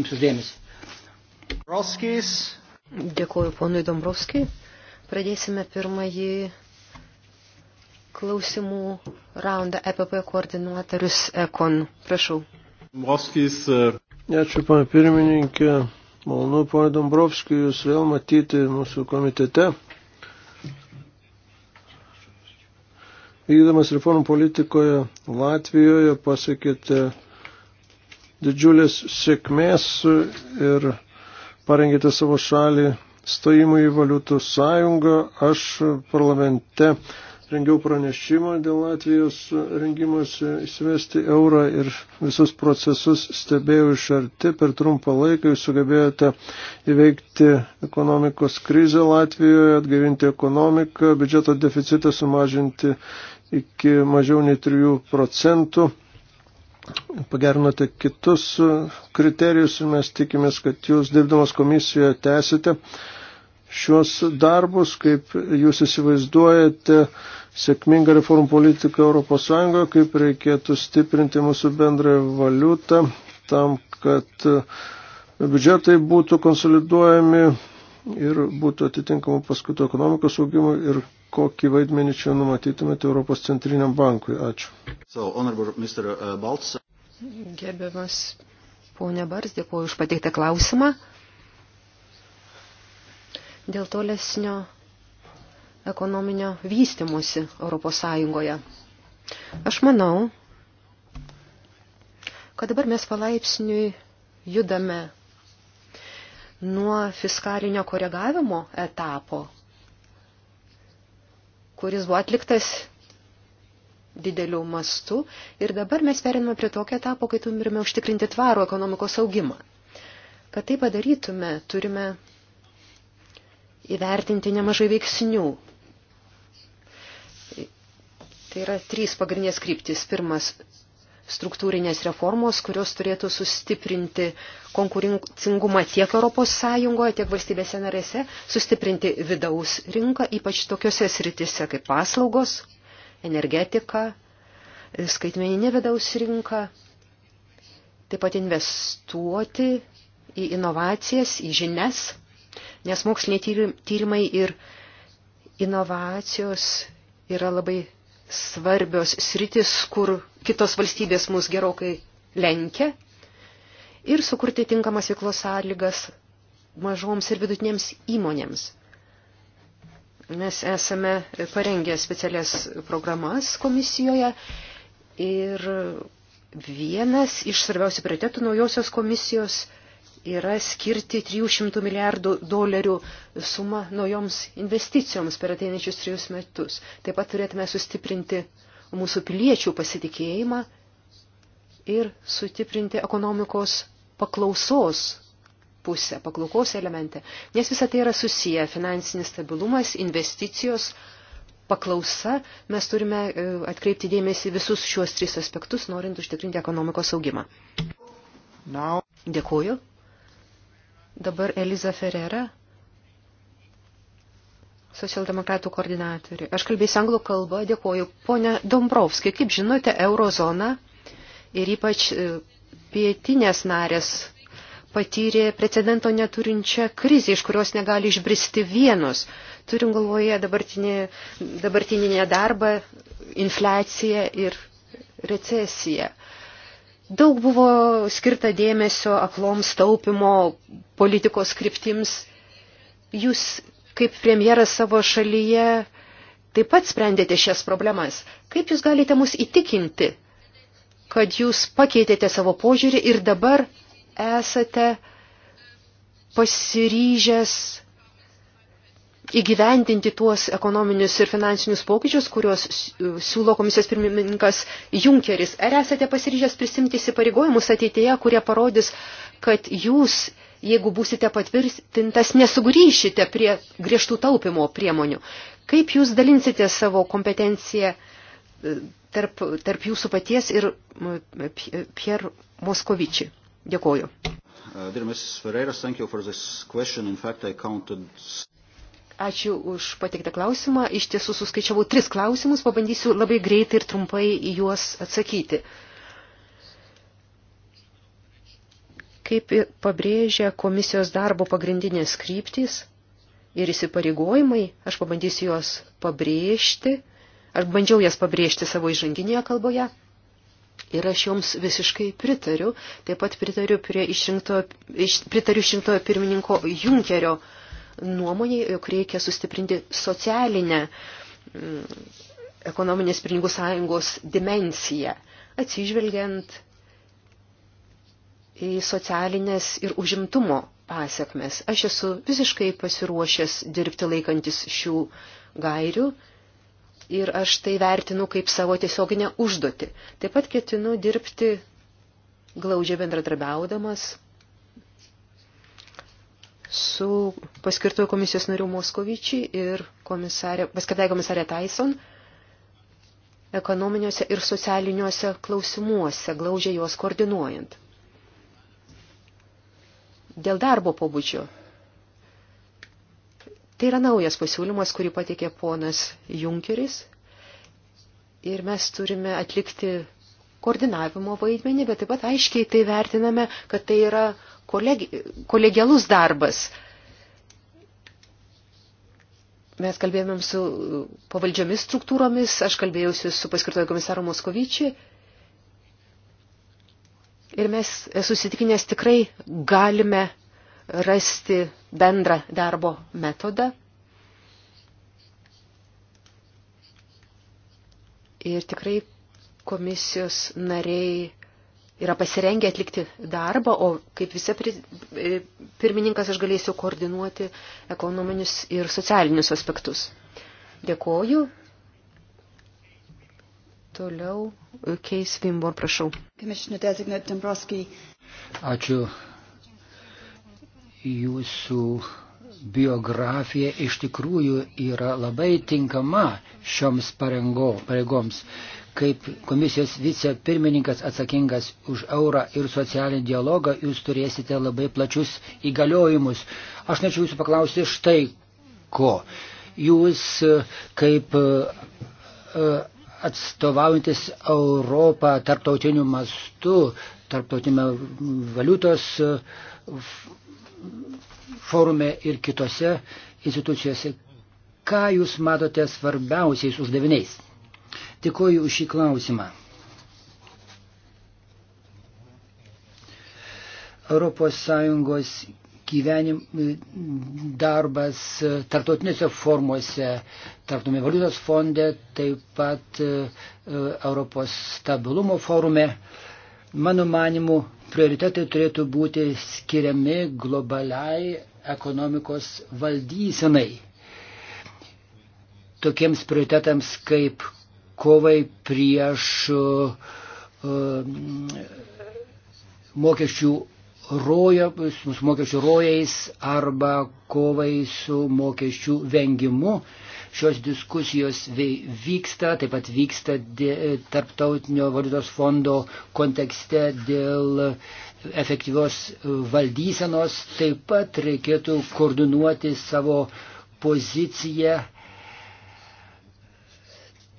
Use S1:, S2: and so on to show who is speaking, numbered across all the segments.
S1: Jums uždėmesi.
S2: Roskis. Dėkuoju ponui Dombrovskijui. Pradėsime pirmąjį klausimų raundą EPP koordinatorius Ekon. Prašau.
S3: Dombrovskis. E, Ačiū, pana
S4: pirmininkė. Malonu, pana Dombrovskijai, jūs vėl matyti mūsų komitete. Vykdamas reformų politikoje Latvijoje pasakėte didžiulės sėkmės ir parengėte savo šalį stojimui į valiutų sąjungą. Aš parlamente rengiau pranešimą dėl Latvijos rengimas įsivesti eurą ir visus procesus stebėjau iš arti. Per trumpą laiką jūs sugebėjote įveikti ekonomikos krizę Latvijoje, atgaivinti ekonomiką, biudžeto deficitą sumažinti iki mažiau nei 3 procentų pagerinote kitus e, kriterijus ir mes tikimės, kad jūs dirbdamas komisijoje tęsite šios darbus, kaip jūs įsivaizduojate sėkmingą reformų politiką ES, kaip reikėtų stiprinti mūsų bendrąją valiutą tam, kad e, biudžetai būtų konsoliduojami ir būtų atitinkamų paskatų ekonomikos augimui ir kokį vaidmenį čia numatytumėte Europos centriniam bankui? Ačiū.
S3: So, uh,
S2: Gerbiamas ponė Bars, dėkuoju už pateiktą klausimą. Dėl tolesnio ekonominio vystimusi Europos Sąjungoje. Aš manau, kad dabar mes palaipsniui judame nuo fiskalinio koregavimo etapo kuris buvo atliktas didelių mastų. Ir dabar mes periname prie tokio etapo, kai turime užtikrinti tvarų ekonomikos augimą. Kad tai padarytume, turime įvertinti nemažai veiksnių. Tai yra trys pagrindinės kryptis. Pirmas struktūrinės reformos, kurios turėtų sustiprinti konkurencingumą tiek ES, tiek valstybėse narėse, sustiprinti vidaus rinką, ypač tokiuose sritise kaip paslaugos, energetika, skaitmeninė vidaus rinka, taip pat investuoti į inovacijas, į žinias, nes moksliniai tyrimai ir inovacijos yra labai svarbios sritis, kur kitos valstybės mus gerokai lenkia ir sukurti tinkamas veiklos sąlygas mažoms ir vidutinėms įmonėms. Mes esame parengę specialias programas komisijoje ir vienas iš svarbiausių prioritetų naujosios komisijos – yra skirti 300 milijardų dolerių sumą naujoms investicijoms per ateinančius trijus metus. Taip pat turėtume sustiprinti mūsų piliečių pasitikėjimą ir sutiprinti ekonomikos paklausos pusę, paklaukos elemente, nes visa tai yra susiję finansinis stabilumas, investicijos, paklausa, mes turime e, atkreipti dėmesį visus šiuos tris aspektus, norint užtikrinti ekonomikos augimą. Now. Dėkuoju. Dabar Eliza Ferrera, socialdemokratų koordinatorių. Aš kalbėsiu anglų kalbą, dėkuoju. Pone Dombrovski, kaip žinote, eurozona ir ypač e, pietinės narės patyrė precedento neturinčią krizę, iš kurios negali išbristi vienus. Turim galvoje dabartinį, dabartinį nedarbą, infliaciją ir recesiją. Daug buvo skirta dėmesio akloms taupimo politikos kryptims. Jūs kaip premjeras savo šalyje taip pat sprendėte šias problemas. Kaip jūs galite mus įtikinti, kad jūs pakeitėte savo požiūrį ir dabar esate pasiryžęs įgyvendinti tuos ekonominius ir finansinius pokyčius, kuriuos e, siūlo komisijos pirmininkas Junkeris. Ar esate pasiryžęs prisimti įsipareigojimus ateityje, kurie parodys, kad jūs, jeigu būsite patvirtintas, nesugrįšite prie griežtų taupimo priemonių? Kaip jūs dalinsite savo kompetenciją e, tarp, tarp jūsų paties ir Pierre Moskovičiai? Dėkoju.
S3: Uh, dear Mrs. Ferreira, thank you for this question. In fact, I counted
S2: Ačiū už pateiktą klausimą. Iš tiesų suskaičiavau tris klausimus, pabandysiu labai greitai ir trumpai į juos atsakyti. Kaip pabrėžia komisijos darbo pagrindinės kryptys ir įsipareigojimai, aš pabandysiu juos pabrėžti, aš bandžiau jas pabrėžti savo įžanginėje kalboje. Ir aš joms visiškai pritariu, taip pat pritariu, prie išrinkto, iš, pritariu išrinktojo pirmininko Junkerio uh, nuomonė, jog reikia sustiprinti socialinę mm, ekonominės pinigų sąjungos dimensiją, atsižvelgiant į socialinės ir užimtumo pasiekmes. Aš esu visiškai pasiruošęs dirbti laikantis šių gairių ir aš tai vertinu kaip savo tiesioginę užduotį. Taip pat ketinu dirbti glaudžiai bendradarbiaudamas su paskirtojo komisijos nariu Moskovičiai ir komisarė, paskirtai komisarė Tyson ekonominiuose ir socialiniuose klausimuose, glaužiai juos koordinuojant. Dėl darbo pobūdžio. Tai yra naujas pasiūlymas, kurį pateikė ponas Junkeris ir mes turime atlikti koordinavimo vaidmenį, bet taip pat aiškiai tai vertiname, kad tai yra uh, kolegi, kolegialus darbas. Mes kalbėjomėm su pavaldžiomis struktūromis, aš kalbėjausi su paskirtojo komisaro Moskovyčiui. Ir mes susitikinęs tikrai galime rasti bendrą darbo metodą. Ir tikrai komisijos nariai yra pasirengę atlikti darbą, o kaip visi e, pirmininkas aš galėsiu koordinuoti ekonominius ir socialinius aspektus. Dėkoju. Toliau e, Keis Vimbor, prašau.
S1: Ačiū. Jūsų biografija iš tikrųjų yra labai tinkama šioms pareigoms kaip komisijos vicepirmininkas atsakingas už eurą ir socialinį dialogą, jūs turėsite labai plačius įgaliojimus. Aš norėčiau jūsų paklausti štai ko. Jūs kaip e, atstovaujantis Europą tarptautiniu mastu, tarptautinio valiutos e, forume ir kitose institucijose, ką jūs matote svarbiausiais uždaviniais? Tikoju už šį klausimą. ES gyvenim, darbas tarptautinėse formuose, tarptautinėme valiutos fonde, taip pat e, Europos stabilumo forume. Mano manimu, prioritetai turėtų būti skiriami globaliai ekonomikos valdysenai. Tokiems prioritetams kaip kovai prieš e, mokesčių rojais, mokesčių rojais arba kovai su mokesčių vengimu. Šios diskusijos vyksta, taip pat vyksta Tarptautinio valiutos fondo kontekste dėl efektyvios valdysenos. Taip pat reikėtų koordinuoti savo poziciją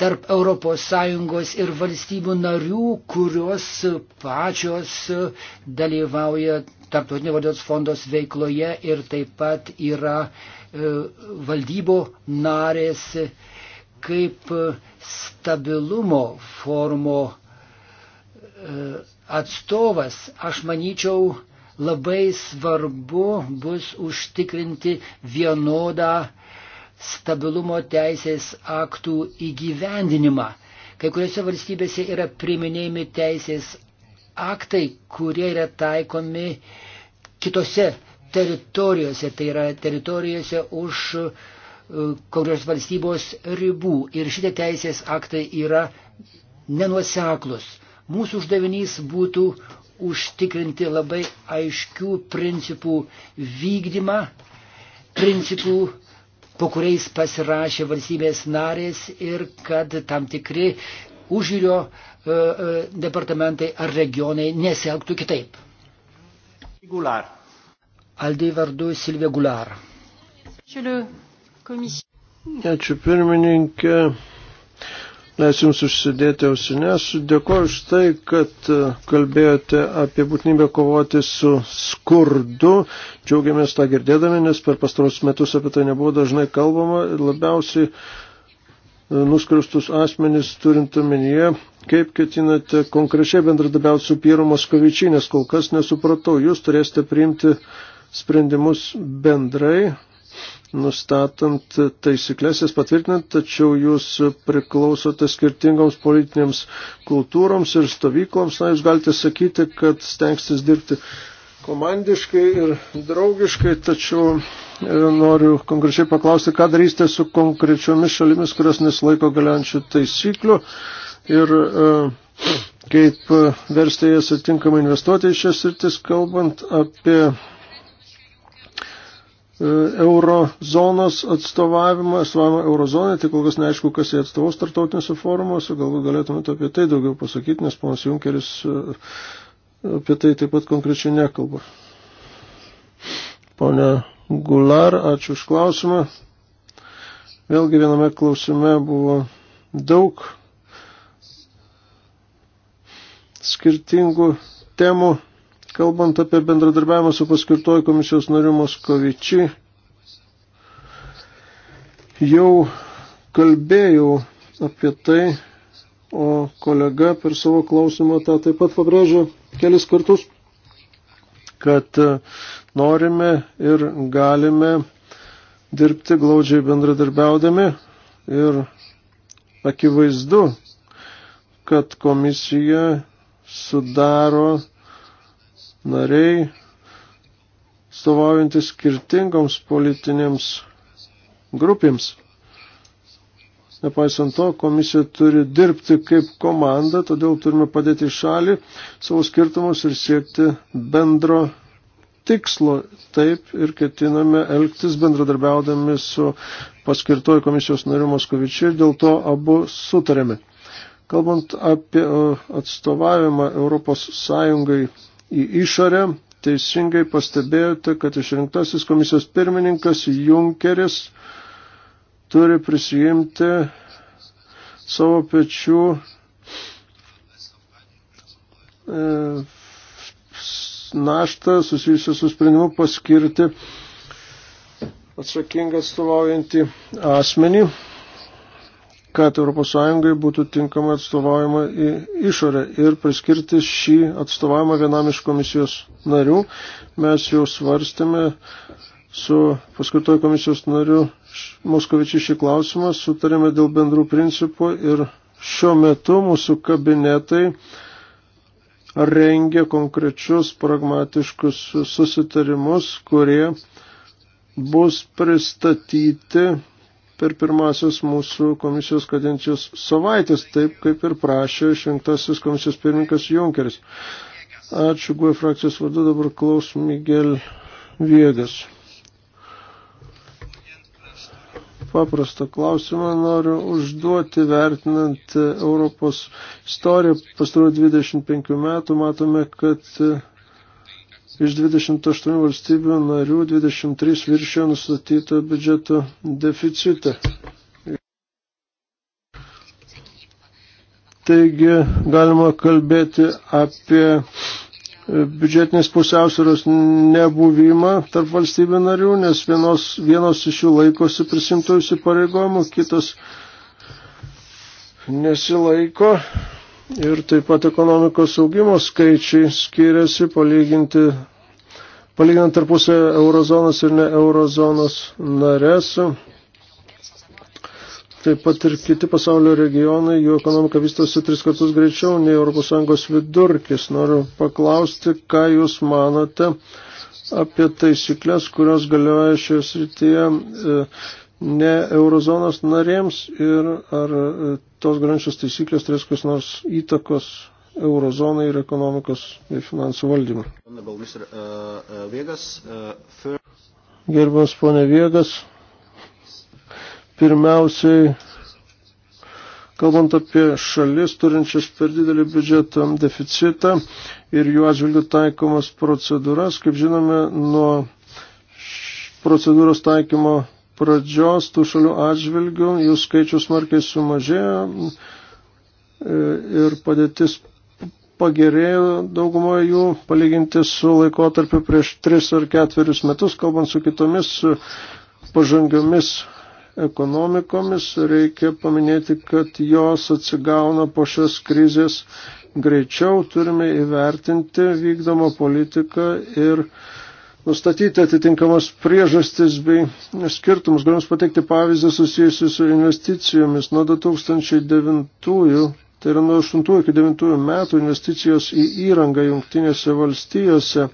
S1: tarp ES ir valstybių narių, kurios pačios dalyvauja Tarptautinio valiutos fondos veikloje ir taip pat yra e, valdybo narės kaip stabilumo formo e, atstovas, aš manyčiau, labai svarbu bus užtikrinti vienodą stabilumo teisės aktų įgyvendinimą. Kai kuriuose valstybėse yra priminėjami teisės aktai, kurie yra taikomi kitose teritorijose, tai yra teritorijose už e, kurios valstybos ribų. Ir šitie teisės aktai yra nenuoseklus. Mūsų uždavinys būtų užtikrinti labai aiškių principų vykdymą, principų po kuriais pasirašė valstybės narės ir kad tam tikri užžiūrio e, e, departamentai ar regionai nesielgtų kitaip. Gular. Aldai vardu Silvė Gular.
S4: Ačiū pirmininkė leis jums užsidėti ausinės. Dėkuoju už tai, kad e, kalbėjote apie būtinybę kovoti su skurdu. Džiaugiamės tą girdėdami, nes per pastarus metus apie tai nebuvo dažnai kalbama ir labiausiai e, nuskristus asmenys turint omenyje, kaip ketinate konkrečiai bendradabiauti su Pyru Moskovičiai, nes kol kas nesupratau, jūs turėsite priimti sprendimus bendrai, nustatant taisyklės, jas patvirtinant, tačiau jūs priklausote skirtingoms politinėms kultūroms ir stovykloms. Na, jūs galite sakyti, kad stengstis dirbti komandiškai ir draugiškai, tačiau e, noriu konkrečiai paklausti, ką darysite su konkrečiomis šalimis, kurios nesilaiko galiančių taisyklių ir e, kaip versti jas atinkamai investuoti į šias sritis, kalbant apie E, eurozonos atstovavimą, atstovavimą eurozonai, tai kol kas neaišku, kas jie atstovaus tartautiniuose forumuose, galbūt galėtumėte apie tai daugiau pasakyti, nes ponas Junkeris e, apie tai taip pat konkrečiai nekalba. Pone Gular, ačiū už klausimą. Vėlgi viename klausime buvo daug skirtingų temų Kalbant apie bendradarbiavimą su paskirtoju komisijos nariu Moskovičiu, jau kalbėjau apie tai, o kolega per savo klausimą tą taip pat pabrėžė kelis kartus, kad e, norime ir galime dirbti glaudžiai bendradarbiaudami ir akivaizdu, kad komisija sudaro nariai, stovaujantis skirtingoms politinėms grupėms. Nepaisant to, komisija turi dirbti kaip komanda, todėl turime padėti į šalį savo skirtumus ir siekti bendro tikslo. Taip ir ketiname elgtis bendradarbiaudami su paskirtoju komisijos nariu Moskovičiu ir dėl to abu sutarėme. Kalbant apie atstovavimą Europos Sąjungai į išorę. Teisingai pastebėjote, kad išrinktasis komisijos pirmininkas Junkeris turi prisijimti savo pečių e, naštą susijusią su sprendimu paskirti atsakingą atstovaujantį asmenį kad ES būtų tinkamai atstovaujama į išorę ir priskirti šį atstovavimą vienam iš komisijos narių. Mes jau svarstėme su paskirtoj komisijos nariu Moskovičiu šį klausimą, sutarėme dėl bendrų principų ir šiuo metu mūsų kabinetai rengia konkrečius pragmatiškus susitarimus, kurie bus pristatyti per pirmasis mūsų komisijos kadencijos savaitės, taip kaip ir prašė išrinktasis komisijos pirmininkas Junkeris. Ačiū, GUE frakcijos vardu, dabar klaus Miguel Viegas. Paprastą klausimą noriu užduoti vertinant Europos istoriją. Pastaruoju 25 metų matome, kad Iš 28 valstybių narių 23 viršio nustatyto biudžeto deficitą. Taigi galima kalbėti apie biudžetinės pusiausvėros nebuvimą tarp valstybių narių, nes vienos, vienos iš jų laikosi prisimtų įsipareigojimų, kitos nesilaiko. Ir taip pat ekonomikos augimo skaičiai skiriasi palyginti palyginant tarpusę eurozonos ir ne eurozonos narės. Taip pat ir kiti pasaulio regionai, jų ekonomika vystosi tris kartus greičiau nei ES vidurkis. Noriu paklausti, ką Jūs manote apie taisyklės, kurios galioja šioje srityje e, ne eurozonos narėms ir ar e, tos grančios taisyklės turės kas nors įtakos eurozonai ir ekonomikos ir finansų valdymą.
S3: Uh, uh, uh,
S4: Gerbiamas ponė Viegas, pirmiausiai, kalbant apie šalis turinčias per didelį biudžeto deficitą ir jų atžvilgių taikomas procedūras, kaip žinome, nuo procedūros taikymo pradžios tų šalių atžvilgių jų skaičius smarkiai sumažėjo e, ir padėtis pagerėjo daugumoje jų palyginti su laikotarpiu prieš 3 ar 4 metus, kalbant su kitomis pažangiomis ekonomikomis. Reikia paminėti, kad jos atsigauna po šios krizės greičiau, turime įvertinti vykdomą politiką ir nustatyti atitinkamas priežastis bei skirtumus. Galim pateikti pavyzdį susijusiu su investicijomis. Nuo 2009 Tai yra nuo 8 iki 9 metų investicijos į įrangą jungtinėse valstijose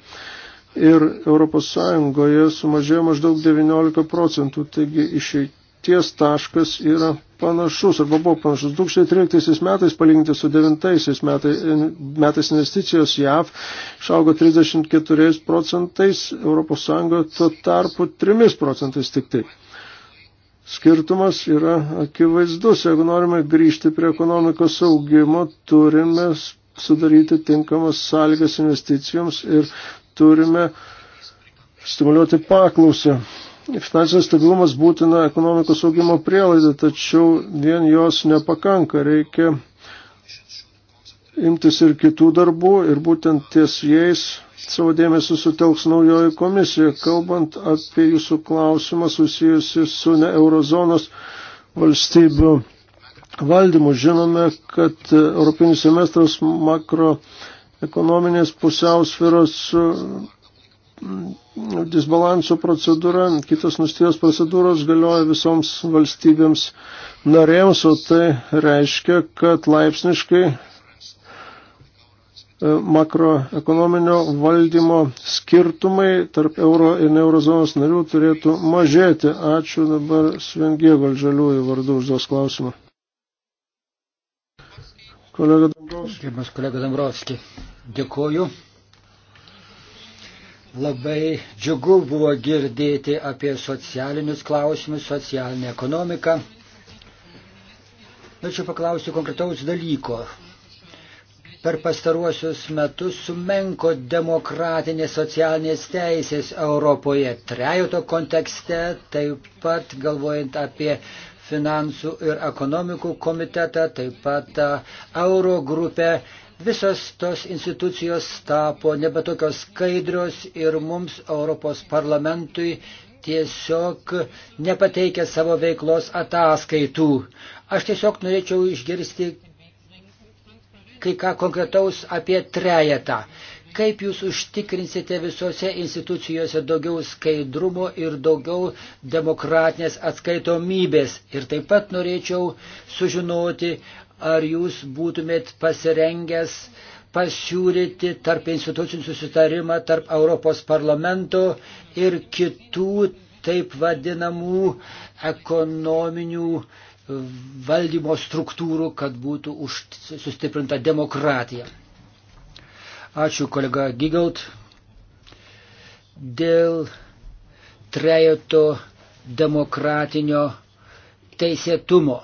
S4: ir ES sumažėjo maždaug 19 procentų, taigi išeities taškas yra panašus arba buvo panašus. 2013 metais palyginti su 2009 metais, metais investicijos JAV išaugo 34 procentais, ES tuo tarpu 3 procentais tik taip skirtumas yra akivaizdus. Jeigu norime grįžti prie ekonomikos augimo, turime sudaryti tinkamas sąlygas investicijoms ir turime stimuliuoti paklausą. Finansinis stabilumas būtina ekonomikos augimo prielaida, tačiau vien jos nepakanka. Reikia imtis ir kitų darbų ir būtent ties jais savo dėmesį sutelks naujoji komisija, kalbant apie jūsų klausimą susijusi su ne eurozonos valstybių valdymu. Žinome, kad Europinis semestras makroekonominės pusiausviros mm, disbalanso procedūra, kitos nustijos procedūros galioja visoms valstybėms narėms, o tai reiškia, kad laipsniškai E, makroekonominio valdymo skirtumai tarp euro ir eurozonos narių turėtų mažėti. Ačiū dabar Svengėgo žaliųjų
S1: vardu užduos klausimą. Kolega Dambrovski. Kolega Dambrovski, dėkoju. Labai džiugu buvo girdėti apie socialinius klausimus, socialinę ekonomiką. Norėčiau paklausti konkretaus dalyko per pastaruosius metus sumenko demokratinės socialinės teisės Europoje trejoto kontekste, taip pat galvojant apie finansų ir ekonomikų komitetą, taip pat euro grupę. Visos tos institucijos tapo nebetokios skaidrios ir mums Europos parlamentui tiesiog nepateikia savo veiklos ataskaitų. Aš tiesiog norėčiau išgirsti, kai ką konkretaus apie trejetą. Kaip jūs užtikrinsite visose institucijose daugiau skaidrumo ir daugiau demokratinės atskaitomybės? Ir taip pat norėčiau sužinoti, ar jūs būtumėt pasirengęs pasiūlyti tarp institucijų susitarimą tarp Europos parlamento ir kitų taip vadinamų ekonominių uh, valdymo struktūrų, kad būtų už, sustiprinta demokratija. Ačiū kolega Gigaut. Dėl trejoto demokratinio teisėtumo.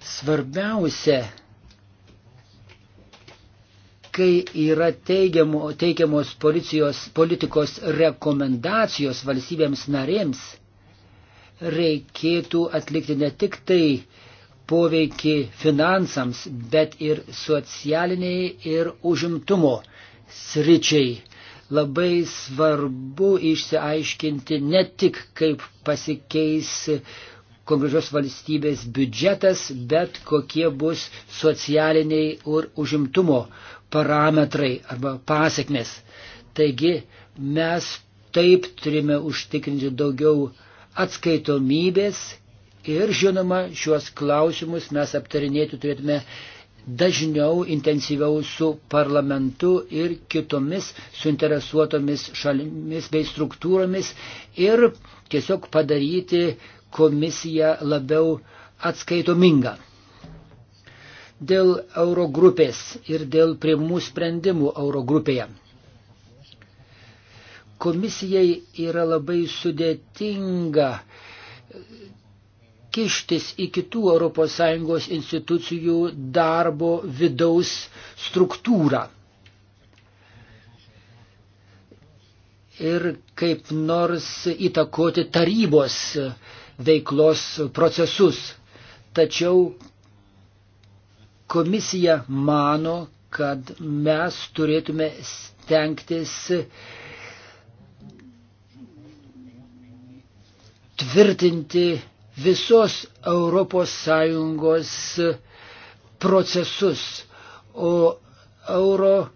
S1: Svarbiausia, kai yra teigiamo, teikiamos policijos, politikos rekomendacijos valstybėms narėms, reikėtų atlikti ne tik tai poveikį finansams, bet ir socialiniai ir užimtumo sričiai. Labai svarbu išsiaiškinti ne tik, kaip pasikeis konkrečios valstybės biudžetas, bet kokie bus socialiniai ir užimtumo parametrai arba pasiekmes. Taigi mes taip turime užtikrinti daugiau atskaitomybės ir žinoma šiuos klausimus mes aptarinėti turėtume dažniau, intensyviau su parlamentu ir kitomis suinteresuotomis šalimis bei struktūromis ir tiesiog padaryti komisiją labiau atskaitomingą. Dėl eurogrupės ir dėl primų sprendimų eurogrupėje. Komisijai yra labai sudėtinga kištis į kitų ES institucijų darbo vidaus struktūrą. Ir kaip nors įtakoti tarybos veiklos procesus. Tačiau komisija mano, kad mes turėtume stengtis tvirtinti visos ES procesus, o euro e,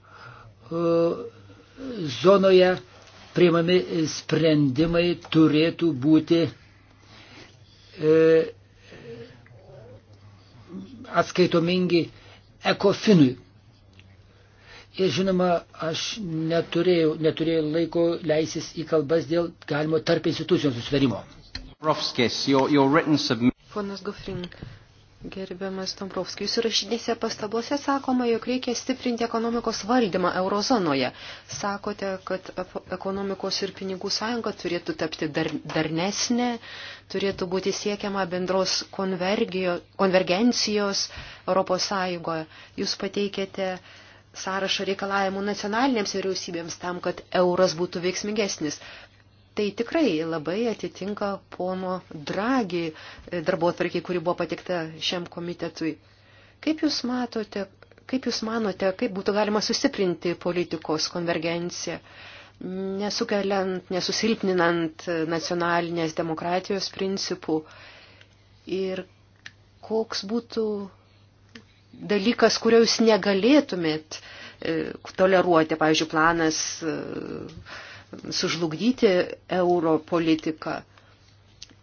S1: zonoje priimami sprendimai turėtų būti e, atskaitomingi ekofinui. Ir žinoma, aš neturėjau, neturėjau laiko leisis į kalbas dėl galimo tarp institucijos susidarimo. Ponas
S2: Gufrink, gerbiamas Tomprovskis, jūsų rašydėse pastabose sakoma, jog reikia stiprinti ekonomikos valdymą eurozonoje. Sakote, kad ekonomikos ir pinigų sąjunga turėtų tapti dar, darnesnė, turėtų būti siekiama bendros konvergencijos Europos sąjungoje. Jūs pateikėte sąrašą reikalavimų nacionalinėms vyriausybėms tam, kad euras būtų veiksmingesnis. Tai tikrai labai atitinka pono Dragi e, darbo atvarkiai, kuri buvo patikta šiam komitetui. Kaip jūs matote, kaip jūs manote, kaip būtų galima sustiprinti politikos konvergenciją, nesukeliant, nesusilpninant nacionalinės demokratijos principų ir koks būtų dalykas, kurio jūs negalėtumėt e, toleruoti, pavyzdžiui, planas e, sužlugdyti euro politiką.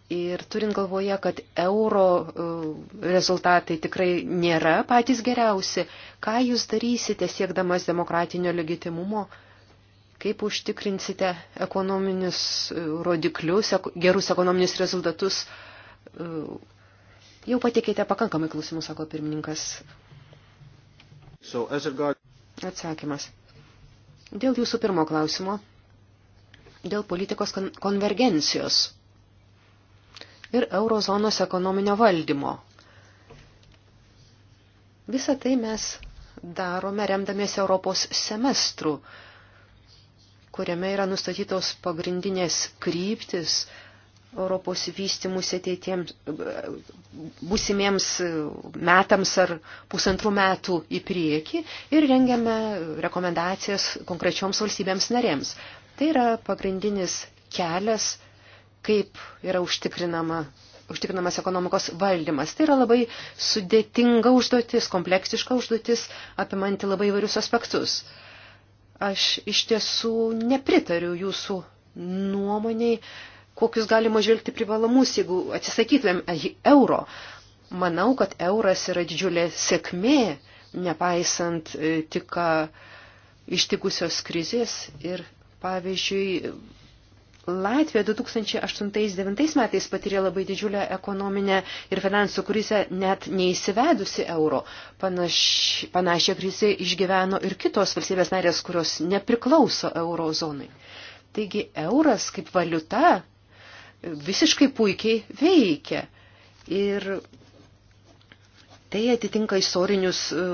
S2: Ir turint galvoje, kad euro e, rezultatai tikrai nėra patys geriausi, ką jūs darysite siekdamas demokratinio legitimumo, kaip užtikrinsite ekonominius e, rodiklius, gerus ekonominius rezultatus. E, jau patikėte pakankamai klausimų, sako pirmininkas. Atsakymas. Dėl jūsų pirmo klausimo dėl politikos konvergencijos ir eurozonos ekonominio valdymo. Visą tai mes darome remdamiesi Europos semestru, kuriame yra nustatytos pagrindinės kryptis Europos vystimus ateitiems būsimiems metams ar pusantrų metų į priekį ir rengiame rekomendacijas konkrečioms valstybėms narėms. Tai yra pagrindinis kelias, kaip yra užtikrinama, užtikrinamas ekonomikos valdymas. Tai yra labai sudėtinga užduotis, kompleksiška užduotis, apimanti labai įvairius aspektus. Aš iš tiesų nepritariu jūsų nuomoniai, kokius galima žvelgti privalomus, jeigu atsisakytumėm euro. Manau, kad euras yra didžiulė sėkmė, nepaisant e, tik ištikusios krizės ir Pavyzdžiui, Latvija 2008-2009 metais patyrė labai didžiulę ekonominę ir finansų krizę net neįsivedusi euro. Panaš, panašią krizę išgyveno ir kitos valstybės narės, kurios nepriklauso eurozonai. Taigi euras kaip valiuta visiškai puikiai veikia. Ir tai atitinka istorinius e,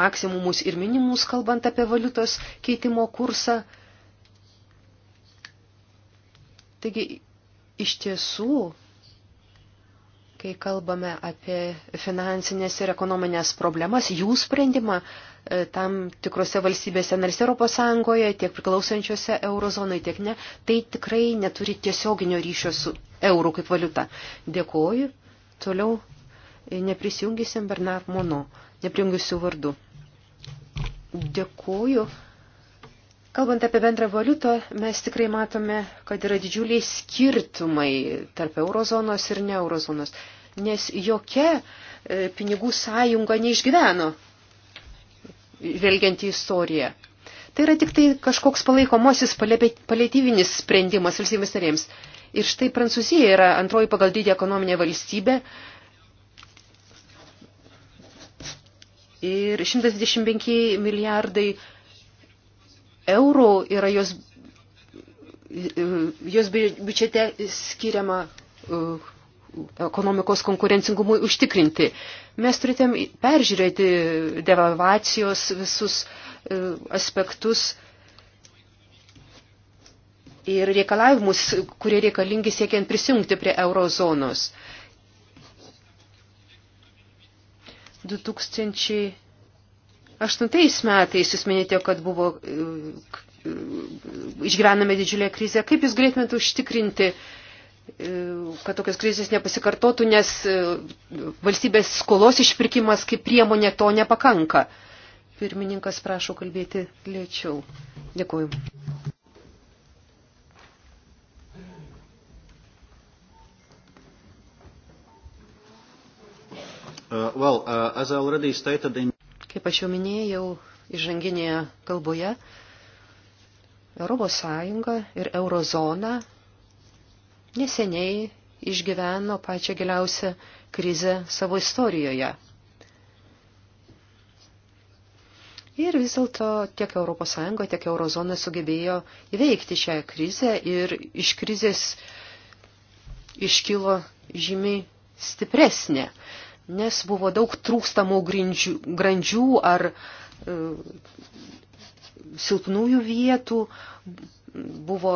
S2: maksimumus ir minimus, kalbant apie valiutos keitimo kursą. Taigi, iš tiesų, kai kalbame apie finansinės ir ekonominės problemas, jų sprendimą e, tam tikrose valstybėse, nors Europos Sąjungoje, tiek priklausančiose eurozonai, tiek ne, tai tikrai neturi tiesioginio ryšio su eurų kaip valiuta. Dėkoju. Toliau e, neprisijungysim Bernard Mono, neprijungysiu vardu. Dėkoju. Kalbant apie bendrą valiutą, mes tikrai matome, kad yra didžiuliai skirtumai tarp eurozonos ir ne eurozonos, nes jokia e, pinigų sąjunga neišgyveno, vėlgiant į istoriją. Tai yra tik tai kažkoks palaikomosis palėtyvinis sprendimas valstybės narėms. Ir štai Prancūzija yra antroji pagal dydį ekonominė valstybė. Ir 125 milijardai eurų yra jos, jos biudžete skiriama uh, ekonomikos konkurencingumui užtikrinti. Mes turėtėm peržiūrėti devalvacijos visus uh, aspektus ir reikalavimus, kurie reikalingi siekiant prisijungti prie eurozonos. 2000 Aštuntais metais jūs minėjote, kad buvo e, išgyvename didžiulę krizę. Kaip jūs galėtumėte užtikrinti, e, kad tokios krizės nepasikartotų, nes e, valstybės skolos išpirkimas kaip priemonė to nepakanka? Pirmininkas prašo kalbėti lėčiau. Dėkuoju.
S3: Uh, well, uh, as I already stated in
S2: Kaip aš jau minėjau įžanginėje kalboje, ES ir eurozona neseniai išgyveno pačią giliausią krizę savo istorijoje. Ir vis dėlto tiek ES, tiek eurozona sugebėjo įveikti šią krizę ir iš krizės iškilo žymiai stipresnė nes buvo daug trūkstamų grindžių, grandžių ar e, silpnųjų vietų, buvo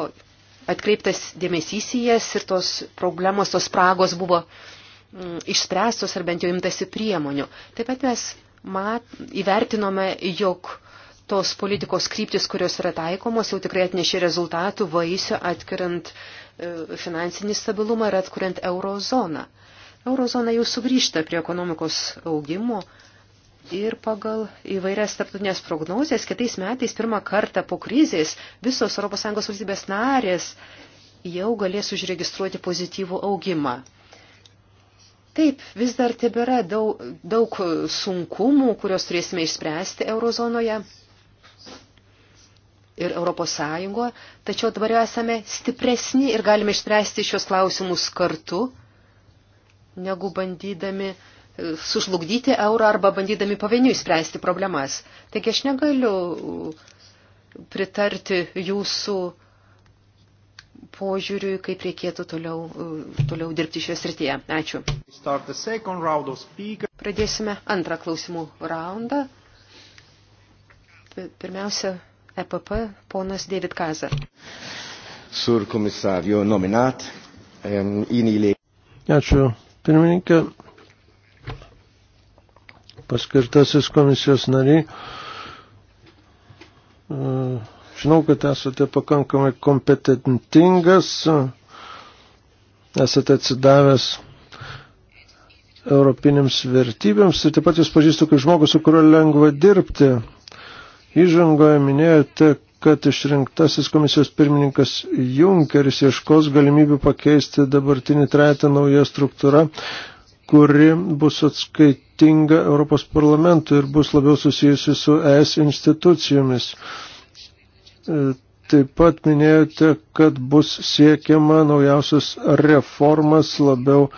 S2: atkreiptas dėmesys į jas ir tos problemos, tos spragos buvo mm, išspręstos ar bent jau imtasi priemonių. Taip pat mes mat, įvertinome, jog tos politikos kryptis, kurios yra taikomos, jau tikrai atnešė rezultatų vaisių atkirant e, finansinį stabilumą ir atkuriant eurozoną. E, Eurozona jau sugrįžta prie ekonomikos augimo ir pagal įvairias tarptautinės prognozijas kitais metais pirmą kartą po krizės visos ES valstybės narės jau galės užregistruoti pozityvų augimą. Taip, vis dar tebėra daug, daug sunkumų, kurios turėsime išspręsti eurozonoje ir Europos Sąjungoje, tačiau dabar jau esame stipresni ir galime išspręsti šios klausimus kartu negu bandydami e, sužlugdyti eurą arba bandydami pavieniui spręsti problemas. Taigi aš negaliu e, pritarti jūsų požiūriui, kaip reikėtų toliau, e, toliau dirbti šioje srityje. Ačiū. Pradėsime antrą klausimų raundą. Pirmiausia, EPP, ponas David Kaza. Sur komisario nominat, um, inilė.
S4: Ačiū, pirmininkė, paskirtasis komisijos nariai. E, žinau, kad esate pakankamai kompetentingas, esate atsidavęs europinėms vertybėms ir taip pat jūs pažįstu kaip žmogus, su kuriuo lengva dirbti. Įžangoje minėjote, kad išrinktasis komisijos pirmininkas Junkeris ieškos galimybių pakeisti dabartinį tretą naują struktūrą, kuri bus atskaitinga Europos parlamentui ir bus labiau susijusi su ES institucijomis. E, taip pat minėjote, kad bus siekiama naujausias reformas labiau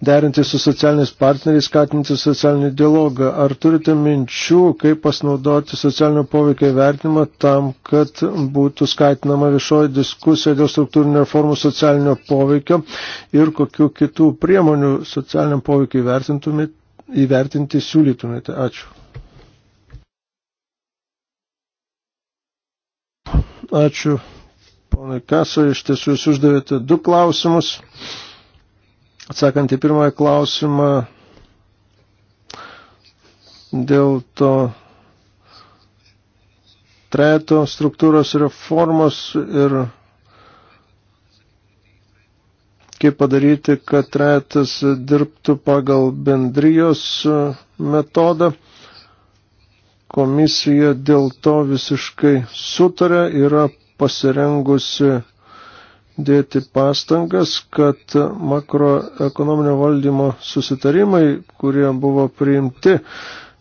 S4: derinti su socialiniais partneriais, skatinti socialinį dialogą. Ar turite minčių, kaip pasinaudoti socialinio poveikio įvertinimą tam, kad būtų skatinama viešoji diskusija dėl struktūrinio reformų socialinio poveikio ir kokiu kitų priemonių socialiniam poveikiu įvertinti siūlytumėte? Ačiū. Ačiū. Ponai Kasa, iš tiesų jūs uždavėte du klausimus. Atsakant į pirmąją klausimą, dėl to treto struktūros reformos ir kaip padaryti, kad tretas dirbtų pagal bendrijos metodą. Komisija dėl to visiškai sutarė, yra pasirengusi dėti pastangas, kad makroekonominio valdymo susitarimai, kurie buvo priimti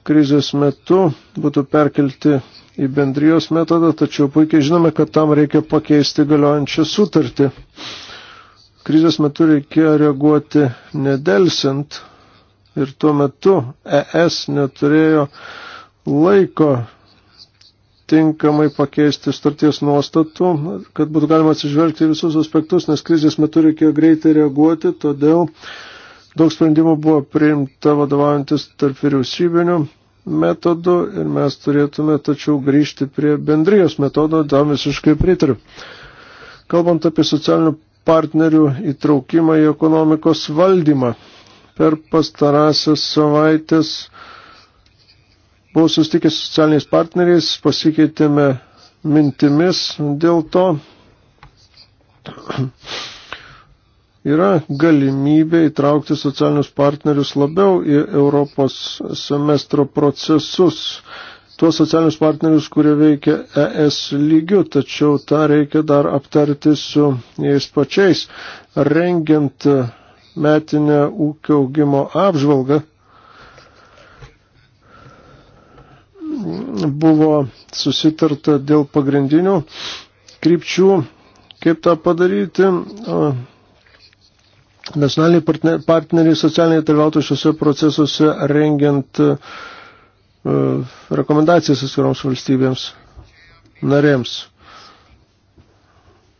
S4: krizės metu, būtų perkelti į bendrijos metodą, tačiau puikiai žinome, kad tam reikia pakeisti galiojančią sutartį. Krizės metu reikėjo reaguoti nedelsint ir tuo metu ES neturėjo laiko tinkamai pakeisti starties nuostatų, kad būtų galima atsižvelgti visus aspektus, nes krizės metu reikėjo greitai reaguoti, todėl daug sprendimų buvo priimta vadovaujantis tarp vyriausybinių metodų ir mes turėtume tačiau grįžti prie bendrijos metodo, tam visiškai pritariu. Kalbant apie socialinių partnerių įtraukimą į ekonomikos valdymą, per pastarąsias savaitės Buvau sustikęs su socialiniais partneriais, pasikeitėme mintimis dėl to. Yra galimybė įtraukti socialinius partnerius labiau į Europos semestro procesus tuos socialinius partnerius, kurie veikia ES lygiu, tačiau tą reikia dar aptarti su jais pačiais. Rengiant metinę ūkio augimo apžvalgą, buvo susitarta dėl pagrindinių krypčių, kaip tą padaryti. Nacionaliniai partneriai socialiniai dalyvautų šiuose procesuose rengiant e, rekomendacijas atskiroms valstybėms narėms.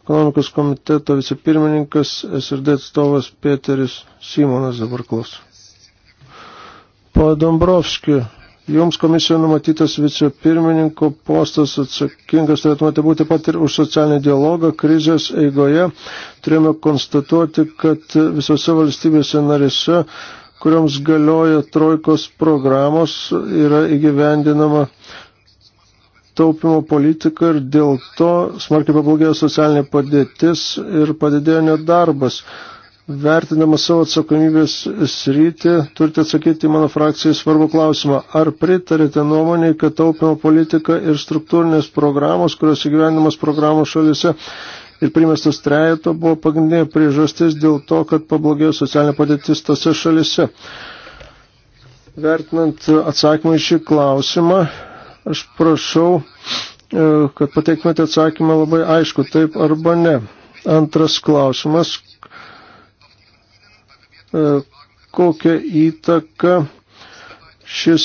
S4: Ekonomikos komiteto vicepirmininkas SRD atstovas Peteris Simonas dabar klauso. Po Dombrovskiu Jums komisijoje numatytas vicepirmininko postas atsakingas turėtumėte būti pat ir už socialinį dialogą. Krizės eigoje turėjome konstatuoti, kad visose valstybėse narėse, kuriams galioja trojkos programos, yra įgyvendinama taupimo politika ir dėl to smarkiai pablogėjo socialinė padėtis ir padidėjo nedarbas. darbas vertinama savo atsakomybės sritį, turite atsakyti mano frakcijai svarbu klausimą. Ar pritarite nuomonėje, kad taupimo politika ir struktūrinės programos, kurios įgyvenimas programos šalise ir primestas trejato, buvo pagrindinė priežastis dėl to, kad pablogėjo socialinė padėtis tose šalise? Vertinant atsakymą į šį klausimą, aš prašau, e, kad pateiktumėte atsakymą labai aišku, taip arba ne. Antras klausimas, E, kokią įtaką šis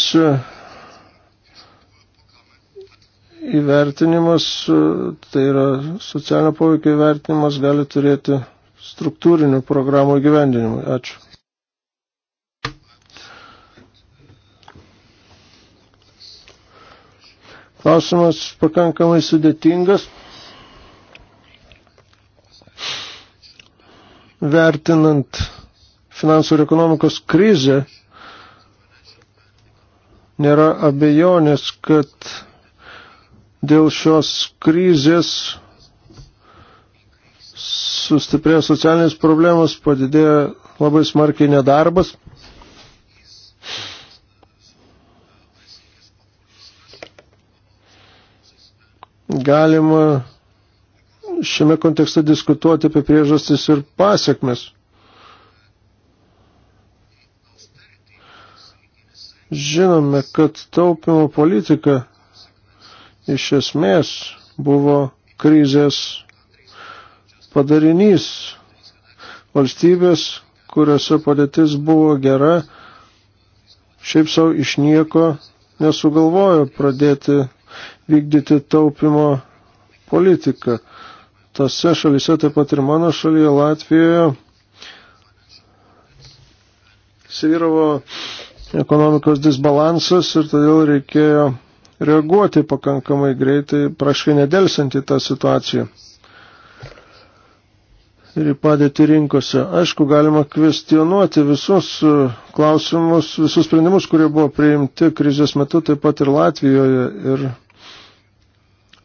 S4: įvertinimas, e, tai yra socialinio poveikio įvertinimas, gali turėti struktūrinių programų gyvendinimui. Ačiū. Klausimas pakankamai sudėtingas. Vertinant finansų ir ekonomikos krizę, nėra abejonės, kad dėl šios krizės sustiprėjo socialinės problemos, padidėjo labai smarkiai nedarbas. Galima šiame kontekste diskutuoti apie priežastis ir pasiekmes. Žinome, kad taupimo politika iš esmės buvo krizės padarinys valstybės, kuriuose padėtis buvo gera, šiaip savo iš nieko nesugalvojo pradėti vykdyti taupimo politiką. Tose šalyse, taip pat ir mano šalyje, Latvijoje, sviravo ekonomikos disbalansas ir todėl reikėjo reaguoti pakankamai greitai, praškai nedelsiant į tą situaciją ir į padėtį rinkose. Aišku, galima kvestionuoti visus e, klausimus, visus sprendimus, kurie buvo priimti krizės metu, taip pat ir Latvijoje. Ir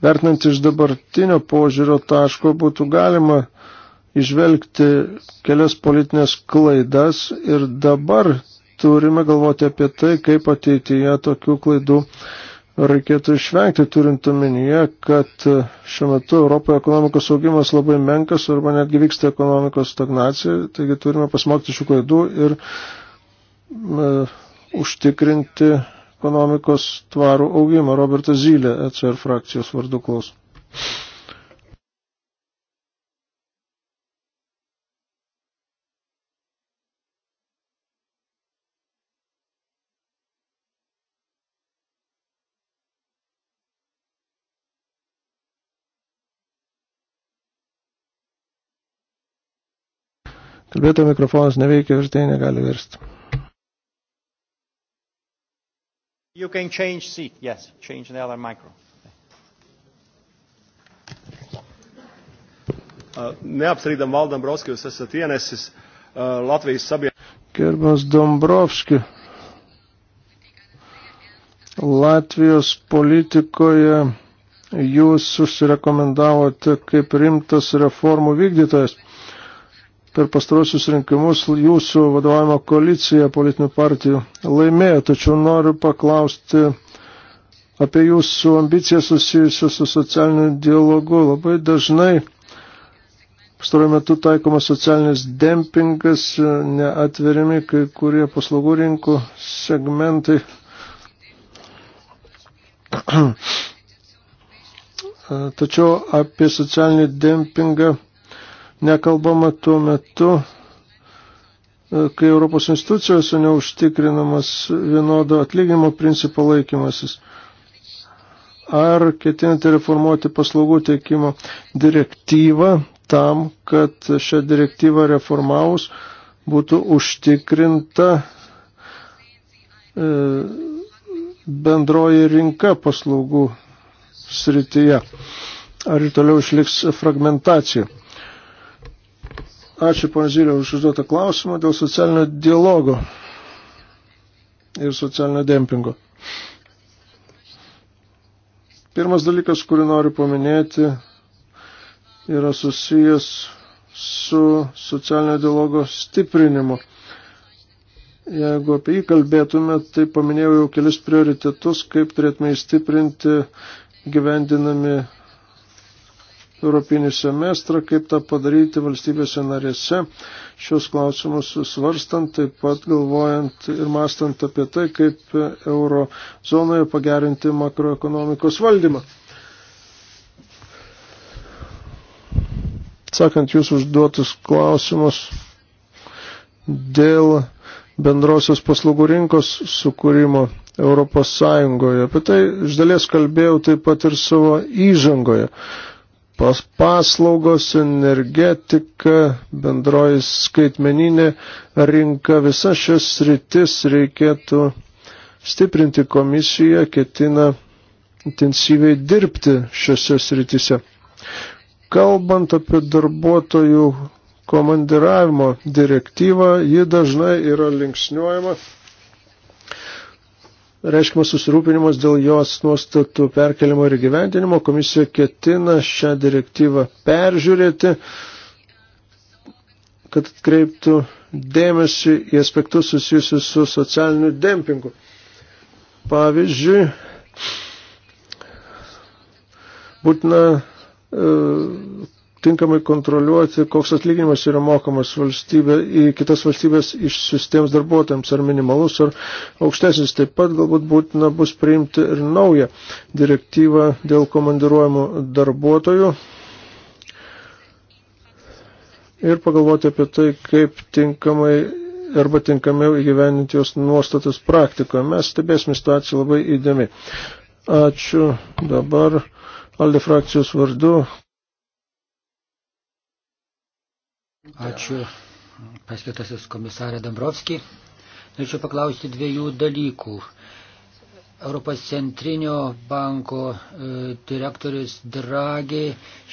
S4: vertinant iš dabartinio požiūrio taško būtų galima išvelgti kelias politinės klaidas ir dabar turime galvoti apie tai, kaip ateityje tokių klaidų reikėtų išvengti, turint omenyje, kad šiuo metu Europoje ekonomikos augimas labai menkas arba netgi vyksta ekonomikos stagnacija, taigi turime pasimokti šių klaidų ir e, užtikrinti ekonomikos tvarų augimą. Robertas Zylė, ECR frakcijos vardu klaus. Kalbėto mikrofonas neveikia, vertėjai negali versti.
S3: You can change seat, yes, change the other micro. Uh, Neapstrīdam valdam Brovski, jūs esat ienesis uh, Latvijas sabiedrības.
S4: Gerbiamas Dombrovski, Latvijos politikoje jūs susirekomendavote kaip rimtas reformų vykdytojas per pastarosius rinkimus jūsų vadovavimo koalicija politinių partijų laimėjo, tačiau noriu paklausti apie jūsų ambiciją susijusią su socialiniu dialogu. Labai dažnai pastaruoju metu taikomas socialinis dempingas, neatveriami kai kurie paslaugų rinkų segmentai. Tačiau apie socialinį dempingą nekalbama tuo metu, e, kai Europos institucijose neužtikrinamas vienodo atlyginimo principo laikymasis. Ar ketinate reformuoti paslaugų teikimo direktyvą tam, kad šią direktyvą reformavus būtų užtikrinta e, bendroji rinka paslaugų srityje. Ar ir toliau išliks fragmentacija? Ačiū, pana Zylė, už užduotą klausimą dėl socialinio dialogo ir socialinio dempingo. Pirmas dalykas, kurį noriu paminėti, yra susijęs su socialinio dialogo stiprinimu. Jeigu apie jį kalbėtume, tai paminėjau jau kelis prioritetus, kaip turėtume įstiprinti gyvendinami Europinį semestrą, kaip tą padaryti valstybėse narėse, šios klausimus svarstant, taip pat galvojant ir mastant apie tai, kaip euro zonoje pagerinti makroekonomikos valdymą. Atsakant jūs užduotus klausimus dėl bendrosios paslaugų rinkos sukūrimo Europos Sąjungoje. Apie tai iš dalies kalbėjau taip pat ir savo įžangoje pas paslaugos, energetika, bendroji skaitmeninė rinka, visas šias rytis reikėtų stiprinti komisiją, ketina intensyviai dirbti šiose sritise. Kalbant apie darbuotojų komandiravimo direktyvą, ji dažnai yra linksniuojama reiškimas susirūpinimas dėl jos nuostatų perkelimo ir gyventinimo. Komisija ketina šią direktyvą peržiūrėti, kad atkreiptų dėmesį į aspektus susijusius su socialiniu dempingu. Pavyzdžiui, būtina e, tinkamai kontroliuoti, koks atlyginimas yra mokamas valstybė, į kitas valstybės išsiustiems darbuotojams, ar minimalus, ar aukštesnis. Taip pat galbūt būtina bus priimti ir naują direktyvą dėl komandiruojamų darbuotojų ir pagalvoti apie tai, kaip tinkamai arba tinkamiau įgyveninti jos nuostatas praktikoje. Mes stebėsime situaciją labai įdėmi. Ačiū dabar Alde frakcijos vardu
S1: Ačiū paskirtasis komisarė Dambrovski. Norėčiau paklausti dviejų dalykų. Europos centrinio banko e, direktorius Dragi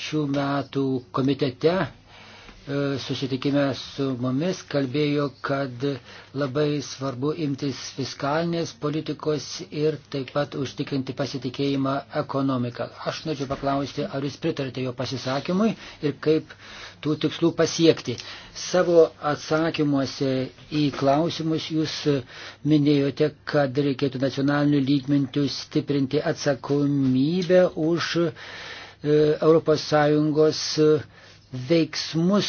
S1: šių metų komitete E, susitikime su mumis kalbėjo, kad labai svarbu imtis fiskalinės politikos ir taip pat užtikrinti pasitikėjimą ekonomiką. Aš norėčiau paklausti, ar jūs pritarite jo pasisakymui ir kaip tų tikslų pasiekti. Savo atsakymuose į klausimus jūs minėjote, kad reikėtų nacionalinių lygmintų stiprinti atsakomybę už ES veiksmus.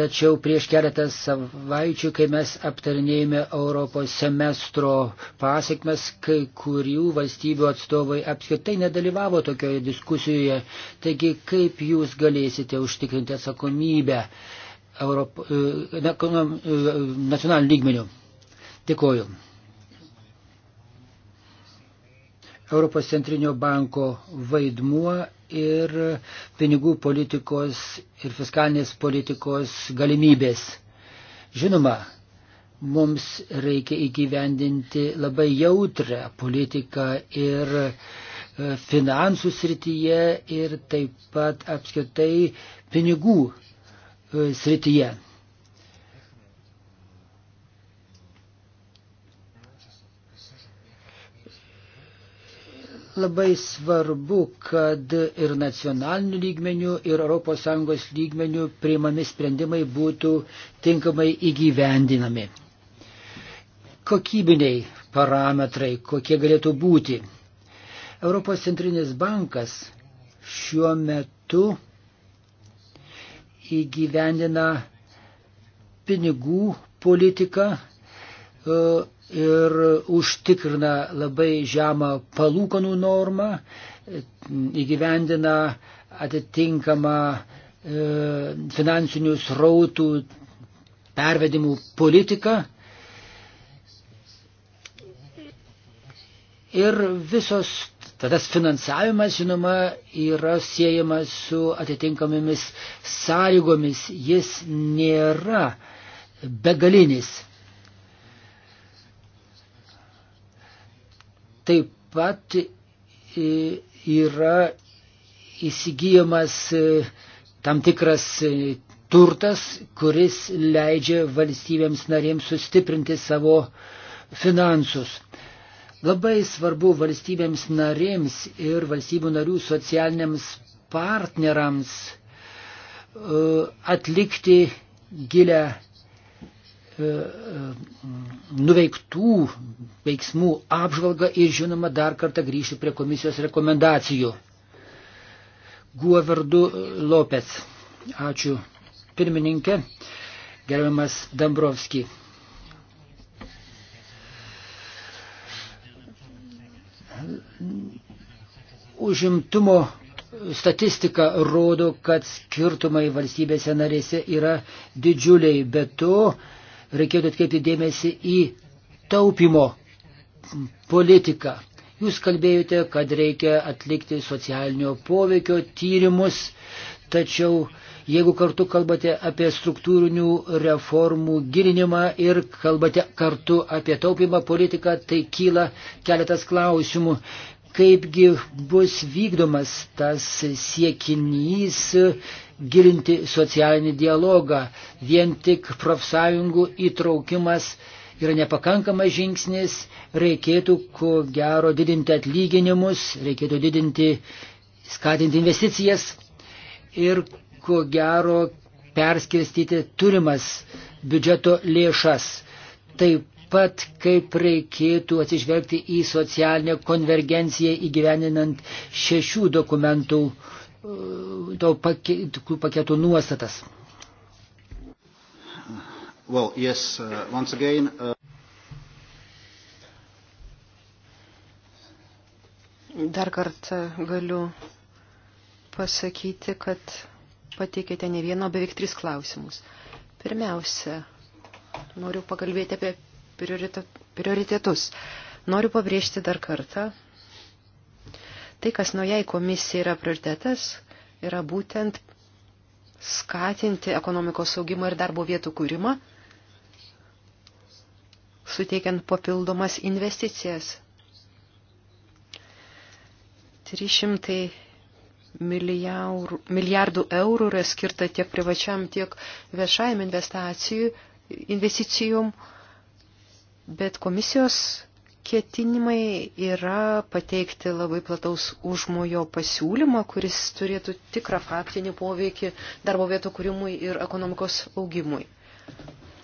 S1: Tačiau prieš keletą savaičių, kai mes aptarinėjome Europos semestro pasiekmes, kai kurių valstybių atstovai apskritai nedalyvavo tokioje diskusijoje. Taigi, kaip jūs galėsite užtikrinti atsakomybę Europo, e, na, e, nacionaliniu lygmeniu? Dėkuoju. Europos centrinio banko vaidmuo ir pinigų politikos ir fiskalinės politikos galimybės. Žinoma, mums reikia įgyvendinti labai jautrę politiką ir e, finansų srityje ir taip pat apskritai pinigų e, srityje. Labai svarbu, kad ir nacionaliniu lygmeniu, ir ES lygmeniu priimami sprendimai būtų tinkamai įgyvendinami. Kokybiniai parametrai, kokie galėtų būti. Europos centrinis bankas šiuo metu įgyvendina pinigų politiką, e, ir užtikrina labai žemą palūkanų normą, įgyvendina atitinkamą e, finansinių srautų pervedimų politiką. Ir visos tas finansavimas, žinoma, yra siejamas su atitinkamomis sąlygomis. Jis nėra begalinis. taip pat e, yra įsigijamas e, tam tikras e, turtas, kuris leidžia valstybėms narėms sustiprinti savo finansus. Labai svarbu valstybėms narėms ir valstybių narių socialiniams partneriams atlikti gilę E, e, nuveiktų veiksmų apžvalgą ir žinoma dar kartą grįšiu prie komisijos rekomendacijų. Guo vardu Lopez. Ačiū pirmininkė, gerbiamas Dambrovski. Užimtumo statistika rodo, kad skirtumai valstybėse narėse yra didžiuliai, bet to reikėtų atkreipti dėmesį į taupimo politiką. Jūs kalbėjote, kad reikia atlikti socialinio poveikio tyrimus, tačiau jeigu kartu kalbate apie struktūrinių reformų gilinimą ir kalbate kartu apie taupimą politiką, tai kyla keletas klausimų kaipgi bus vykdomas tas siekinys gilinti socialinį dialogą. Vien tik profsąjungų įtraukimas yra nepakankamas žingsnis, reikėtų ko gero didinti atlyginimus, reikėtų didinti, skatinti investicijas ir ko gero perskirstyti turimas biudžeto lėšas. Taip pat kaip reikėtų atsižvelgti į socialinę konvergenciją įgyveninant šešių dokumentų uh, to paketų nuostatas.
S3: Well, yes, uh, once again, uh...
S2: Dar kartą galiu pasakyti, kad pateikėte ne vieną, beveik tris klausimus. Pirmiausia, noriu pakalbėti apie prioritetus. Noriu pabrėžti dar kartą. Tai, kas naujai komisija yra prioritetas, yra būtent skatinti ekonomikos saugimą ir darbo vietų kūrimą, suteikiant papildomas investicijas. 300 milijarų, milijardų eurų yra skirta tiek privačiam, tiek viešajam investicijom Bet komisijos ketinimai yra pateikti labai plataus užmojo pasiūlymą, kuris turėtų tikrą faktinį poveikį darbo vietų kūrimui ir ekonomikos augimui.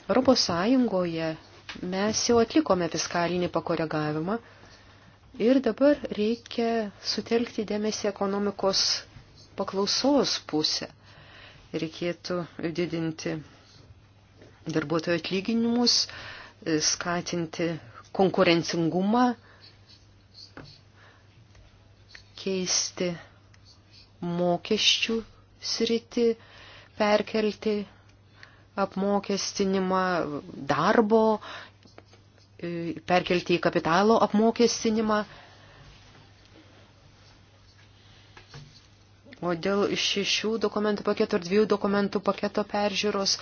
S2: Europos Sąjungoje mes jau atlikome fiskalinį pakoregavimą ir dabar reikia sutelkti dėmesį ekonomikos paklausos pusę. Reikėtų didinti darbuotojų atlyginimus, uh, skatinti konkurencingumą, keisti mokesčių sritį, perkelti apmokestinimą darbo, e, perkelti į kapitalo apmokestinimą. O dėl šešių dokumentų paketo ir dviejų dokumentų paketo peržiūros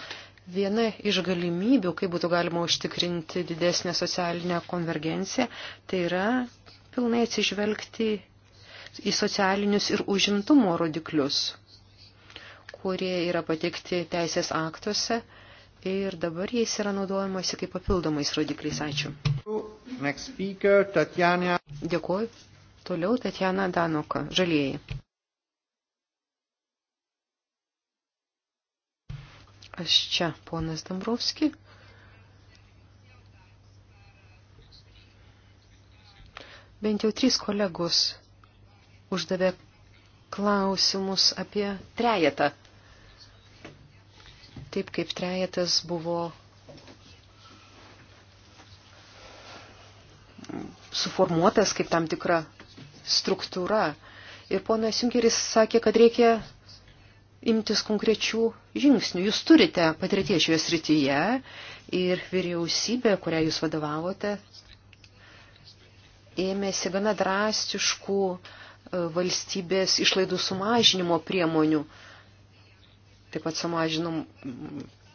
S2: Viena iš galimybių, kaip būtų galima užtikrinti didesnę socialinę konvergenciją, tai yra pilnai atsižvelgti į socialinius ir užimtumo rodiklius, kurie yra patikti teisės aktuose ir dabar jais yra naudojamasi kaip papildomais rodikliais. Ačiū. Speaker, Dėkuoju. Toliau Tatjana Danoka, žalieji. Aš čia, ponas Dambrovski. Bent jau trys kolegos uždavė klausimus apie trejetą. Taip kaip trejetas buvo suformuotas kaip tam tikra struktūra. Ir ponas Junkeris sakė, kad reikia imtis konkrečių žingsnių. Jūs turite patirties šioje srityje ir vyriausybė, kurią jūs vadovavote, ėmėsi gana drastiškų e, valstybės išlaidų sumažinimo priemonių. Taip pat sumažinom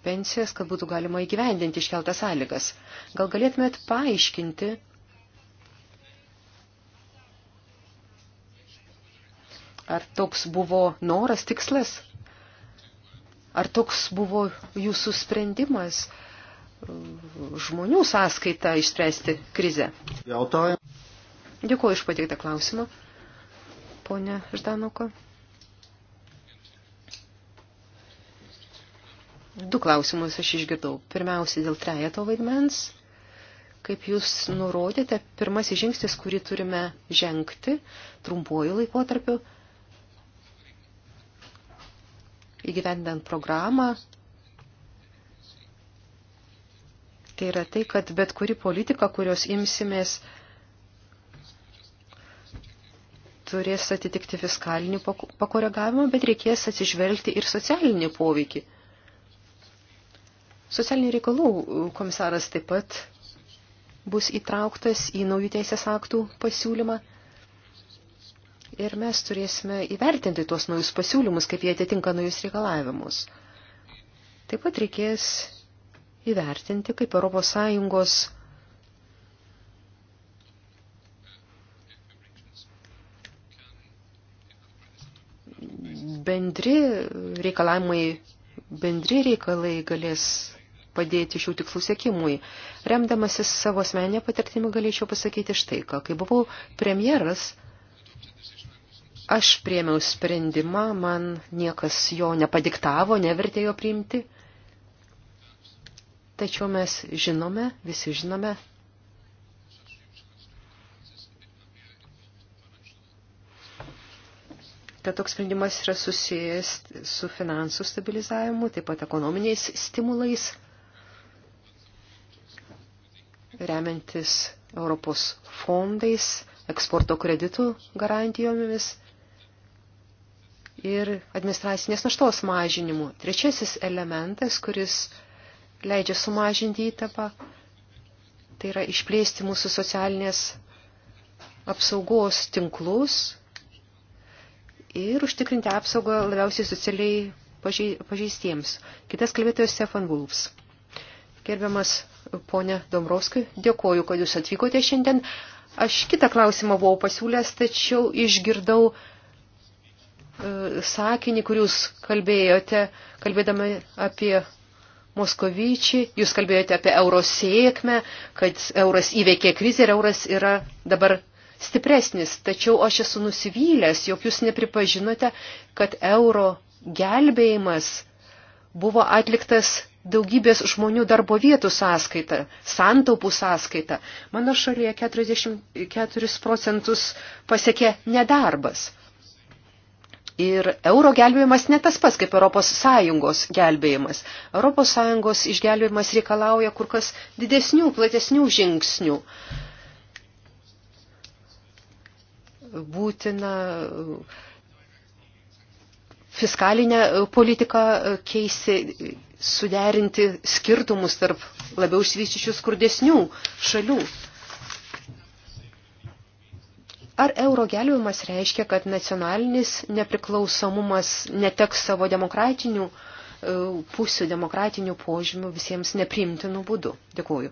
S2: pensijas, kad būtų galima įgyvendinti iškeltas sąlygas. Gal galėtumėt paaiškinti, ar toks buvo noras, tikslas? Ar toks buvo jūsų sprendimas uh, žmonių sąskaitą išspręsti krizę? Jautoju. Dėkuoju iš pateiktą klausimą, ponė Ždanuko. Du klausimus aš išgirdau. Pirmiausia, dėl trejeto vaidmens. Kaip jūs nurodėte, pirmasis žingsnis, kurį turime žengti trumpuoju laikotarpiu, įgyvendant programą. Tai yra tai, kad bet kuri politika, kurios imsimės, turės atitikti fiskalinį pakoregavimą, bet reikės atsižvelgti ir socialinį poveikį. Socialinių reikalų komisaras taip pat bus įtrauktas į naujų teisės aktų pasiūlymą ir mes turėsime įvertinti tuos naujus pasiūlymus, kaip jie atitinka naujus reikalavimus. Taip pat reikės įvertinti, kaip ES bendri reikalavimai, bendri reikalai galės padėti šių tikslų sėkimui. Remdamasis savo asmeninę patirtimį galėčiau pasakyti štai ką. Kai buvau premjeras, Aš priemiau sprendimą, man niekas jo nepadiktavo, nevertė jo priimti. Tačiau mes žinome, visi žinome, kad toks sprendimas yra susijęs su finansų stabilizavimu, taip pat ekonominiais stimulais, remiantis Europos fondais, eksporto kreditų garantijomis ir administracinės naštos mažinimu. Trečiasis elementas, kuris leidžia sumažinti įtapą, tai yra išplėsti mūsų socialinės apsaugos tinklus ir užtikrinti apsaugą labiausiai socialiai pažeistiems. Kitas kalbėtojas Stefan Vulfs. Gerbiamas ponė Domrovskai, dėkoju, kad jūs atvykote šiandien. Aš kitą klausimą buvau pasiūlęs, tačiau išgirdau uh, sakinį, kurį jūs kalbėjote, kalbėdami apie Moskovyčį, jūs kalbėjote apie euro sėkmę, kad euras įveikė krizę ir euras yra dabar stipresnis. Tačiau aš esu nusivylęs, jog jūs nepripažinote, kad euro gelbėjimas buvo atliktas daugybės žmonių darbo vietų sąskaita, santaupų sąskaita. Mano šalyje 44 procentus pasiekė nedarbas. Ir euro gelbėjimas ne tas pats kaip ES gelbėjimas. ES išgelbėjimas reikalauja kur kas didesnių, platesnių žingsnių. Būtina fiskalinę politiką keisti, suderinti skirtumus tarp labiau išsivyščiusių skurdesnių šalių. Ar euro gelbėjimas reiškia, kad nacionalinis nepriklausomumas neteks savo demokratinių e, pusių, demokratinių požymių visiems nepriimtinų būdų? Dėkuoju.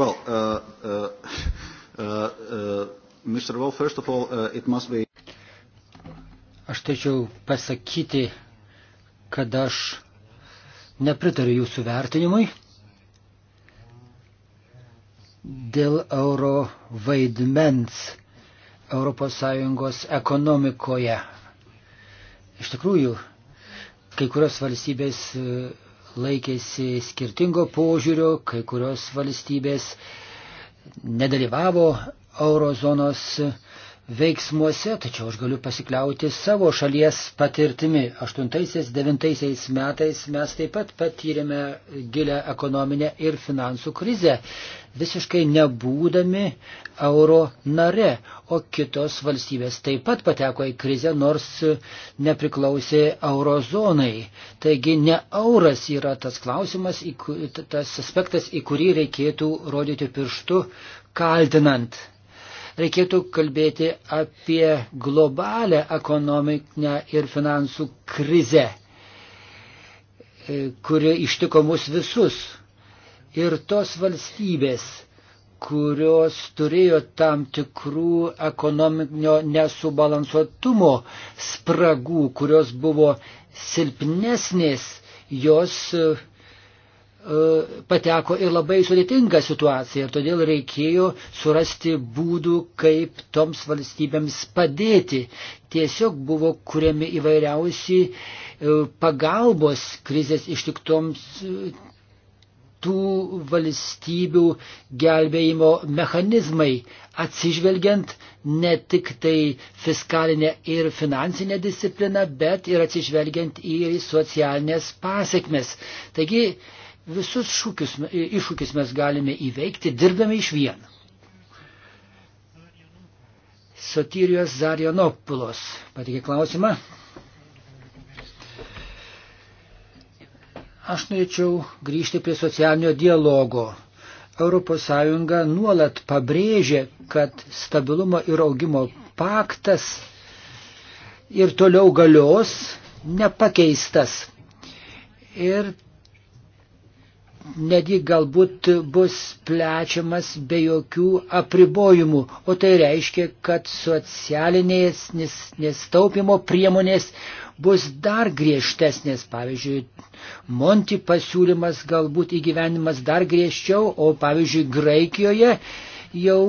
S3: Well, uh, uh, uh, uh Mr. Wolf, first of all, uh, it must be...
S1: Aš tačiau pasakyti, kad aš nepritariu jūsų vertinimui dėl euro vaidmens ES ekonomikoje. Iš tikrųjų, kai kurios valstybės e, laikėsi skirtingo požiūrio, kai kurios valstybės nedalyvavo eurozonos veiksmuose, tačiau aš galiu pasikliauti savo šalies patirtimi. 8-9 metais mes taip pat patyrėme gilę ekonominę ir finansų krizę, visiškai nebūdami euro nare, o kitos valstybės taip pat pateko į krizę, nors nepriklausė eurozonai. Taigi ne euras yra tas klausimas, tas aspektas, į kurį reikėtų rodyti pirštu, kaltinant reikėtų kalbėti apie globalę ekonominę ir finansų krizę, e, kuri ištiko mus visus. Ir tos valstybės, kurios turėjo tam tikrų ekonominio nesubalansuotumo spragų, kurios buvo silpnesnės, jos e, E, pateko ir labai sudėtinga situacija ir todėl reikėjo surasti būdų, kaip toms valstybėms padėti. Tiesiog buvo kuriami įvairiausi e, pagalbos krizės ištiktoms e, tų valstybių gelbėjimo mechanizmai, atsižvelgiant ne tik tai fiskalinę ir finansinę discipliną, bet ir atsižvelgiant į socialinės pasiekmes. Taigi, Visus šūkius, iššūkis mes galime įveikti, dirbdami iš vieną. Sotirijos Zarianopulos patikė klausimą. Aš norėčiau grįžti prie socialinio dialogo. ES nuolat pabrėžė, kad stabilumo ir augimo paktas ir toliau galios nepakeistas. Ir netgi galbūt bus plečiamas be jokių apribojimų, o tai reiškia, kad socialinės nestaupimo priemonės bus dar griežtesnės. Pavyzdžiui, Monti pasiūlymas galbūt įgyvenimas dar griežčiau, o pavyzdžiui, Graikijoje jau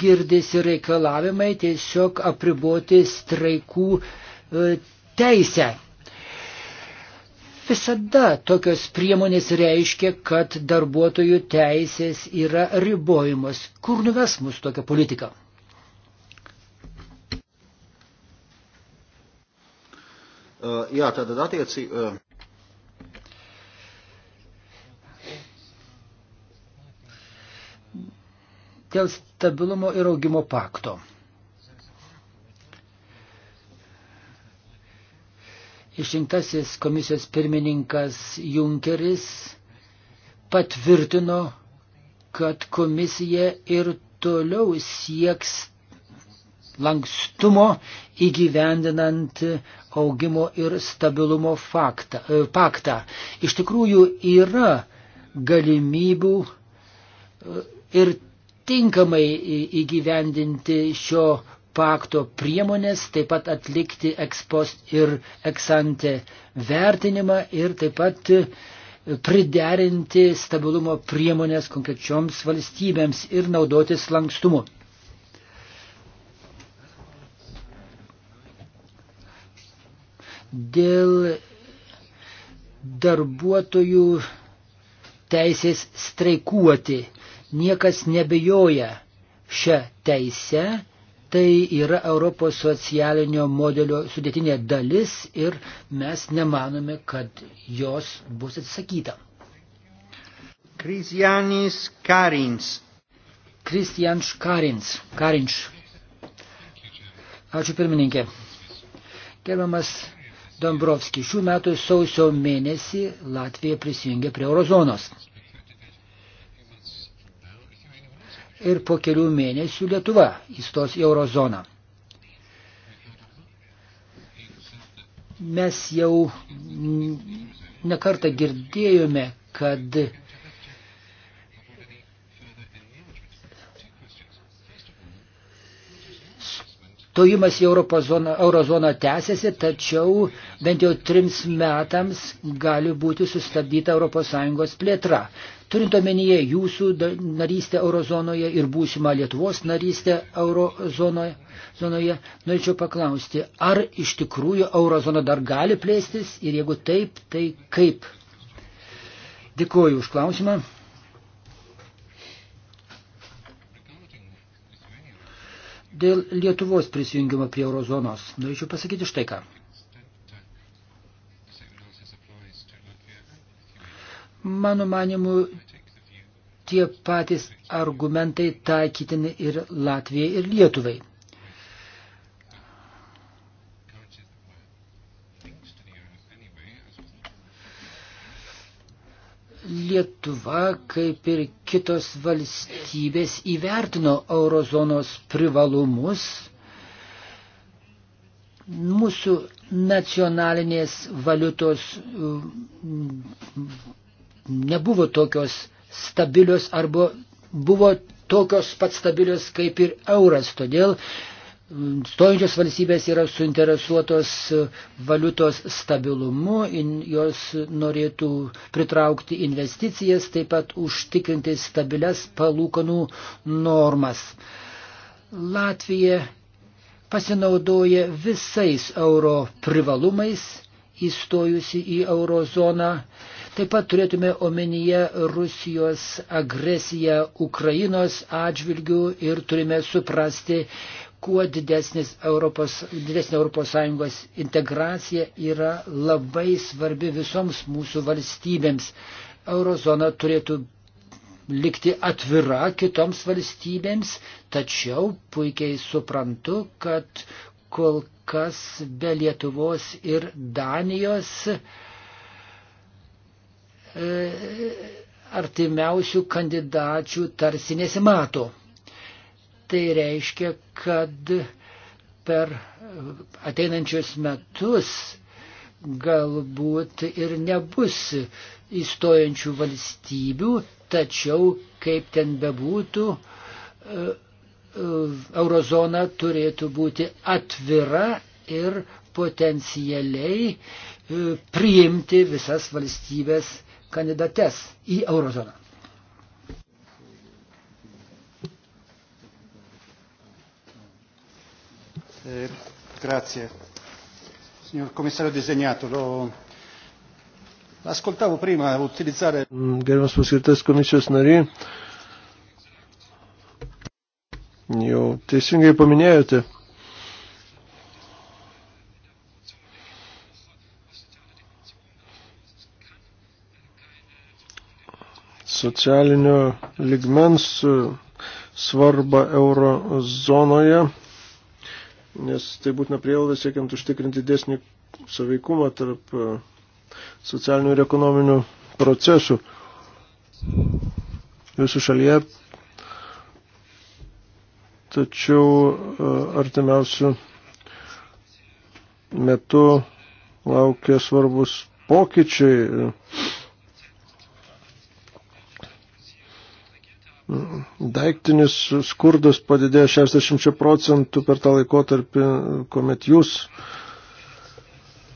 S1: girdisi reikalavimai tiesiog apriboti straikų e, teisę. Visada tokios priemonės reiškia, kad darbuotojų teisės yra ribojamos. Kur nuves mūsų tokia politika?
S3: Uh, jā, tad attieci. Uh...
S1: Dėl stabilumo ir augimo pakto. išrinktasis komisijos pirmininkas Junkeris patvirtino, kad komisija ir toliau sieks lankstumo įgyvendinant augimo ir stabilumo faktą, e, paktą. Iš tikrųjų yra galimybių e, ir tinkamai įgyvendinti šio pakto priemonės, taip pat atlikti ekspost ir eksante vertinimą ir taip pat e, priderinti stabilumo priemonės konkrečioms valstybėms ir naudotis lankstumu. Dėl darbuotojų teisės streikuoti niekas nebejoja šią teisę Tai yra Europos socialinio modelio sudėtinė dalis ir mes nemanome, kad jos bus atsisakyta. Kristianis Karins. Kristianš Karins. Karinš. Ačiū pirmininkė. Gerbiamas Dombrovskis, šių metų sausio mėnesį Latvija prisijungė prie eurozonos. ir po kelių mėnesių Lietuva įstos į eurozoną. Mes jau nekartą girdėjome, kad Stojimas į eurozoną, eurozoną tęsiasi, tačiau bent jau trims metams gali būti sustabdyta ES plėtra turint omenyje jūsų narystę eurozonoje ir būsimą Lietuvos narystę eurozonoje, zonoje, norėčiau paklausti, ar iš tikrųjų eurozona dar gali plėstis ir jeigu taip, tai kaip? Dėkuoju už klausimą. Dėl Lietuvos prisijungimo prie eurozonos norėčiau pasakyti štai ką. Mano manimu, tie patys argumentai taikytini ir Latvijai, ir Lietuvai. Lietuva, kaip ir kitos valstybės, įvertino eurozonos privalumus. Mūsų nacionalinės valiutos nebuvo tokios stabilios arba buvo tokios pat stabilios kaip ir euras. Todėl mm, stojančios valstybės yra suinteresuotos valiutos stabilumu, jos norėtų pritraukti investicijas, taip pat užtikrinti stabilias palūkanų normas. Latvija pasinaudoja visais euro privalumais įstojusi į eurozoną Taip pat turėtume omenyje Rusijos agresiją Ukrainos atžvilgių ir turime suprasti, kuo didesnis Europos, didesnė ES integracija yra labai svarbi visoms mūsų valstybėms. Eurozona turėtų likti atvira kitoms valstybėms, tačiau puikiai suprantu, kad kol kas be Lietuvos ir Danijos uh, E, artimiausių kandidačių tarsi nesimato. Tai reiškia, kad per ateinančius metus galbūt ir nebus įstojančių valstybių, tačiau kaip ten bebūtų, e, e, eurozona turėtų būti atvira ir potencialiai priimti visas valstybės kandidates į eurozoną.
S3: Eh, grazie. Signor commissario designato, lo ascoltavo prima utilizzare.
S4: Mm, gerbiamas paskirtas komisijos nariai, jau teisingai paminėjote socialinio ligmens svarbą euro zonoje, nes tai būtina prielaida siekiant užtikrinti didesnį saveikumą tarp e, socialinių ir ekonominių procesų. Jūsų šalyje tačiau e, artimiausių metų laukia svarbus pokyčiai daiktinis skurdas padidėjo 60 procentų per tą laikotarpį, kuomet jūs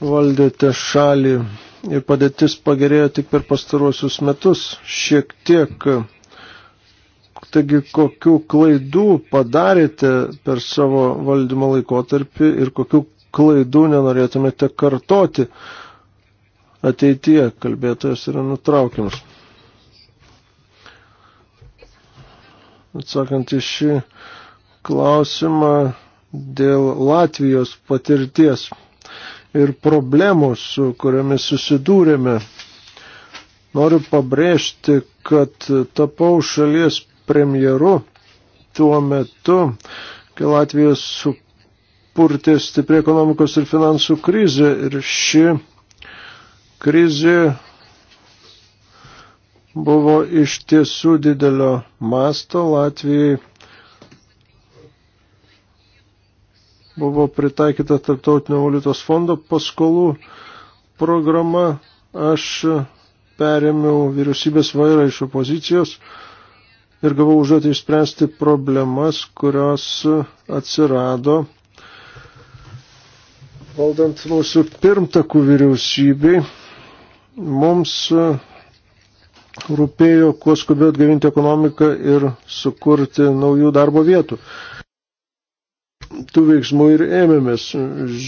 S4: valdėte šalį ir padėtis pagerėjo tik per pastaruosius metus šiek tiek. Taigi, kokių klaidų padarėte per savo valdymo laikotarpį ir kokių klaidų nenorėtumėte kartoti ateityje, kalbėtojas yra nutraukiamas. atsakant į šį klausimą dėl Latvijos patirties ir problemų, su kuriamis susidūrėme. Noriu pabrėžti, kad tapau šalies premjeru tuo metu, kai Latvijos supurtė stipri ekonomikos ir finansų krizė ir ši krizė buvo iš tiesų didelio masto Latvijai. Buvo pritaikyta Tarptautinio valiutos fondo paskolų programa. Aš perėmiau vyriausybės vairą iš opozicijos ir gavau užduotį išspręsti problemas, kurios atsirado valdant mūsų pirmtakų vyriausybei. Mums rūpėjo, kuo skubiau atgavinti ekonomiką ir sukurti naujų darbo vietų. Tų veiksmų ir ėmėmės.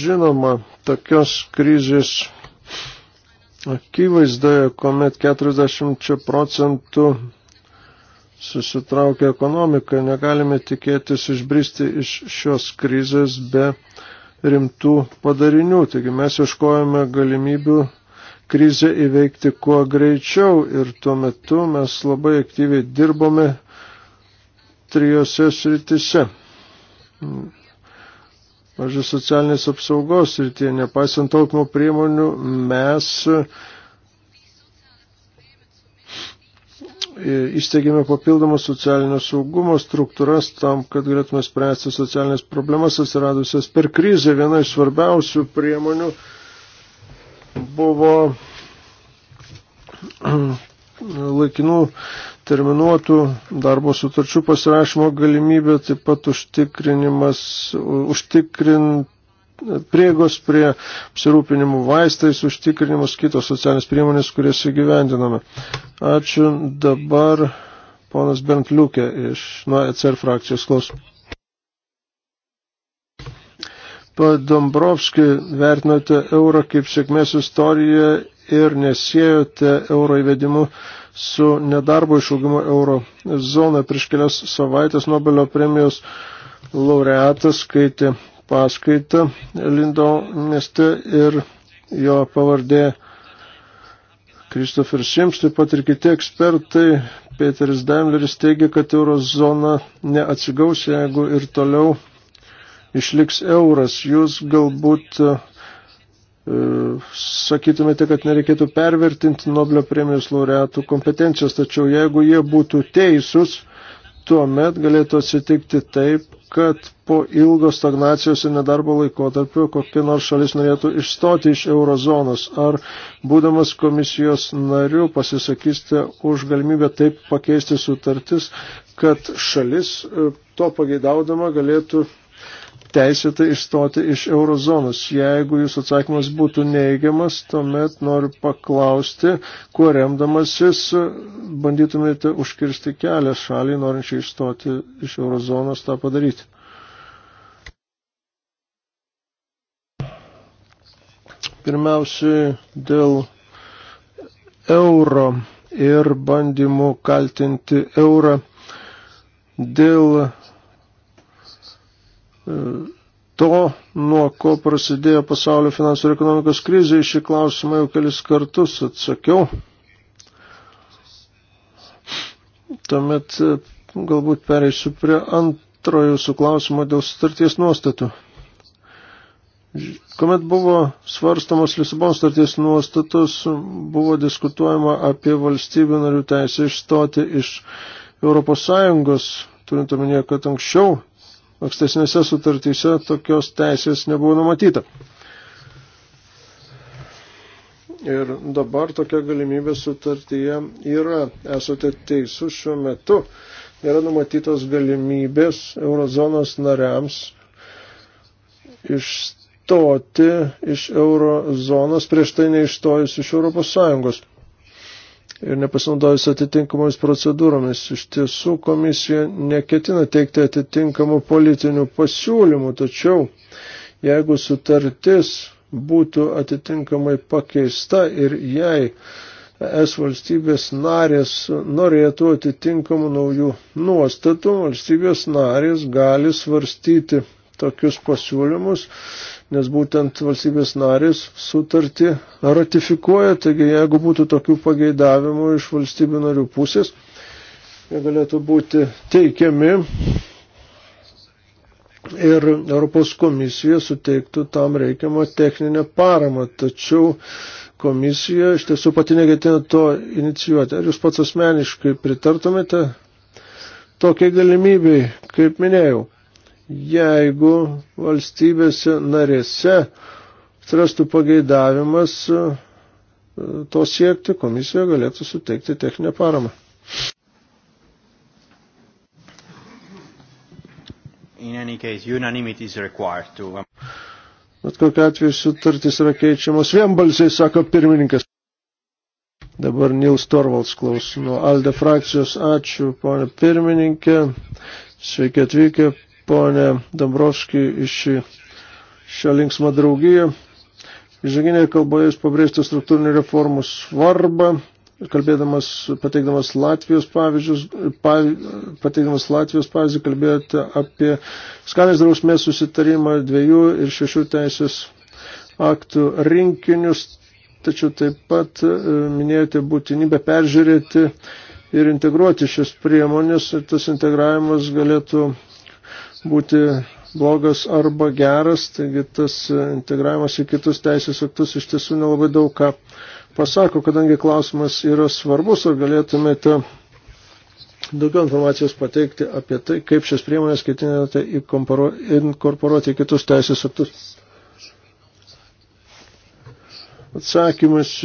S4: Žinoma, tokios krizės akivaizdoje, kuomet 40 procentų susitraukia ekonomika, negalime tikėtis išbristi iš šios krizės be rimtų padarinių. Taigi mes ieškojame galimybių krizę įveikti kuo greičiau ir tuo metu mes labai aktyviai dirbome trijose sritise. Pavyzdžiui, socialinės apsaugos srityje, nepaisant taupimo priemonių, mes įsteigėme papildomą socialinio saugumo struktūras tam, kad galėtume spręsti socialinės problemas atsiradusias per krizę. Viena iš svarbiausių priemonių buvo laikinų terminuotų darbo sutarčių pasirašymo galimybė, taip pat užtikrinimas, užtikrint priegos prie apsirūpinimų vaistais, užtikrinimus kitos socialinės priemonės, kurias įgyvendiname. Ačiū dabar ponas Bentliukė iš nuo ECR frakcijos klausimų. Dombrovskį vertinote eurą kaip sėkmės istoriją ir nesėjote euro įvedimu su nedarbo išaugimu euro zoną. Prieš kelias savaitės Nobelio premijos laureatas skaitė paskaitą Lindo mieste ir jo pavardė Kristofer Šims, taip pat ir kiti ekspertai, Peteris Daimleris teigia, kad eurozona neatsigaus, jeigu ir toliau išliks euras. Jūs galbūt e, e, sakytumėte, kad nereikėtų pervertinti Nobelio premijos laureatų kompetencijos, tačiau jeigu jie būtų teisūs, tuomet galėtų atsitikti taip, kad po ilgo stagnacijos ir nedarbo laikotarpio kokia nors šalis norėtų išstoti iš eurozonos. Ar būdamas komisijos nariu pasisakysite už galimybę taip pakeisti sutartis, kad šalis e, to pageidaudama galėtų teisėtai išstoti iš eurozonos. Jeigu jūsų atsakymas būtų neigiamas, tuomet noriu paklausti, kuo remdamasis bandytumėte užkirsti kelią šaliai, norinčiai išstoti iš eurozonos tą padaryti. Pirmiausiai dėl euro ir bandymų kaltinti eurą dėl E, to, nuo ko prasidėjo pasaulio finansų ir ekonomikos krizė, iš šį klausimą jau kelis kartus atsakiau. Tuomet e, galbūt pereisiu prie antrojo jūsų klausimo dėl sutarties nuostatų. Komet buvo svarstamos Lisabonos starties nuostatos, buvo diskutuojama apie valstybių narių teisę išstoti iš Europos Sąjungos, turint omenyje, kad anksčiau ankstesnėse sutartyse tokios teisės nebuvo numatyta. Ir dabar tokia galimybė sutartyje yra, esate teisus šiuo metu, yra numatytos galimybės eurozonos nariams išstoti iš eurozonos prieš tai neištojus iš Europos Sąjungos ir nepasinaudojus atitinkamomis procedūromis. Iš tiesų komisija neketina teikti atitinkamų politinių pasiūlymų, tačiau jeigu sutartis būtų atitinkamai pakeista ir jei es valstybės narės norėtų atitinkamų naujų nuostatų, valstybės narės gali svarstyti tokius pasiūlymus nes būtent valstybės narės sutartį ratifikuoja, taigi jeigu būtų tokių pageidavimų iš valstybių narių pusės, jie galėtų būti teikiami ir Europos komisija suteiktų tam reikiamą techninę paramą, tačiau komisija iš tiesų pati negetina to inicijuoti. Ar jūs pats asmeniškai pritartumėte tokiai galimybei, kaip minėjau? jeigu valstybėse narėse atrastų pageidavimas e, to siekti, komisija galėtų suteikti techninę paramą.
S3: Case, to... Um,
S4: Bet kokiu atveju sutartys yra keičiamos vienbalsiai, sako pirmininkas. Dabar Nils Torvalds klausimo. Alde frakcijos, ačiū, ponė pirmininkė. Sveiki atvykę, ponė Dombrovskį iš šią linksmą draugiją. Žaginėje kalboje jis pabrėžtų struktūrinių reformų svarbą, kalbėdamas, pateikdamas Latvijos pavyzdžius, pa, pateikdamas Latvijos pavyzdį, kalbėjote apie skalės drausmės susitarimą dviejų ir šešių teisės aktų rinkinius, tačiau taip pat e, minėjote būtinybę peržiūrėti ir integruoti šias priemonės ir tas integravimas galėtų būti blogas arba geras, taigi tas integravimas į kitus teisės aktus iš tiesų nelabai daug ką pasako, kadangi klausimas yra svarbus, ar galėtumėte daugiau informacijos pateikti apie tai, kaip šias priemonės ketinate inkorporuoti į kitus teisės aktus. Atsakymas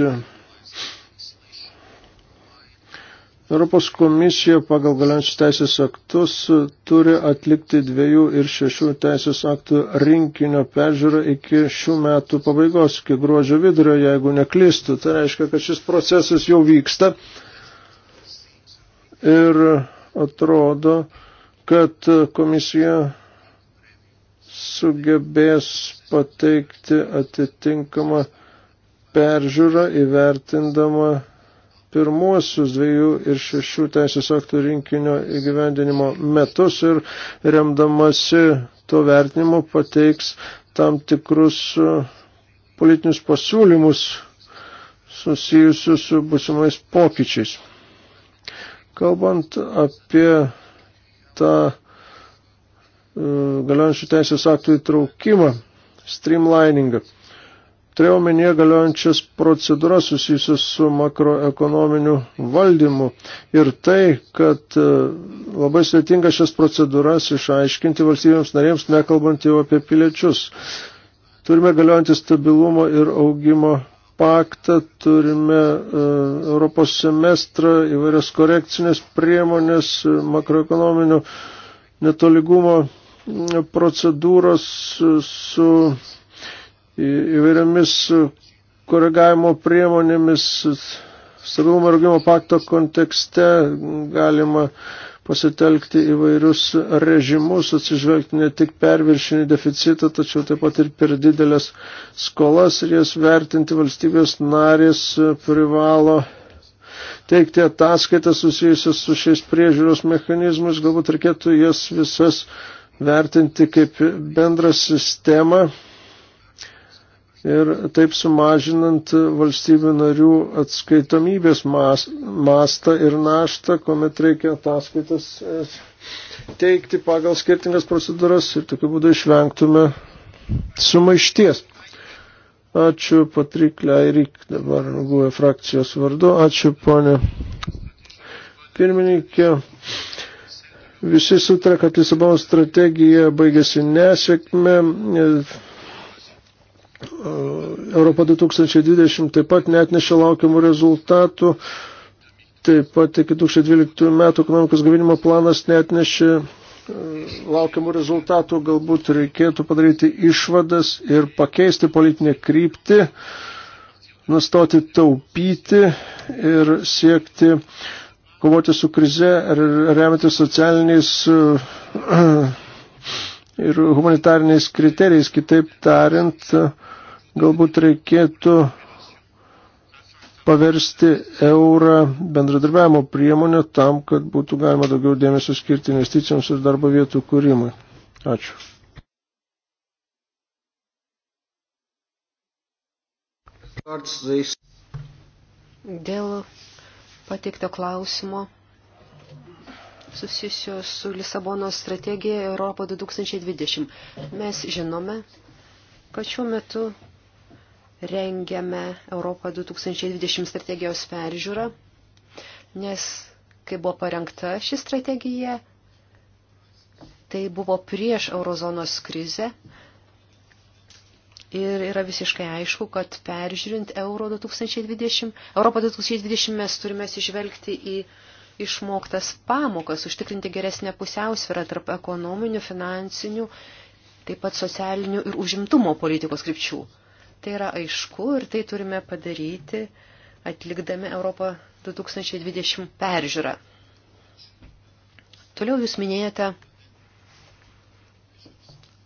S4: Europos komisija pagal galiančius teisės aktus turi atlikti dviejų ir šešių teisės aktų rinkinio peržiūrą iki šių metų pabaigos, iki gruodžio vidurio, jeigu neklystų. Tai reiškia, kad šis procesas jau vyksta ir atrodo, kad komisija sugebės pateikti atitinkamą peržiūrą įvertindama pirmuosius dviejų ir šešių teisės aktų rinkinio įgyvendinimo metus ir remdamasi to vertinimu pateiks tam tikrus e, politinius pasiūlymus susijusius su būsimais pokyčiais. Kalbant apie tą e, galiojančių teisės aktų įtraukimą, streamliningą. Turėjau menyje galiojančias procedūras susijusias su makroekonominiu valdymu ir tai, kad e, labai sveitinga šias procedūras išaiškinti valstybėms narėms, nekalbant jau apie piliečius. Turime galiojantį stabilumo ir augimo paktą, turime e, Europos semestrą, įvairias korekcinės priemonės, e, makroekonominio netoligumo procedūros su įvairiamis e, koregavimo priemonėmis stabilumo ir augimo pakto kontekste galima pasitelkti įvairius režimus, atsižvelgti ne tik perviršinį deficitą, tačiau taip pat ir per didelės skolas ir jas vertinti valstybės narės e, privalo teikti ataskaitas susijusias su šiais priežiūros mechanizmais, galbūt reikėtų jas visas vertinti kaip bendrą sistemą ir taip sumažinant valstybių narių atskaitomybės mas, mastą ir naštą, kuomet reikia ataskaitas e, teikti pagal skirtingas procedūras ir tokiu būdu išvengtume sumaišties. Ačiū Patrik Leirik, dabar buvę e frakcijos vardu. Ačiū ponė pirmininkė. Visi sutra, kad Lisabono strategija baigėsi nesėkme Europa 2020 taip pat netnešė laukiamų rezultatų. Taip pat iki 2012 metų ekonomikos gavinimo planas netnešė e, laukiamų rezultatų. Galbūt reikėtų padaryti išvadas ir pakeisti politinę kryptį, nustoti taupyti ir siekti kovoti su krize, remiantis socialiniais e, ir humanitariniais kriterijais. Kitaip tariant, galbūt reikėtų paversti eurą bendradarbiavimo priemonę tam, kad būtų galima daugiau dėmesio skirti investicijoms ir darbo vietų kūrimui. Ačiū.
S2: Dėl pateikto klausimo susijusios su Lisabono strategija Europo 2020. Mes žinome, kad šiuo metu rengiame Europą 2020 strategijos peržiūrą, nes kai buvo parengta ši strategija, tai buvo prieš eurozonos krizę ir yra visiškai aišku, kad peržiūrint Euro 2020, Europą 2020 mes turime sižvelgti į išmoktas pamokas, užtikrinti geresnę pusiausvyrą tarp ekonominių, finansinių, taip pat socialinių ir užimtumo politikos krypčių. Tai yra aišku ir tai turime padaryti atlikdami Europą 2020 peržiūrą. Toliau jūs minėjote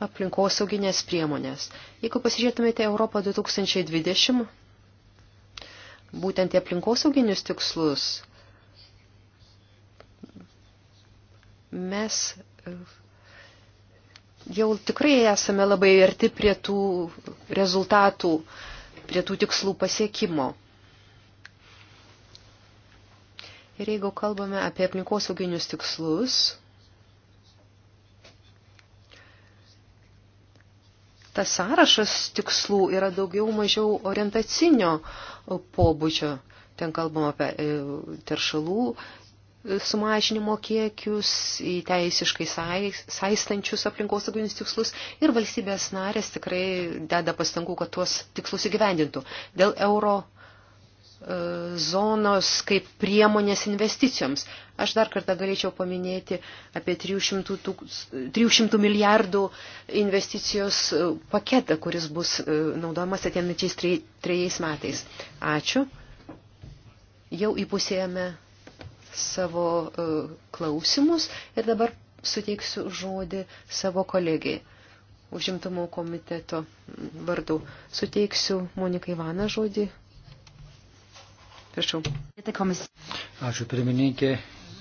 S2: aplinkosauginės priemonės. Jeigu pasižiūrėtumėte Europą 2020, būtent į aplinkosauginius tikslus, mes e, jau tikrai esame labai arti prie tų rezultatų, prie tų tikslų pasiekimo. Ir jeigu kalbame apie aplinkosauginius tikslus, tas sąrašas tikslų yra daugiau mažiau orientacinio pobūdžio. Ten kalbam apie e, teršalų sumažinimo kiekius, į teisiškai saistančius aplinkosauginius tikslus ir valstybės narės tikrai deda pastangų, kad tuos tikslus įgyvendintų. Dėl euro e, zonos kaip priemonės investicijoms. Aš dar kartą galėčiau paminėti apie 300, tūk, 300 milijardų investicijos e, paketą, kuris bus e, naudojamas atėmečiais trejais metais. Ačiū. Jau įpusėjame savo e, klausimus ir dabar suteiksiu žodį savo kolegijai. Užimtumo komiteto vardu. Suteiksiu Monikai Vaną žodį.
S1: Prašau. Ačiū pirmininkė,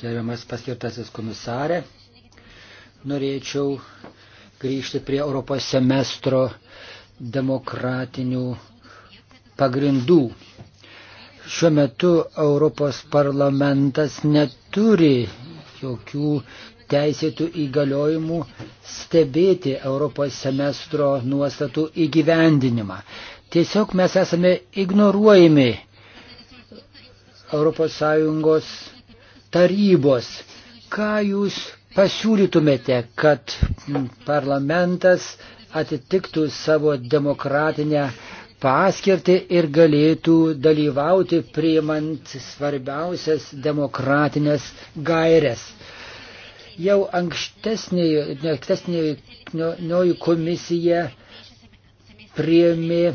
S1: gerbiamas paskirtasis komisarė. Norėčiau grįžti prie Europos semestro demokratinių pagrindų. Šiuo metu Europos parlamentas neturi jokių teisėtų įgaliojimų stebėti Europos semestro nuostatų įgyvendinimą. Tiesiog mes esame ignoruojami ES tarybos. Ką jūs pasiūlytumėte, kad parlamentas atitiktų savo demokratinę uh, paskirtį ir galėtų dalyvauti priimant svarbiausias demokratinės gairias. Jau ankstesnioji komisija priėmė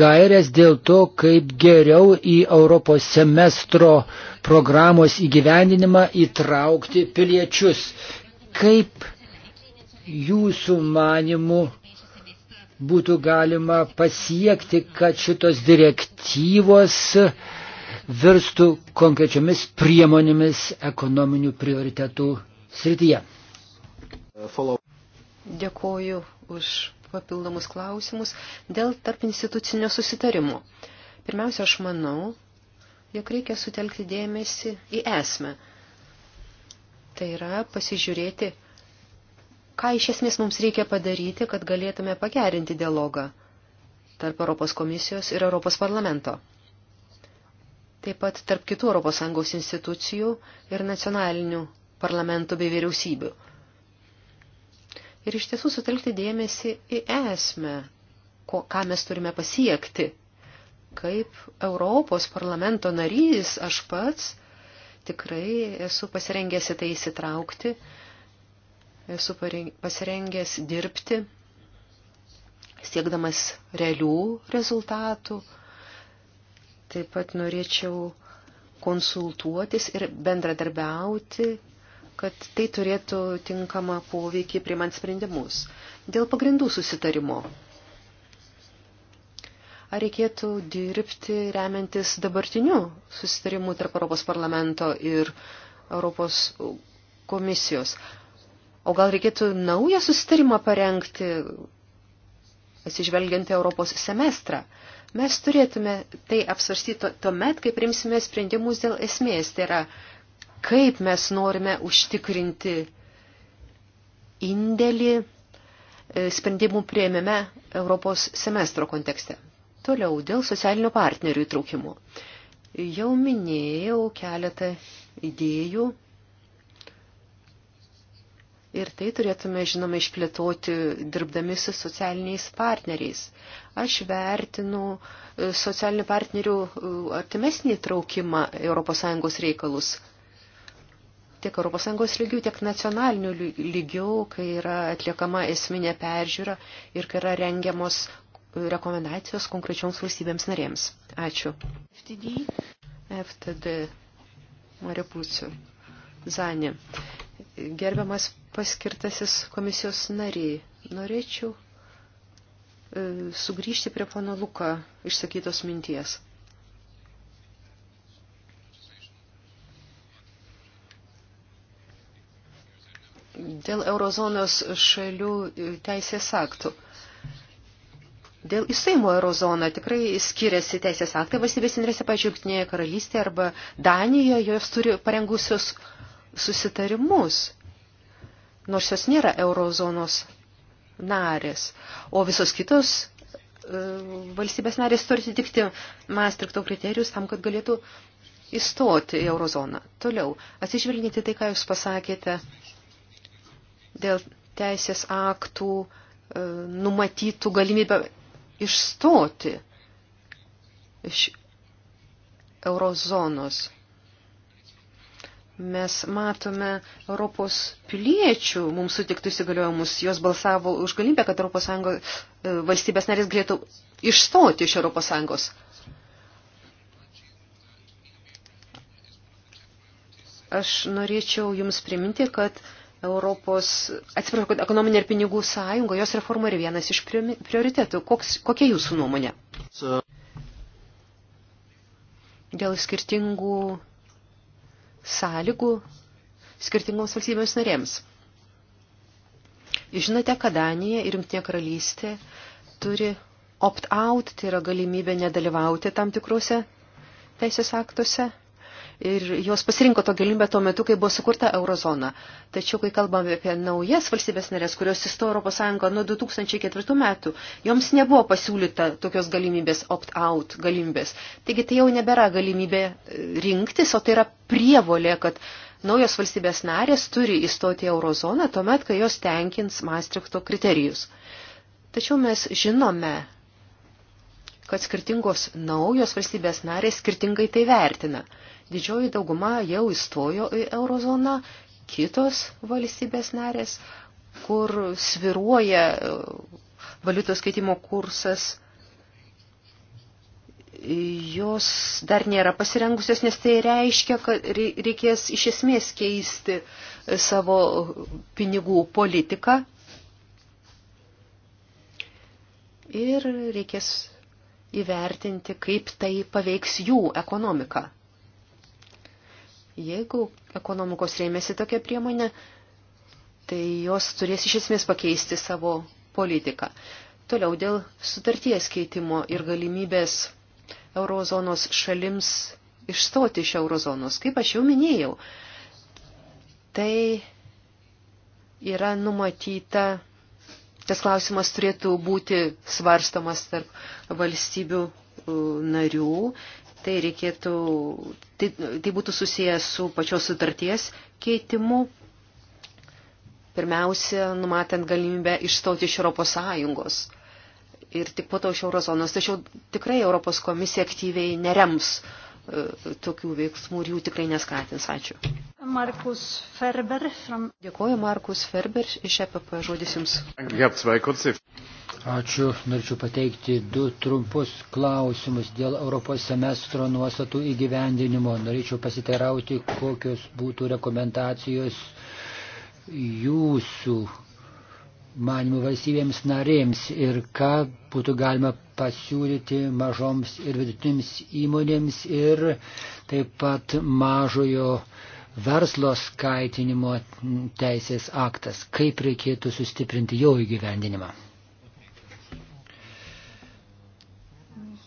S1: gairias dėl to, kaip geriau į Europos semestro programos įgyvendinimą įtraukti piliečius. Kaip jūsų manimų būtų galima pasiekti, kad šitos direktyvos virstų konkrečiomis priemonėmis ekonominių prioritetų srityje.
S2: Dėkoju už papildomus klausimus dėl tarp institucinio susitarimo. Pirmiausia, aš manau, jog reikia sutelkti dėmesį į esmę. Tai yra pasižiūrėti, Ką iš esmės mums reikia padaryti, kad galėtume pagerinti dialogą tarp Europos komisijos ir Europos parlamento? Taip pat tarp kitų ES institucijų ir nacionalinių parlamentų bei vyriausybių. Ir iš tiesų sutelkti dėmesį į esmę, ko, ką mes turime pasiekti. Kaip Europos parlamento narys aš pats tikrai esu pasirengęs į tai įsitraukti esu pasirengęs dirbti, siekdamas realių rezultatų. Taip pat norėčiau konsultuotis ir bendradarbiauti, kad tai turėtų tinkamą poveikį priimant sprendimus. Dėl pagrindų susitarimo. Ar reikėtų dirbti remiantis dabartiniu susitarimu tarp Europos parlamento ir Europos komisijos? O gal reikėtų naują susitarimą parengti, atsižvelgiant Europos semestrą? Mes turėtume tai apsvarstyti tuomet, kai primsime sprendimus dėl esmės. Tai yra, kaip mes norime užtikrinti indėlį e, sprendimų prieimime Europos semestro kontekste. Toliau dėl socialinių partnerių įtraukimų. Jau minėjau keletą idėjų Ir tai turėtume, žinoma, išplėtoti dirbdami su socialiniais partneriais. Aš vertinu e, socialinių partnerių e, artimesnį traukimą ES reikalus. Tiek ES lygių, tiek nacionalinių lygių, kai yra atliekama esminė peržiūra ir kai yra rengiamos e, rekomendacijos konkrečioms valstybėms narėms. Ačiū. FTD. FTD. Maripūcių. Zanė. Gerbiamas paskirtasis komisijos nariai, norėčiau e, sugrįžti prie pono Luka išsakytos minties. Dėl eurozonos šalių e, teisės aktų. Dėl įstojimo eurozoną tikrai skiriasi teisės aktai valstybės narėse, pažiūrėk, Karalystė arba Danijoje, jos turi parengusios susitarimus, nors jos nėra eurozonos narės, o visos kitos e, valstybės narės turi atitikti Maastrichto kriterijus tam, kad galėtų įstoti į eurozoną. Toliau, atsižvelginti tai, ką Jūs pasakėte dėl teisės aktų e, numatytų galimybę išstoti iš eurozonos mes matome Europos piliečių mums sutiktų įsigaliojimus. Jos balsavo už galimybę, kad ES e, valstybės narės galėtų išstoti iš ES. Aš norėčiau Jums priminti, kad Europos, atsiprašau, kad ekonominė ir pinigų sąjunga, jos reforma yra vienas iš prioritetų. Koks, kokia Jūsų nuomonė? Dėl skirtingų sąlygų skirtingoms valstybėms narėms. Žinote, kad Danija ir Jungtinė karalystė turi opt-out, tai yra galimybė nedalyvauti tam tikrose teisės aktuose ir jos pasirinko to galimybę tuo metu, kai buvo sukurta eurozona. Tačiau, kai kalbame apie naujas valstybės narės, kurios įstojo Europos Sąjungą nuo 2004 metų, joms nebuvo pasiūlyta tokios galimybės opt-out galimybės. Taigi tai jau nebėra galimybė e, rinktis, o tai yra prievolė, kad naujos valstybės narės turi įstoti eurozoną tuomet, kai jos tenkins Maastrichto kriterijus. Tačiau mes žinome, kad skirtingos naujos valstybės narės skirtingai tai vertina. Didžioji dauguma jau įstojo į eurozoną, kitos valstybės narės, kur sviruoja e, valiutos keitimo kursas, jos dar nėra pasirengusios, nes tai reiškia, kad reikės iš esmės keisti e, savo pinigų politiką ir reikės įvertinti, kaip tai paveiks jų ekonomiką. Jeigu ekonomikos rėmėsi tokia priemonė, tai jos turės iš esmės pakeisti savo politiką. Toliau dėl sutarties keitimo ir galimybės eurozonos šalims išstoti iš eurozonos. Kaip aš jau minėjau, tai yra numatyta, tas klausimas turėtų būti svarstomas tarp valstybių uh, narių, tai reikėtų, tai, tai būtų susijęs su pačios sutarties keitimu, pirmiausia, numatant galimybę išstoti iš Europos Sąjungos ir tik po to iš Eurozonos. Tačiau tikrai Europos komisija aktyviai nerems e, tokių veiksmų ir jų tikrai neskatins. Ačiū. Markus Ferber. From... Dėkuoju, Markus Ferber iš EPP. Žodis Jums.
S1: Ačiū. Norčiau pateikti du trumpus klausimus dėl Europos semestro nuostatų įgyvendinimo. Norėčiau pasiteirauti, kokios būtų rekomendacijos jūsų manimų valstybėms narėms ir ką būtų galima pasiūlyti mažoms ir vidutinėms įmonėms ir taip pat mažojo verslo skaitinimo teisės aktas, kaip reikėtų sustiprinti jo įgyvendinimą.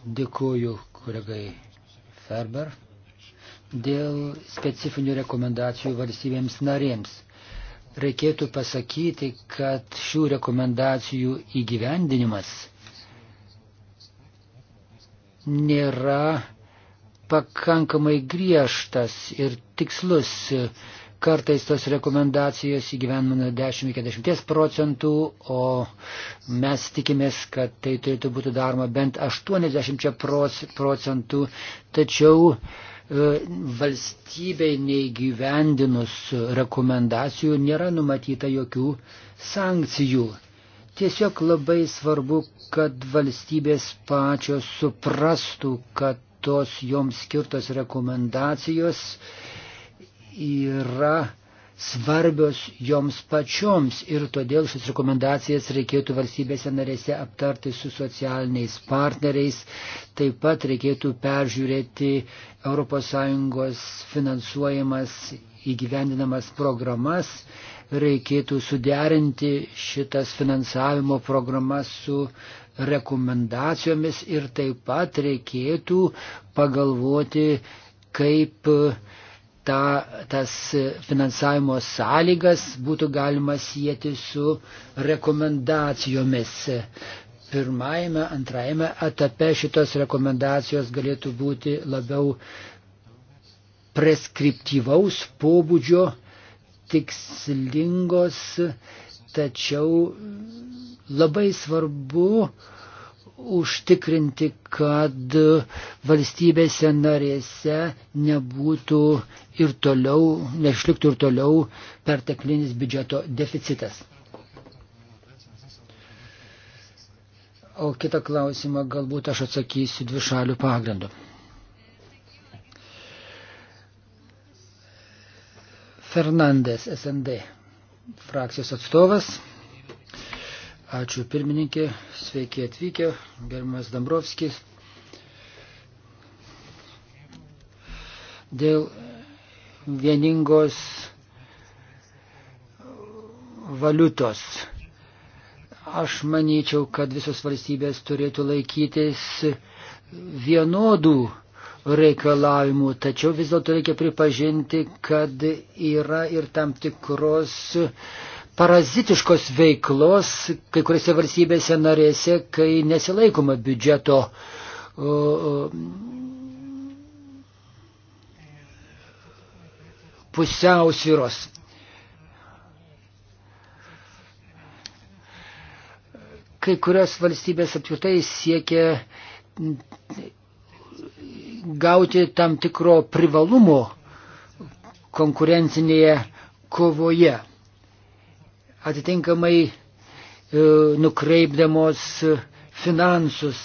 S1: Dėkuoju kolegai Ferber dėl specifinių rekomendacijų valstybėms narėms. Reikėtų pasakyti, kad šių rekomendacijų įgyvendinimas nėra pakankamai griežtas ir tikslus kartais tos rekomendacijos įgyvenama 10-40 procentų, o mes tikimės, kad tai turėtų būti daroma bent 80 procentų, tačiau e, valstybei neįgyvendinus rekomendacijų nėra numatyta jokių sankcijų. Tiesiog labai svarbu, kad valstybės pačios suprastų, kad tos joms skirtos rekomendacijos uh, yra svarbios joms pačioms ir todėl šis rekomendacijas reikėtų valstybėse narėse aptarti su socialiniais partneriais. Taip pat reikėtų peržiūrėti ES finansuojamas įgyvendinamas programas, reikėtų suderinti šitas finansavimo programas su rekomendacijomis ir taip pat reikėtų pagalvoti, kaip uh, ta, tas finansavimo sąlygas būtų galima sieti su rekomendacijomis. Pirmajame, antrajame etape šitos rekomendacijos galėtų būti labiau preskriptyvaus pobūdžio, tikslingos, tačiau labai svarbu užtikrinti, kad valstybėse narėse nebūtų ir toliau, neišliktų ir toliau perteklinis biudžeto deficitas. O kitą klausimą galbūt aš atsakysiu dvišalių pagrindų. Fernandes SND frakcijos atstovas. Ačiū pirmininkė, sveiki atvykę, gerbiamas Dambrovskis. Dėl vieningos valiutos. Aš manyčiau, kad visos valstybės turėtų laikytis vienodų reikalavimų, tačiau vis dėlto reikia pripažinti, kad yra ir tam tikros uh, parazitiškos veiklos kai kuriuose valstybėse narėse, kai nesilaikoma biudžeto pusiausvyros. Kai kurios valstybės apskritai siekia gauti tam tikro privalumo konkurencinėje kovoje atitinkamai e, nukreipdamos e, finansus.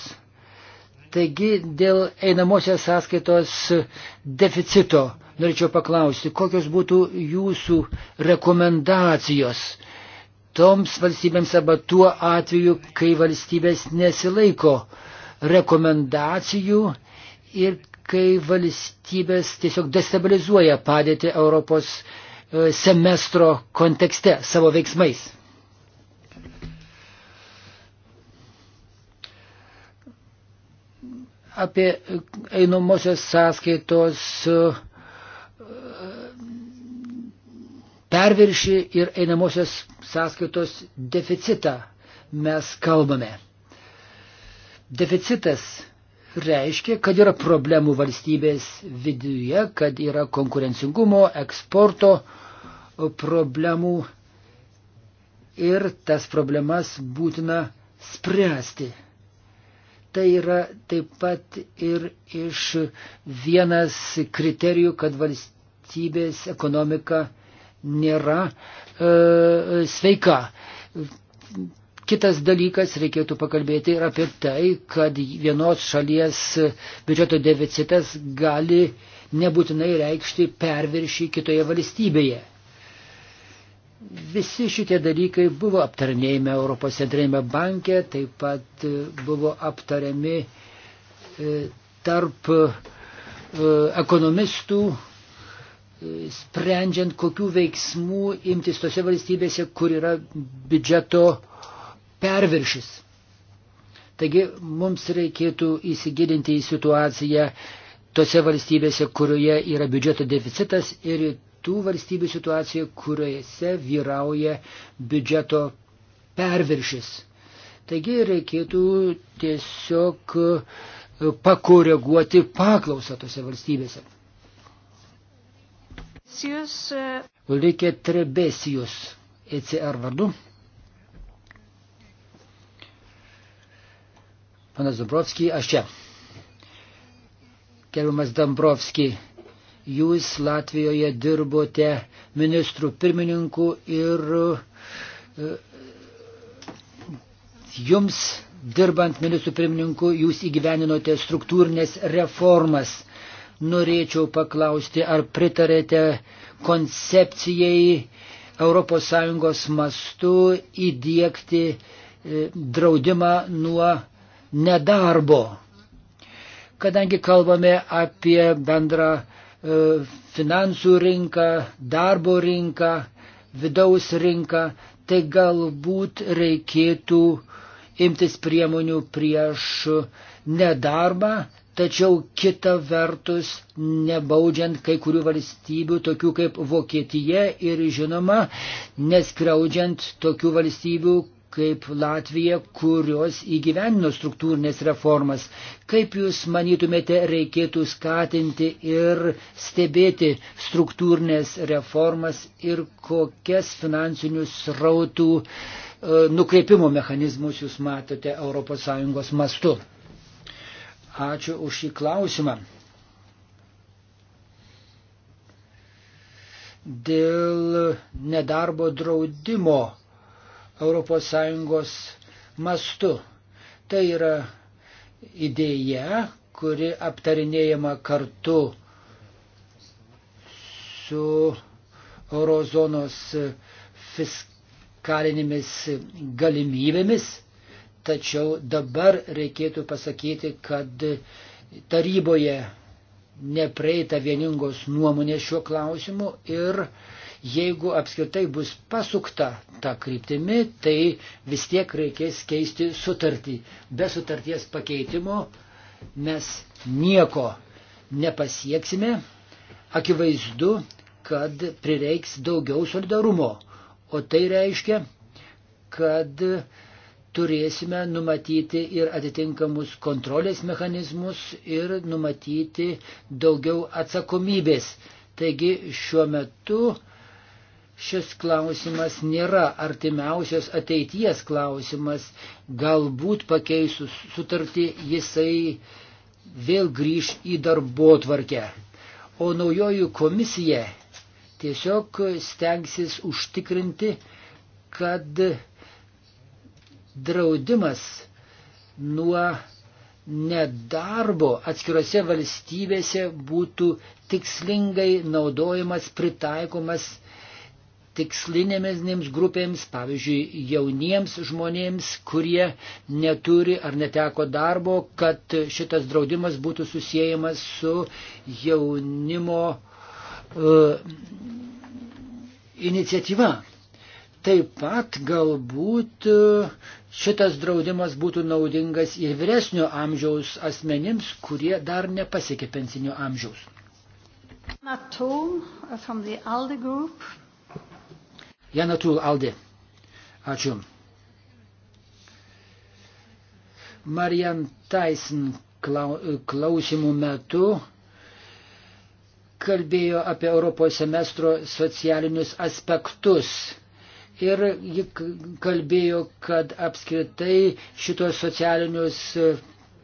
S1: Taigi dėl einamosios sąskaitos e, deficito norėčiau paklausti, kokios būtų jūsų rekomendacijos toms valstybėms arba tuo atveju, kai valstybės nesilaiko rekomendacijų ir kai valstybės tiesiog destabilizuoja padėtį Europos Sąjungoje E, semestro kontekste savo veiksmais. Apie einamosios sąskaitos e, perviršį ir einamosios sąskaitos deficitą mes kalbame. Deficitas reiškia, kad yra problemų valstybės viduje, kad yra konkurencingumo, eksporto problemų ir tas problemas būtina spręsti. Tai yra taip pat ir iš vienas kriterijų, kad valstybės ekonomika nėra e, sveika Kitas dalykas, reikėtų pakalbėti ir apie tai, kad vienos šalies biudžeto deficitas gali nebūtinai reikšti perviršį kitoje valstybėje. Visi šitie dalykai buvo aptarinėjami Europos centrinėme banke, taip pat e, buvo aptariami e, tarp e, ekonomistų, sprendžiant, kokių veiksmų imtis tose valstybėse, kur yra biudžeto uh, perviršis. Taigi mums reikėtų įsigilinti į situaciją tose valstybėse, kurioje yra biudžeto deficitas ir tų valstybių situaciją, kuriuose vyrauja biudžeto perviršis. Taigi reikėtų tiesiog e, pakoreguoti paklausą tose valstybėse. E, Ulrike Trebesijus, ECR vardu. Panas Dubrovski, aš čia. Gerbiamas Dambrovski, jūs Latvijoje dirbote ministrų pirmininku ir e, jums dirbant ministrų pirmininku jūs įgyveninote struktūrinės reformas. Norėčiau paklausti, ar pritarėte koncepcijai ES mastu įdėkti e, draudimą nuo nedarbo. Kadangi kalbame apie bendrą e, finansų rinką, darbo rinką, vidaus rinką, tai galbūt reikėtų imtis priemonių prieš nedarbą, tačiau kita vertus nebaudžiant kai kurių valstybių, tokių kaip Vokietija ir žinoma, neskriaudžiant tokių valstybių kaip Latvija, kurios įgyvenino struktūrinės reformas. Kaip Jūs manytumėte, reikėtų skatinti ir stebėti struktūrinės reformas ir kokias finansinius rautų e, nukreipimo mechanizmus Jūs matote ES mastu? Ačiū už šį klausimą. Dėl nedarbo draudimo ES mastu. Tai yra idėja, kuri aptarinėjama kartu su eurozonos fiskalinėmis galimybėmis, tačiau dabar reikėtų pasakyti, kad taryboje nepreita vieningos nuomonės šiuo klausimu ir uh, jeigu apskritai bus pasukta tą kryptimį, tai vis tiek reikės keisti sutartį. Be sutarties pakeitimo mes nieko nepasieksime. Akivaizdu, kad prireiks daugiau solidarumo. O tai reiškia, kad turėsime numatyti ir atitinkamus kontrolės mechanizmus ir numatyti daugiau atsakomybės. Taigi šiuo metu šis klausimas nėra artimiausios ateities klausimas, galbūt pakeisus sutartį jisai vėl grįž į darbo tvarkę. O naujoji komisija tiesiog stengsis užtikrinti, kad draudimas nuo nedarbo atskirose valstybėse būtų tikslingai naudojamas, pritaikomas tikslinėmis grupėms, pavyzdžiui, jauniems žmonėms, kurie neturi ar neteko darbo, kad šitas draudimas būtų susijęjamas su jaunimo uh, iniciatyva. Taip pat galbūt e, šitas draudimas būtų naudingas ir vyresnio amžiaus asmenims, kurie dar nepasiekė pensinio amžiaus.
S2: Matom, from the ALDE group.
S1: Jana Tūl Aldė. Ačiū. Marian Tyson klausimų metu kalbėjo apie Europos semestro socialinius aspektus. Ir ji kalbėjo, kad apskritai šitos socialinius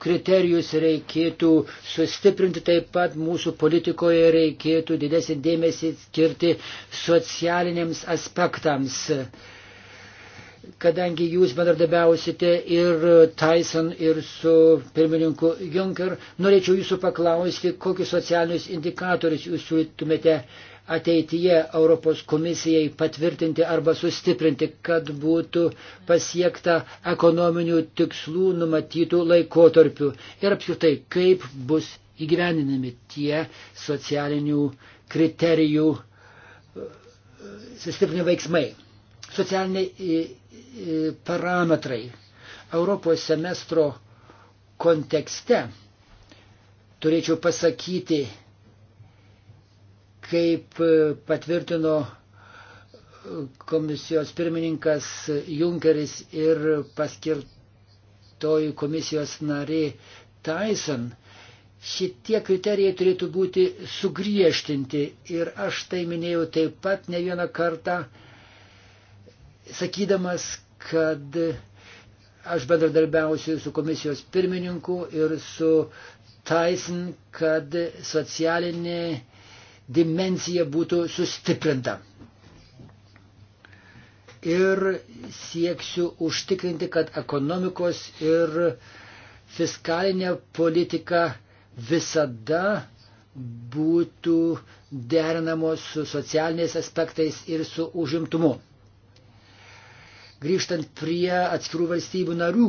S1: kriterijus reikėtų sustiprinti, taip pat mūsų politikoje reikėtų didesnį dėmesį skirti socialiniams aspektams. Kadangi jūs bendradabiausite ir Tyson, ir su pirmininku Juncker, norėčiau jūsų paklausti, kokius socialinius indikatorius jūs siūlytumėte ateityje Europos komisijai patvirtinti arba sustiprinti, kad būtų pasiekta ekonominių tikslų numatytų laikotarpių ir apskritai, kaip bus įgyveninami tie socialinių kriterijų sisteminiai veiksmai, socialiniai parametrai Europos semestro kontekste. Turėčiau pasakyti, kaip e, patvirtino e, komisijos pirmininkas Junkeris ir paskirtoji komisijos narė Tyson, šitie kriterijai turėtų būti sugriežtinti. Ir aš tai minėjau taip pat ne vieną kartą, sakydamas, kad aš bendradarbiausiu su komisijos pirmininku ir su Tyson, kad socialinė dimensija būtų sustiprinta. Ir sieksiu užtikrinti, kad ekonomikos ir fiskalinė politika visada būtų derinamos su socialiniais aspektais ir su užimtumu. Grįžtant prie atskirų valstybių narių,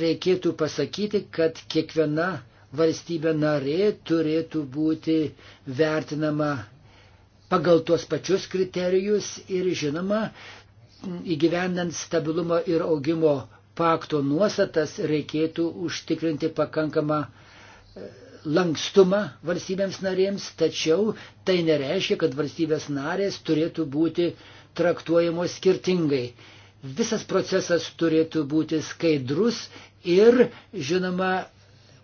S1: reikėtų pasakyti, kad kiekviena valstybė narė turėtų būti vertinama pagal tuos pačius kriterijus ir žinoma, įgyvendant stabilumo ir augimo pakto nuostatas reikėtų užtikrinti pakankamą e, lankstumą valstybėms narėms, tačiau tai nereiškia, kad valstybės narės turėtų būti traktuojamos skirtingai. Visas procesas turėtų būti skaidrus ir, žinoma,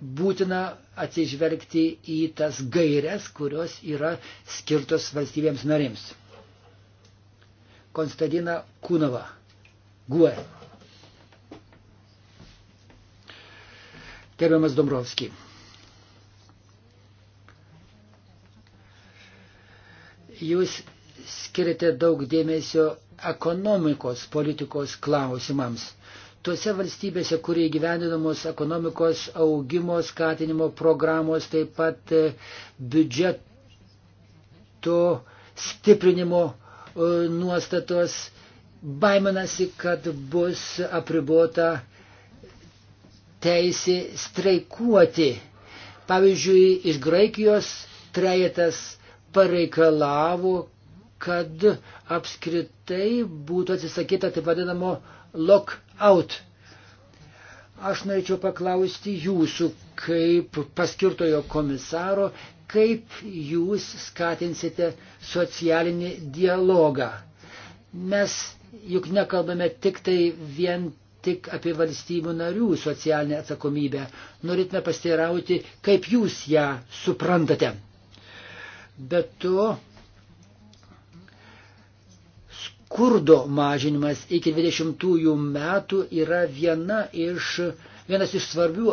S1: būtina atsižvelgti į tas gairias, kurios yra skirtos valstybėms narėms. Konstantina Kūnova, GUE. Gerbiamas Dombrovski. Jūs skiriate daug dėmesio ekonomikos politikos klausimams. Tuose valstybėse, kurie gyvendinamos ekonomikos augimo skatinimo programos, taip pat e, biudžeto stiprinimo e, nuostatos, baiminasi, kad bus apribota teisė streikuoti. Pavyzdžiui, iš Graikijos trejetas pareikalavo, kad apskritai būtų atsisakyta taip vadinamo lock out. Aš norėčiau paklausti jūsų kaip paskirtojo komisaro, kaip jūs skatinsite socialinį dialogą. Mes juk nekalbame tik tai vien tik apie valstybių narių socialinę atsakomybę. Norėtume pasteirauti, kaip jūs ją suprantate. Bet to skurdo mažinimas iki 20 metų yra viena iš, vienas iš svarbių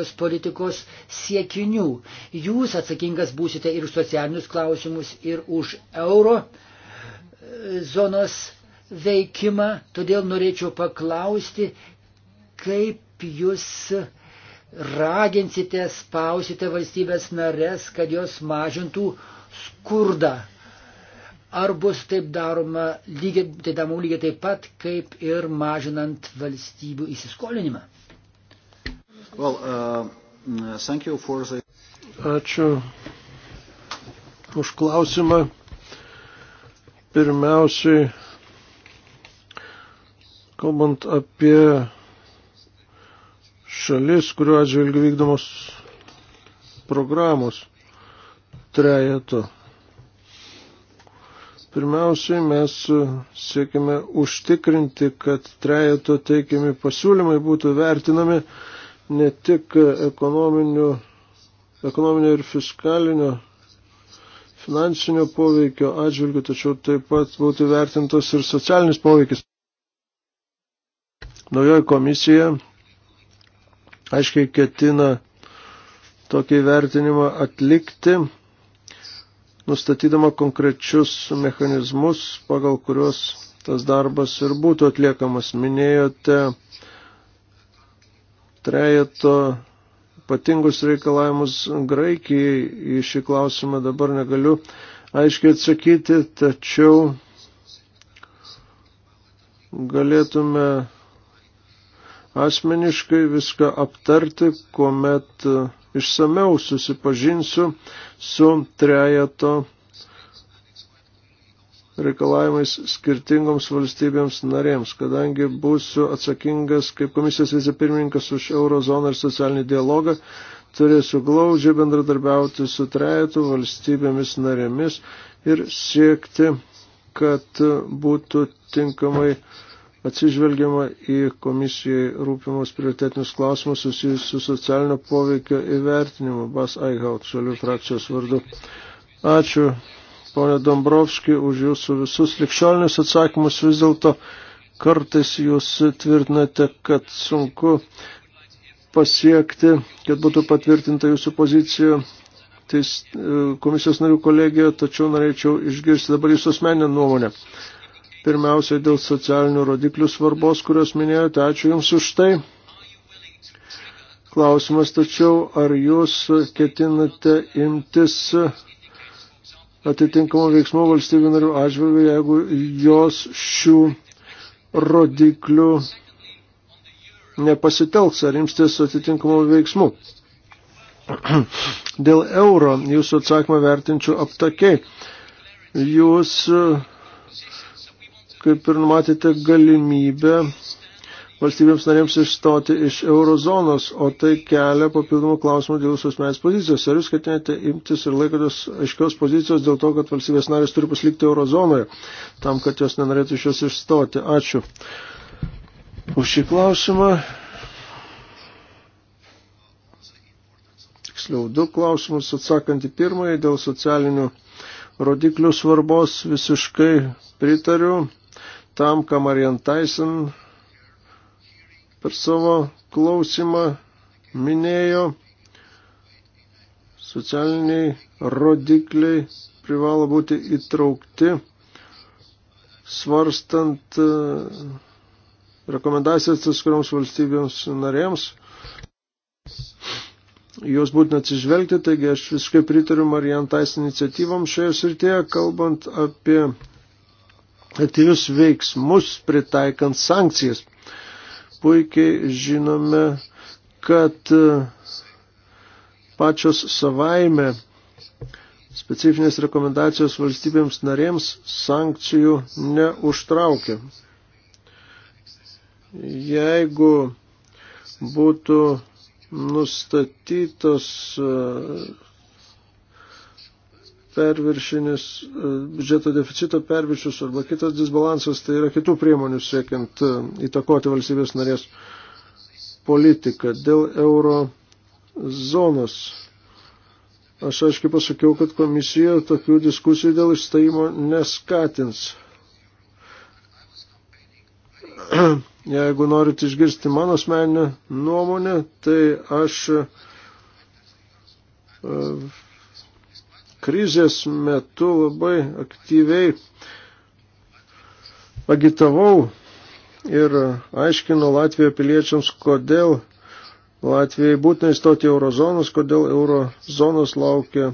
S1: ES politikos siekinių. Jūs atsakingas būsite ir už socialinius klausimus, ir už euro e, zonos veikimą, todėl norėčiau paklausti, kaip jūs raginsite, spausite valstybės narės, kad jos mažintų skurdą Ar bus taip daroma lygiai, tai damau lygiai taip pat, kaip ir mažinant valstybių įsiskolinimą?
S3: Well, uh, the...
S4: Ačiū už klausimą. Pirmiausiai, kalbant apie šalis, kuriuo atžvilgiu vykdomos programos trejeto Pirmiausiai mes e, siekime užtikrinti, kad trejato teikiami pasiūlymai būtų vertinami ne tik ekonominio ir fiskalinio finansinio poveikio atžvilgių, tačiau taip pat būtų vertintas ir socialinis poveikis. Naujoji komisija aiškiai ketina tokį vertinimą atlikti nustatydama konkrečius mechanizmus, pagal kuriuos tas darbas ir būtų atliekamas. Minėjote trejeto ypatingus reikalavimus Graikijai, į šį klausimą dabar negaliu aiškiai atsakyti, tačiau galėtume asmeniškai viską aptarti, kuomet uh, išsameu susipažinsiu su trejato reikalavimais skirtingoms valstybėms narėms, kadangi būsiu atsakingas kaip komisijos vicepirmininkas už eurozoną ir socialinį dialogą, turėsiu glaudžiai bendradarbiauti su trejetu valstybėmis narėmis ir siekti, kad būtų tinkamai uh, atsižvelgiama į komisijai rūpimus prioritetinius klausimus susijusius su socialinio poveikio įvertinimu. Bas Aigaut, šalių frakcijos vardu. Ačiū, ponė Dombrovski, už jūsų visus likščiolinius atsakymus. Vis dėlto kartais jūs tvirtinate, kad sunku pasiekti, kad būtų patvirtinta jūsų pozicija teis, e, komisijos narių kolegijoje, tačiau norėčiau išgirsti dabar jūsų asmeninę nuomonę. Pirmiausia, dėl socialinių rodiklių svarbos, kurios minėjote. Ačiū Jums už tai. Klausimas tačiau, ar jūs ketinate imtis atitinkamų veiksmų valstybių narių atžvilgių, jeigu jos šių rodiklių nepasitelks, ar imstis atitinkamų veiksmų. Dėl euro jūsų atsakymą vertinčiau aptakiai. Jūs kaip ir numatėte galimybę valstybėms narėms išstoti iš eurozonos, o tai kelia papildomų klausimų dėl jūsų asmenės pozicijos. Ar jūs ketinate imtis ir laikotės aiškios pozicijos dėl to, kad valstybės narės turi pasilikti eurozonoje, tam, kad jos nenorėtų iš jos išstoti? Ačiū už šį klausimą. Tiksliau, du klausimus atsakant į pirmąjį dėl socialinių rodiklių svarbos visiškai pritariu tam, ką Marian Tyson per savo klausimą minėjo. Socialiniai rodikliai privalo būti įtraukti, svarstant e, rekomendacijas atskiroms valstybėms narėms. Jos būtina atsižvelgti, taigi aš visiškai pritariu Marijantais iniciatyvom šioje srityje, kalbant apie aktyvius veiksmus pritaikant sankcijas. Puikiai žinome, kad e, pačios savaime specifinės rekomendacijos valstybėms narėms sankcijų neužtraukia. Jeigu būtų nustatytos e, perviršinis, e, biudžeto deficito perviršius arba kitas disbalansas, tai yra kitų priemonių siekiant e, įtakoti valstybės narės politiką. Dėl euro zonos. Aš aiškiai pasakiau, kad komisija tokių diskusijų dėl išstojimo neskatins. Jeigu norit išgirsti mano asmeninę nuomonę, tai aš e, krizės metu labai aktyviai agitavau ir aiškinau Latvijos piliečiams, kodėl Latvijai būtina įstoti eurozonos, kodėl eurozonos laukia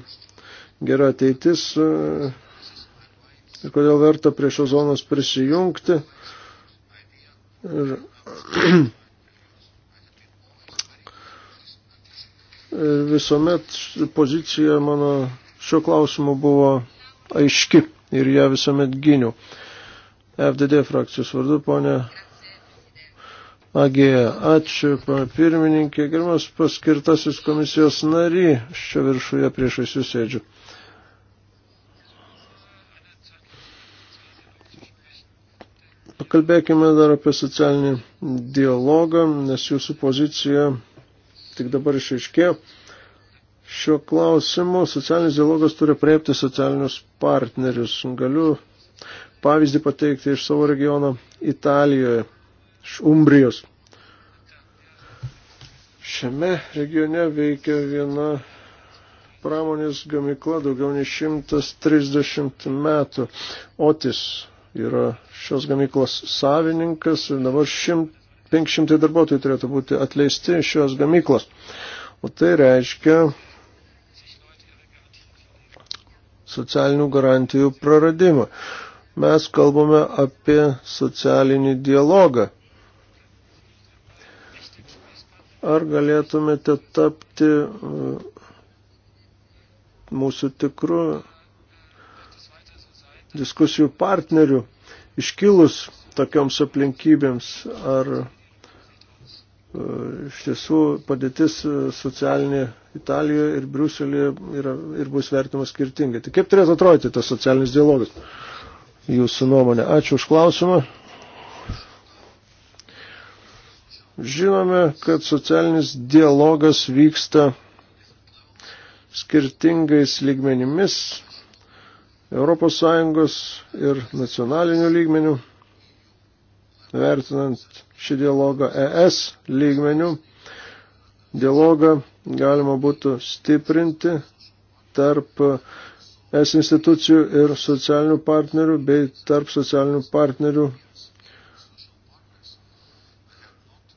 S4: gera ateitis ir kodėl verta prie šios zonos prisijungti. Ir visuomet pozicija mano šiuo klausimu buvo aiški ir ją visuomet gyniau. FDD frakcijos vardu, ponė Agėja. Ačiū, ponė pirmininkė, gerimas paskirtasis komisijos nary, aš čia viršuje priešais jūs sėdžiu. Pakalbėkime dar apie socialinį dialogą, nes jūsų pozicija tik dabar išaiškėjo. Šiuo klausimu socialinis dialogas turi priepti socialinius partnerius. Galiu pavyzdį pateikti iš savo regiono Italijoje, iš Umbrijos. Šiame regione veikia viena pramonės gamykla daugiau nei 130 metų. Otis yra šios gamyklos savininkas ir dabar 500 darbuotojų turėtų būti atleisti iš šios gamyklos. O tai reiškia, socialinių garantijų praradimą. Mes kalbame apie socialinį dialogą. Ar galėtumėte tapti uh, mūsų tikru diskusijų partneriu iškilus tokioms aplinkybėms? Ar uh, iš tiesų padėtis uh, socialinė Italijoje ir Briuselėje yra, ir bus vertinamas skirtingai. Tai kaip turėtų atrodyti tas socialinis dialogas? Jūsų nuomonė. Ačiū už klausimą. Žinome, kad socialinis dialogas vyksta skirtingais lygmenimis Europos Sąjungos ir nacionalinių lygmenių, vertinant šį dialogą ES lygmenių dialogą galima būtų stiprinti tarp es institucijų ir socialinių partnerių bei tarp socialinių partnerių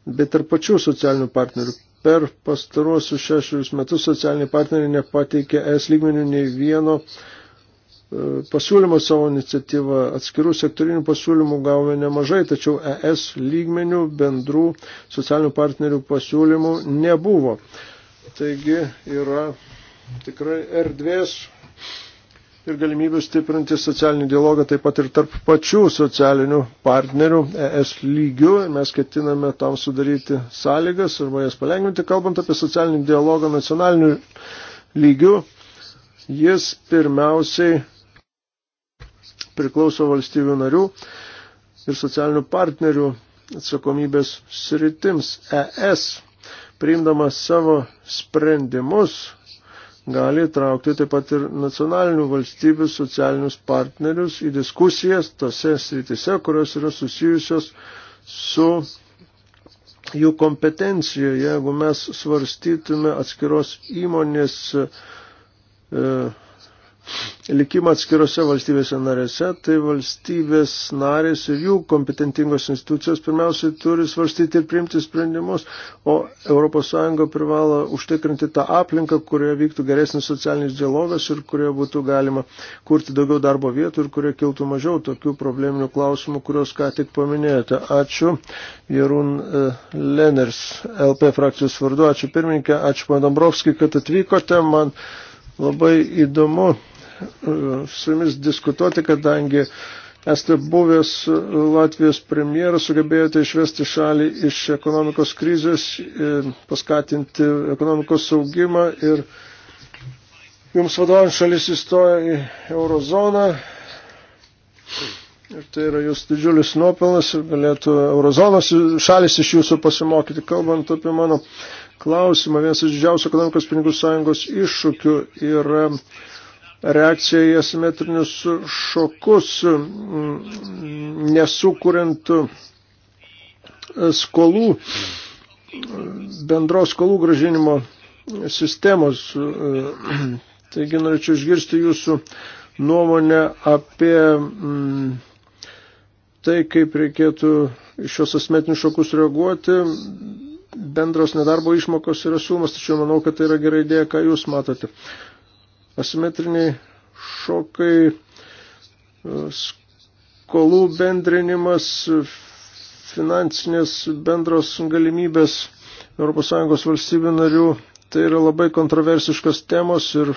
S4: bet tarp pačių socialinių partnerių. Per pastaruosius šešius metus socialiniai partneriai nepateikė es lygmenių nei vieno e, pasiūlymo savo iniciatyvą. Atskirų sektorinių pasiūlymų gavome nemažai, tačiau ES lygmenių bendrų socialinių partnerių pasiūlymų nebuvo. Taigi yra tikrai erdvės ir galimybių stiprinti socialinį dialogą taip pat ir tarp pačių socialinių partnerių ES lygių. Mes ketiname tam sudaryti sąlygas arba jas palengvinti, kalbant apie socialinį dialogą nacionalinių lygių. Jis pirmiausiai priklauso valstybių narių ir socialinių partnerių atsakomybės sritims. ES priimdamas savo sprendimus, gali traukti taip pat ir nacionalinių valstybių socialinius partnerius į diskusijas tose sritise, kurios yra susijusios su jų kompetencija. Jeigu mes svarstytume atskiros įmonės e, likimą atskirose valstybėse narėse, tai valstybės narės ir jų kompetentingos institucijos pirmiausiai turi svarstyti ir priimti sprendimus, o ES privalo užtikrinti tą aplinką, kurioje vyktų geresnis socialinis dialogas ir kurioje būtų galima kurti daugiau darbo vietų ir kurioje kiltų mažiau tokių probleminių klausimų, kuriuos ką tik paminėjote. Ačiū, Jarun e, Leners, LP frakcijos vardu, ačiū pirmininkė, ačiū, man Dombrovskį, kad atvykote. Man labai įdomu su jumis diskutuoti, kadangi esate buvęs Latvijos premjeras, sugebėjote išvesti šalį iš ekonomikos krizės, e, paskatinti ekonomikos saugimą ir jums vadovaujant šalis įstoja į eurozoną. Ir tai yra jūs didžiulis nuopelnas ir galėtų eurozonos šalis iš jūsų pasimokyti. Kalbant apie mano klausimą, vienas iš didžiausių ekonomikos pinigų sąjungos iššūkių yra reakcija į asimetrinius šokus, nesukuriant skolų, bendros skolų gražinimo sistemos. Taigi norėčiau išgirsti jūsų nuomonę apie mm, tai, kaip reikėtų šios asmetinius šokus reaguoti. Bendros nedarbo išmokos yra sumas, tačiau manau, kad tai yra gera idėja, ką jūs matote asimetriniai šokai, skolų bendrinimas, finansinės bendros galimybės ES valstybių narių. Tai yra labai kontroversiškas temos ir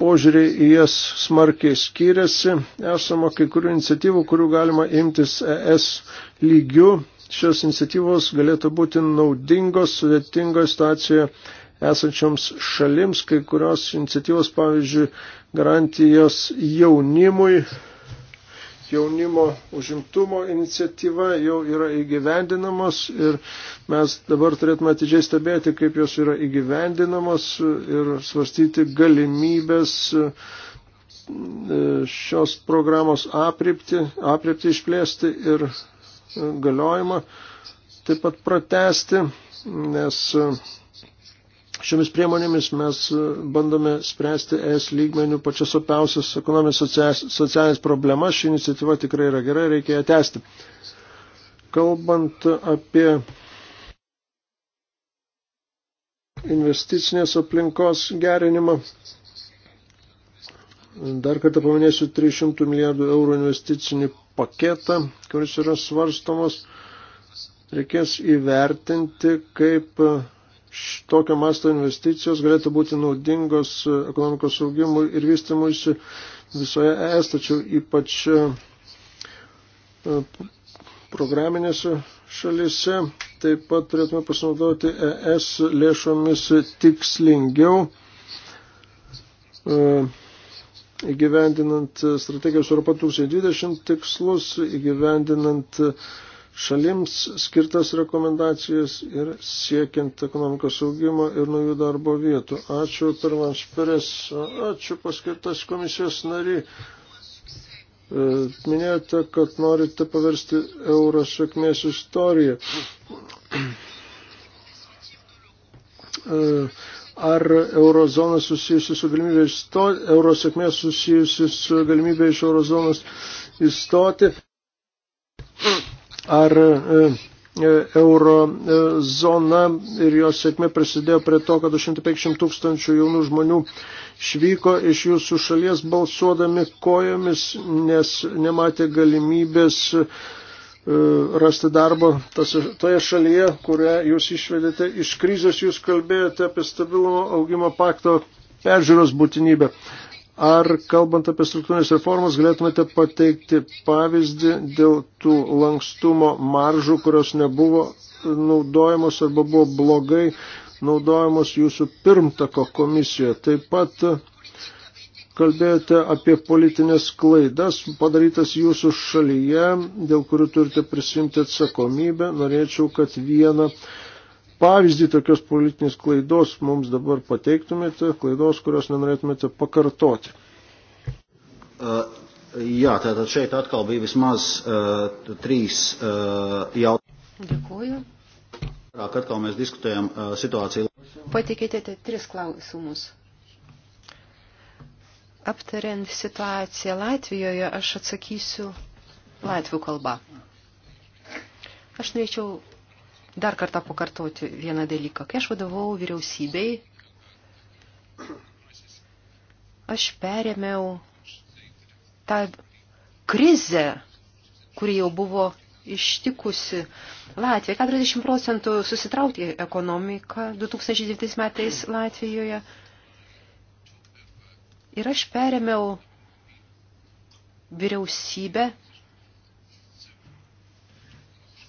S4: požiūriai į jas smarkiai skiriasi. Esama kai kurių iniciatyvų, kurių galima imtis ES lygių. Šios iniciatyvos galėtų būti naudingos sudėtingoje situacijoje esančioms šalims, kai kurios iniciatyvos, pavyzdžiui, garantijos jaunimui, jaunimo užimtumo iniciatyva jau yra įgyvendinamos ir mes dabar turėtume atidžiai stebėti, kaip jos yra įgyvendinamos ir svarstyti galimybės e, šios programos apripti, apripti išplėsti ir e, galiojimą taip pat pratesti, nes Šiomis priemonėmis mes e, bandome spręsti ES lygmenių pačias opiausias ekonomijos socialinės problemas. Ši iniciatyva tikrai yra gera, reikia ją tęsti. Kalbant apie investicinės aplinkos gerinimą, dar kartą paminėsiu 300 milijardų eurų investicinį paketą, kuris yra svarstamos. Reikės įvertinti, kaip Šitokio masto investicijos galėtų būti naudingos ekonomikos augimui ir vystimuisi visoje ES, tačiau ypač e, programinėse šalise. Taip pat turėtume pasinaudoti ES lėšomis tikslingiau e, įgyvendinant strategijos Europa 2020 tikslus, įgyvendinant uh, šalims skirtas rekomendacijas ir siekiant ekonomikos augimo ir naujų darbo vietų. Ačiū, pirmans Peres, ačiū paskirtas komisijos nariai. E, minėjote, kad norite paversti eurą sėkmės istoriją. E, ar eurozona susijusi su galimybė išstoti, euro sėkmė susijusi su galimybė iš eurozonos įstoti? ar e, e, euro e, zona ir jos sėkmė prisidėjo prie to, kad 250 tūkstančių jaunų žmonių švyko iš jūsų šalies balsuodami kojomis, nes nematė galimybės rasti darbo tas, toje šalyje, kurią jūs išvedėte iš krizės, jūs kalbėjote apie stabilumo augimo pakto peržiūros būtinybę. Ar kalbant apie struktūrinės reformas galėtumėte pateikti pavyzdį dėl tų lankstumo maržų, kurios nebuvo naudojamos arba buvo blogai naudojamos jūsų pirmtako komisijoje. Taip pat kalbėjote apie politinės klaidas padarytas jūsų šalyje, dėl kurių turite prisimti atsakomybę. Norėčiau, kad vieną pavyzdį tokios politinės klaidos mums dabar pateiktumėte, klaidos, kurios nenorėtumėte pakartoti?
S3: Uh, jā, tātad šeit atkal bija vismaz uh, trīs uh, jautājumus. Dėkuoju. Atkal mēs diskutējam uh, situāciju.
S2: Pateikite tris klausimus. Aptariant situaciją Latvijoje, aš atsakysiu latvių kalbą. Aš norėčiau dar kartą pakartoti vieną dalyką. Kai aš vadovau vyriausybei, aš perėmiau tą krizę, kuri jau buvo ištikusi Latvija. 40 procentų susitraukė ekonomika 2009 metais Latvijoje. Ir aš perėmiau vyriausybę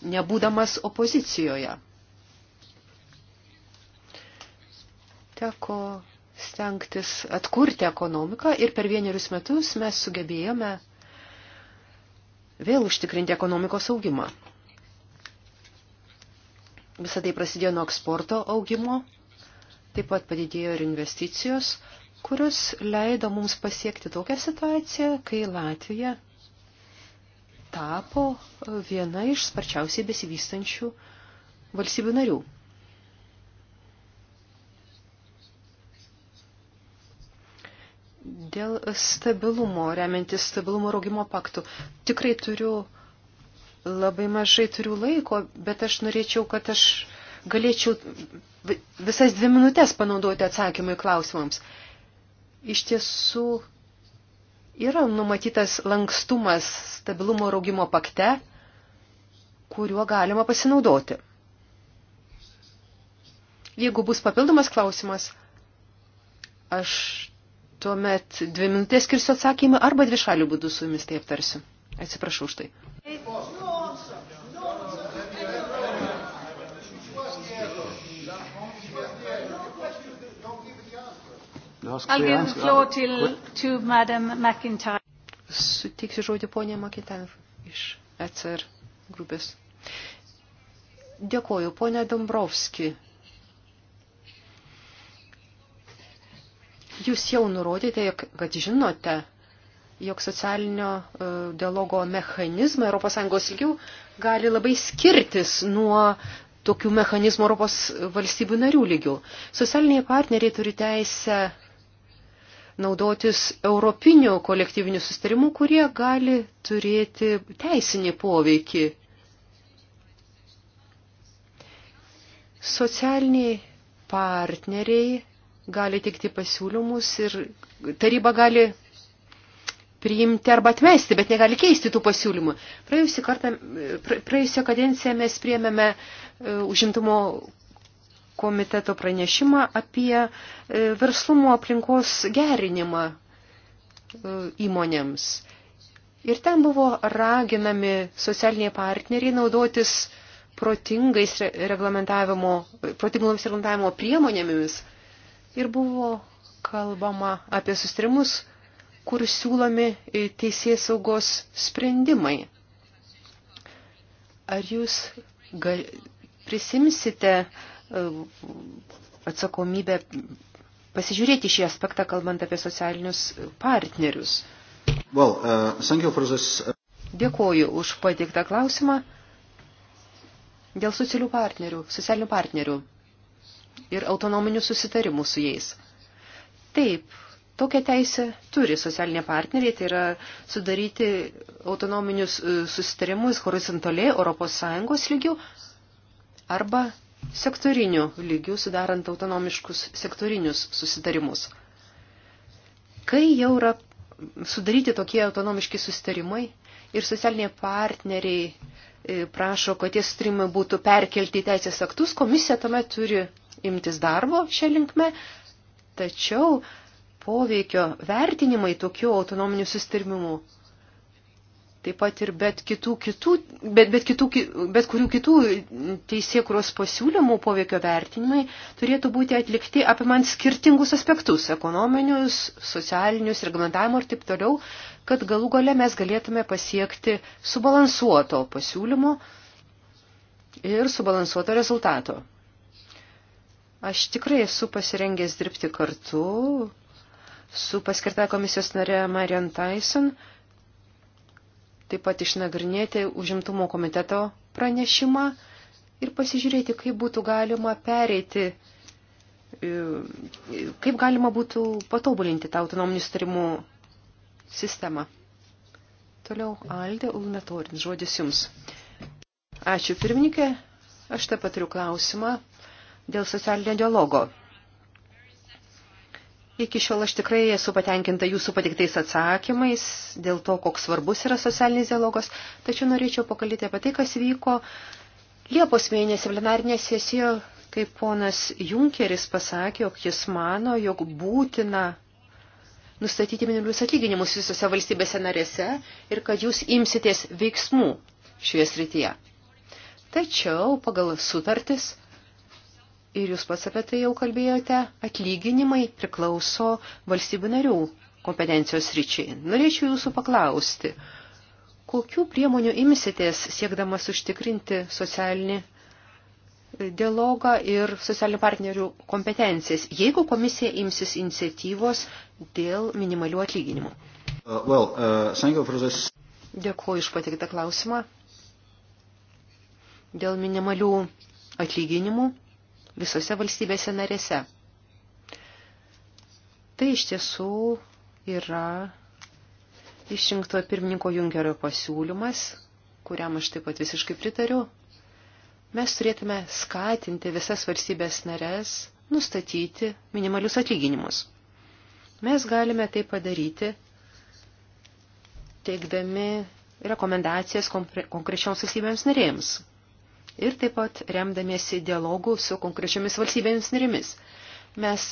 S2: nebūdamas opozicijoje. Teko stengtis atkurti ekonomiką ir per vienerius metus mes sugebėjome vėl užtikrinti ekonomikos augimą. Visą tai prasidėjo nuo eksporto augimo, taip pat padidėjo ir investicijos, kurios leido mums pasiekti tokią situaciją, kai Latvija tapo viena iš sparčiausiai besivystančių valstybių narių. Dėl stabilumo, remiantis stabilumo raugimo paktų, tikrai turiu labai mažai turiu laiko, bet aš norėčiau, kad aš galėčiau visas dvi minutės panaudoti atsakymui klausimams. Iš tiesų, Yra numatytas lankstumas stabilumo ir augimo pakte, kuriuo galima pasinaudoti. Jeigu bus papildomas klausimas, aš tuomet dvi minutės skirsiu atsakymą arba dvi šalių būdų su jumis tai aptarsiu. Atsiprašau už tai. I'll give the floor till, to Madam McIntyre. Suteiksiu žodį ponė McIntyre iš ECR grupės. Dėkoju, ponė Dombrovski. Jūs jau nurodėte, kad žinote, jog socialinio e, dialogo mechanizmai ES lygių gali labai skirtis nuo tokių mechanizmų Europos valstybių narių lygių. Socialiniai partneriai turi teisę naudotis europinių kolektyvinių sustarimų, kurie gali turėti teisinį poveikį. Socialiniai partneriai gali tikti pasiūlymus ir taryba gali priimti arba atmesti, bet negali keisti tų pasiūlymų. Praėjusią, kartą, praėjusią kadenciją mes priėmėme e, užimtumo komiteto pranešimą apie e, verslumo aplinkos gerinimą e, įmonėms. Ir ten buvo raginami socialiniai partneriai naudotis protingais reglamentavimo, protingomis reglamentavimo priemonėmis. Ir buvo kalbama apie sustrimus, kur siūlomi e, teisės saugos sprendimai. Ar jūs gal, prisimsite atsakomybę pasižiūrėti šį aspektą, kalbant apie socialinius partnerius. Well, uh, this... Uh, Dėkuoju už pateiktą klausimą dėl socialių partnerių, socialinių partnerių ir autonominių susitarimų su jais. Taip, tokią teisę turi socialinė partneriai, tai yra sudaryti autonominius uh, susitarimus horizontaliai ES lygių arba sektorinių lygių, sudarant autonomiškus sektorinius susitarimus. Kai jau yra sudaryti tokie autonomiški susitarimai ir socialiniai partneriai e, prašo, kad tie sutrimai būtų perkelti į teisės aktus, komisija tuomet turi imtis darbo šią linkmę, tačiau poveikio vertinimai tokių autonominių sustarimų taip pat ir bet, kitų, kitų, bet, bet, kitų, bet kurių kitų teisėkuros pasiūlymų poveikio vertinimai turėtų būti atlikti apimant skirtingus aspektus - ekonominius, socialinius, reglamentavimo ir taip toliau, kad galų gale mes galėtume pasiekti subalansuoto pasiūlymo ir subalansuoto rezultato. Aš tikrai esu pasirengęs dirbti kartu su paskirta komisijos narė Marian Tyson taip pat išnagrinėti užimtumo komiteto pranešimą ir pasižiūrėti, kaip būtų galima pereiti, e, kaip galima būtų patobulinti tą autonominių sutarimų sistemą. Toliau Aldė Ulmetorin, žodis jums. Ačiū pirmininkė, aš taip pat turiu klausimą dėl socialinio dialogo. Iki šiol aš tikrai esu patenkinta jūsų patiktais atsakymais dėl to, koks svarbus yra socialinis dialogas, tačiau norėčiau pakalbėti apie tai, kas vyko Liepos mėnesį plenarinė sesija, kai ponas Junkeris pasakė, jog jis mano, jog būtina nustatyti minimalius atlyginimus visose valstybėse narėse ir kad jūs imsitės veiksmų šioje srityje. Tačiau pagal sutartis ir jūs pats apie tai jau kalbėjote, atlyginimai priklauso valstybių narių kompetencijos ryčiai. Norėčiau jūsų paklausti, kokių priemonių imsitės siekdamas užtikrinti socialinį e, dialogą ir socialinių partnerių kompetencijas, jeigu komisija imsis iniciatyvos dėl minimalių atlyginimų?
S3: Uh, well, uh, this...
S2: Dėkuoju iš patiktą klausimą. Dėl minimalių atlyginimų visose valstybėse narėse. Tai iš tiesų yra išrinkto pirmininko Junkerio pasiūlymas, kuriam aš taip pat visiškai pritariu. Mes turėtume skatinti visas valstybės narės nustatyti minimalius atlyginimus. Mes galime tai padaryti, teikdami rekomendacijas konkrečioms valstybėms narėms ir taip pat remdamiesi dialogų su konkrečiomis valstybėmis narimis. Mes,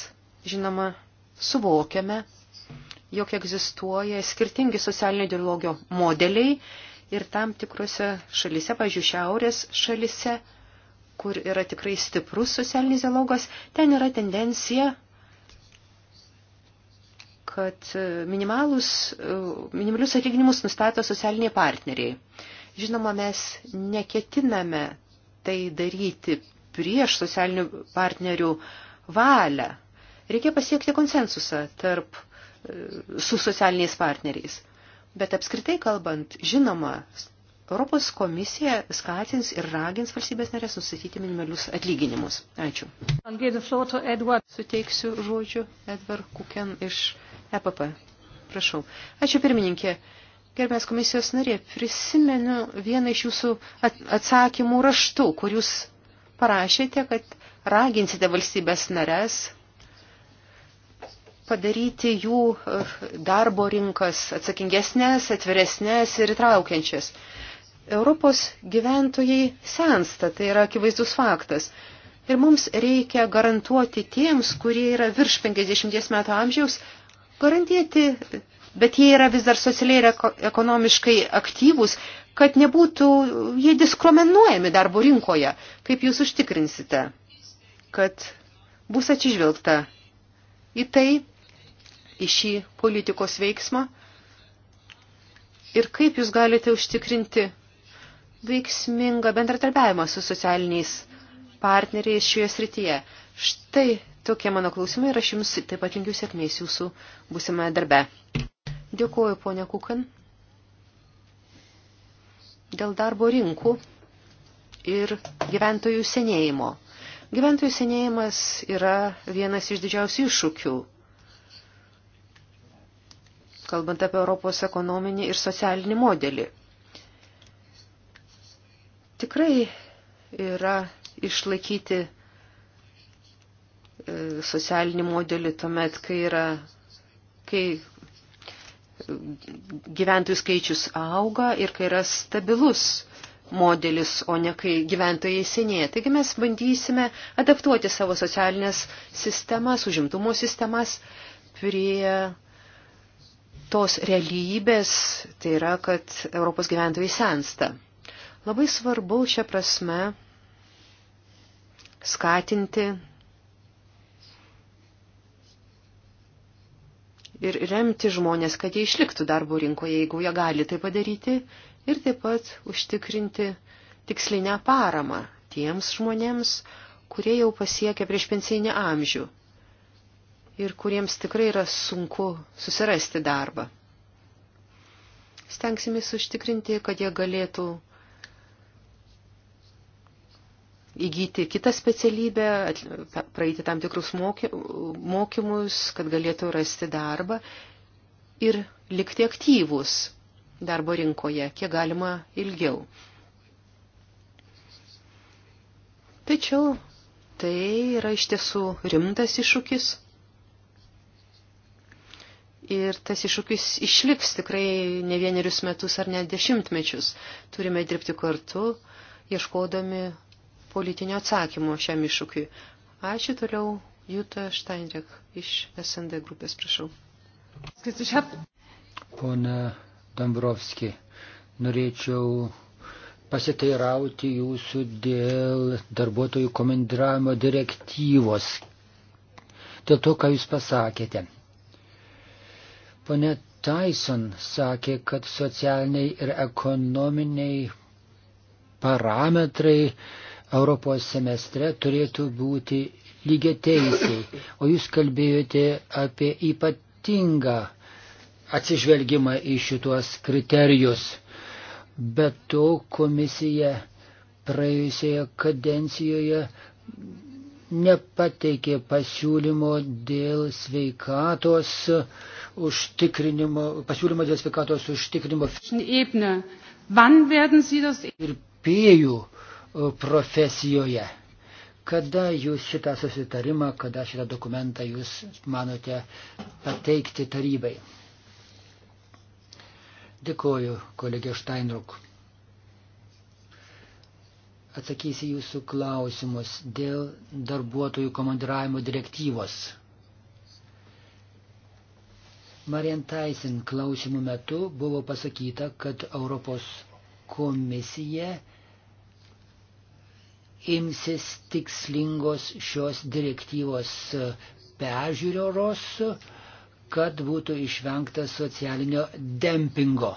S2: žinoma, suvokiame, jog egzistuoja skirtingi socialinio dialogio modeliai ir tam tikrose šalise, pažiūrėjau, šiaurės šalise, kur yra tikrai stiprus socialinis dialogas, ten yra tendencija kad e, minimalus, e, minimalius atlyginimus nustato socialiniai partneriai. Žinoma, mes neketiname tai daryti prieš socialinių partnerių valią. Reikia pasiekti konsensusą tarp, e, su socialiniais partneriais. Bet apskritai kalbant, žinoma, Europos komisija skatins ir ragins valstybės narės nustatyti minimalius atlyginimus. Ačiū. Suteiksiu žodžiu Edvard Kuken iš EPP. Prašau. Ačiū pirmininkė. Gerbės komisijos narė, prisimenu vieną iš jūsų atsakymų raštų, kur jūs parašėte, kad raginsite valstybės nares padaryti jų eh, darbo rinkas atsakingesnės, atviresnės ir įtraukiančias. Europos gyventojai sensta, tai yra akivaizdus faktas. Ir mums reikia garantuoti tiems, kurie yra virš 50 metų amžiaus, garantėti bet jie yra vis dar socialiai ir ekonomiškai aktyvūs, kad nebūtų jie diskriminuojami darbo rinkoje. Kaip jūs užtikrinsite, kad bus atsižvelgta į tai, į šį politikos veiksmą ir kaip jūs galite užtikrinti veiksmingą bendratarbiavimą su socialiniais partneriais šioje srityje. Štai tokie mano klausimai ir aš jums taip pat linkiu sėkmės jūsų būsimąją darbę. Dėkuoju, ponia Kukan, dėl darbo rinkų ir gyventojų senėjimo. Gyventojų senėjimas yra vienas iš didžiausių iššūkių, kalbant apie Europos ekonominį ir socialinį modelį. Tikrai yra išlaikyti e, socialinį modelį tuomet, kai yra kai gyventojų skaičius auga ir kai yra stabilus modelis, o ne kai gyventojai senėja. Taigi mes bandysime adaptuoti savo socialinės sistemas, užimtumo sistemas prie tos realybės, tai yra, kad Europos gyventojai sensta. Labai svarbu šią prasme skatinti ir remti žmonės, kad jie išliktų darbo rinkoje, jeigu jie gali tai padaryti, ir taip pat užtikrinti tikslinę paramą tiems žmonėms, kurie jau pasiekia prieš pensinį amžių ir kuriems tikrai yra sunku susirasti darbą. Stengsimės užtikrinti, kad jie galėtų įgyti kitą specialybę, praeiti tam tikrus mokymus, kad galėtų rasti darbą ir likti aktyvus darbo rinkoje, kiek galima ilgiau. Tačiau tai yra iš tiesų rimtas iššūkis. Ir tas iššūkis išliks tikrai ne vienerius metus ar net dešimtmečius. Turime dirbti kartu, ieškodami politinio atsakymo šiam iššūkiui. Ačiū toliau, Juta Steinrek iš SND grupės, prašau.
S1: Pone Dambrovski, norėčiau pasiteirauti jūsų dėl darbuotojų komandiravimo direktyvos. Dėl to, ką jūs pasakėte. Pone Tyson sakė, kad socialiniai ir ekonominiai parametrai Europos semestre turėtų būti lygiai teisiai, o jūs kalbėjote apie ypatingą atsižvelgimą į šituos kriterijus. Bet to komisija praėjusioje kadencijoje nepateikė pasiūlymo dėl sveikatos užtikrinimo, pasiūlymo dėl sveikatos užtikrinimo. Ir pėjų profesijoje. Kada jūs šitą susitarimą, kada šitą dokumentą jūs manote pateikti tarybai? Dėkoju, kolegė Steinruk. Atsakysiu jūsų klausimus dėl darbuotojų komandiravimo direktyvos. Marian Taisin klausimų metu buvo pasakyta, kad Europos komisija imsis tikslingos šios direktyvos e, peržiūros, kad būtų išvengta socialinio dempingo,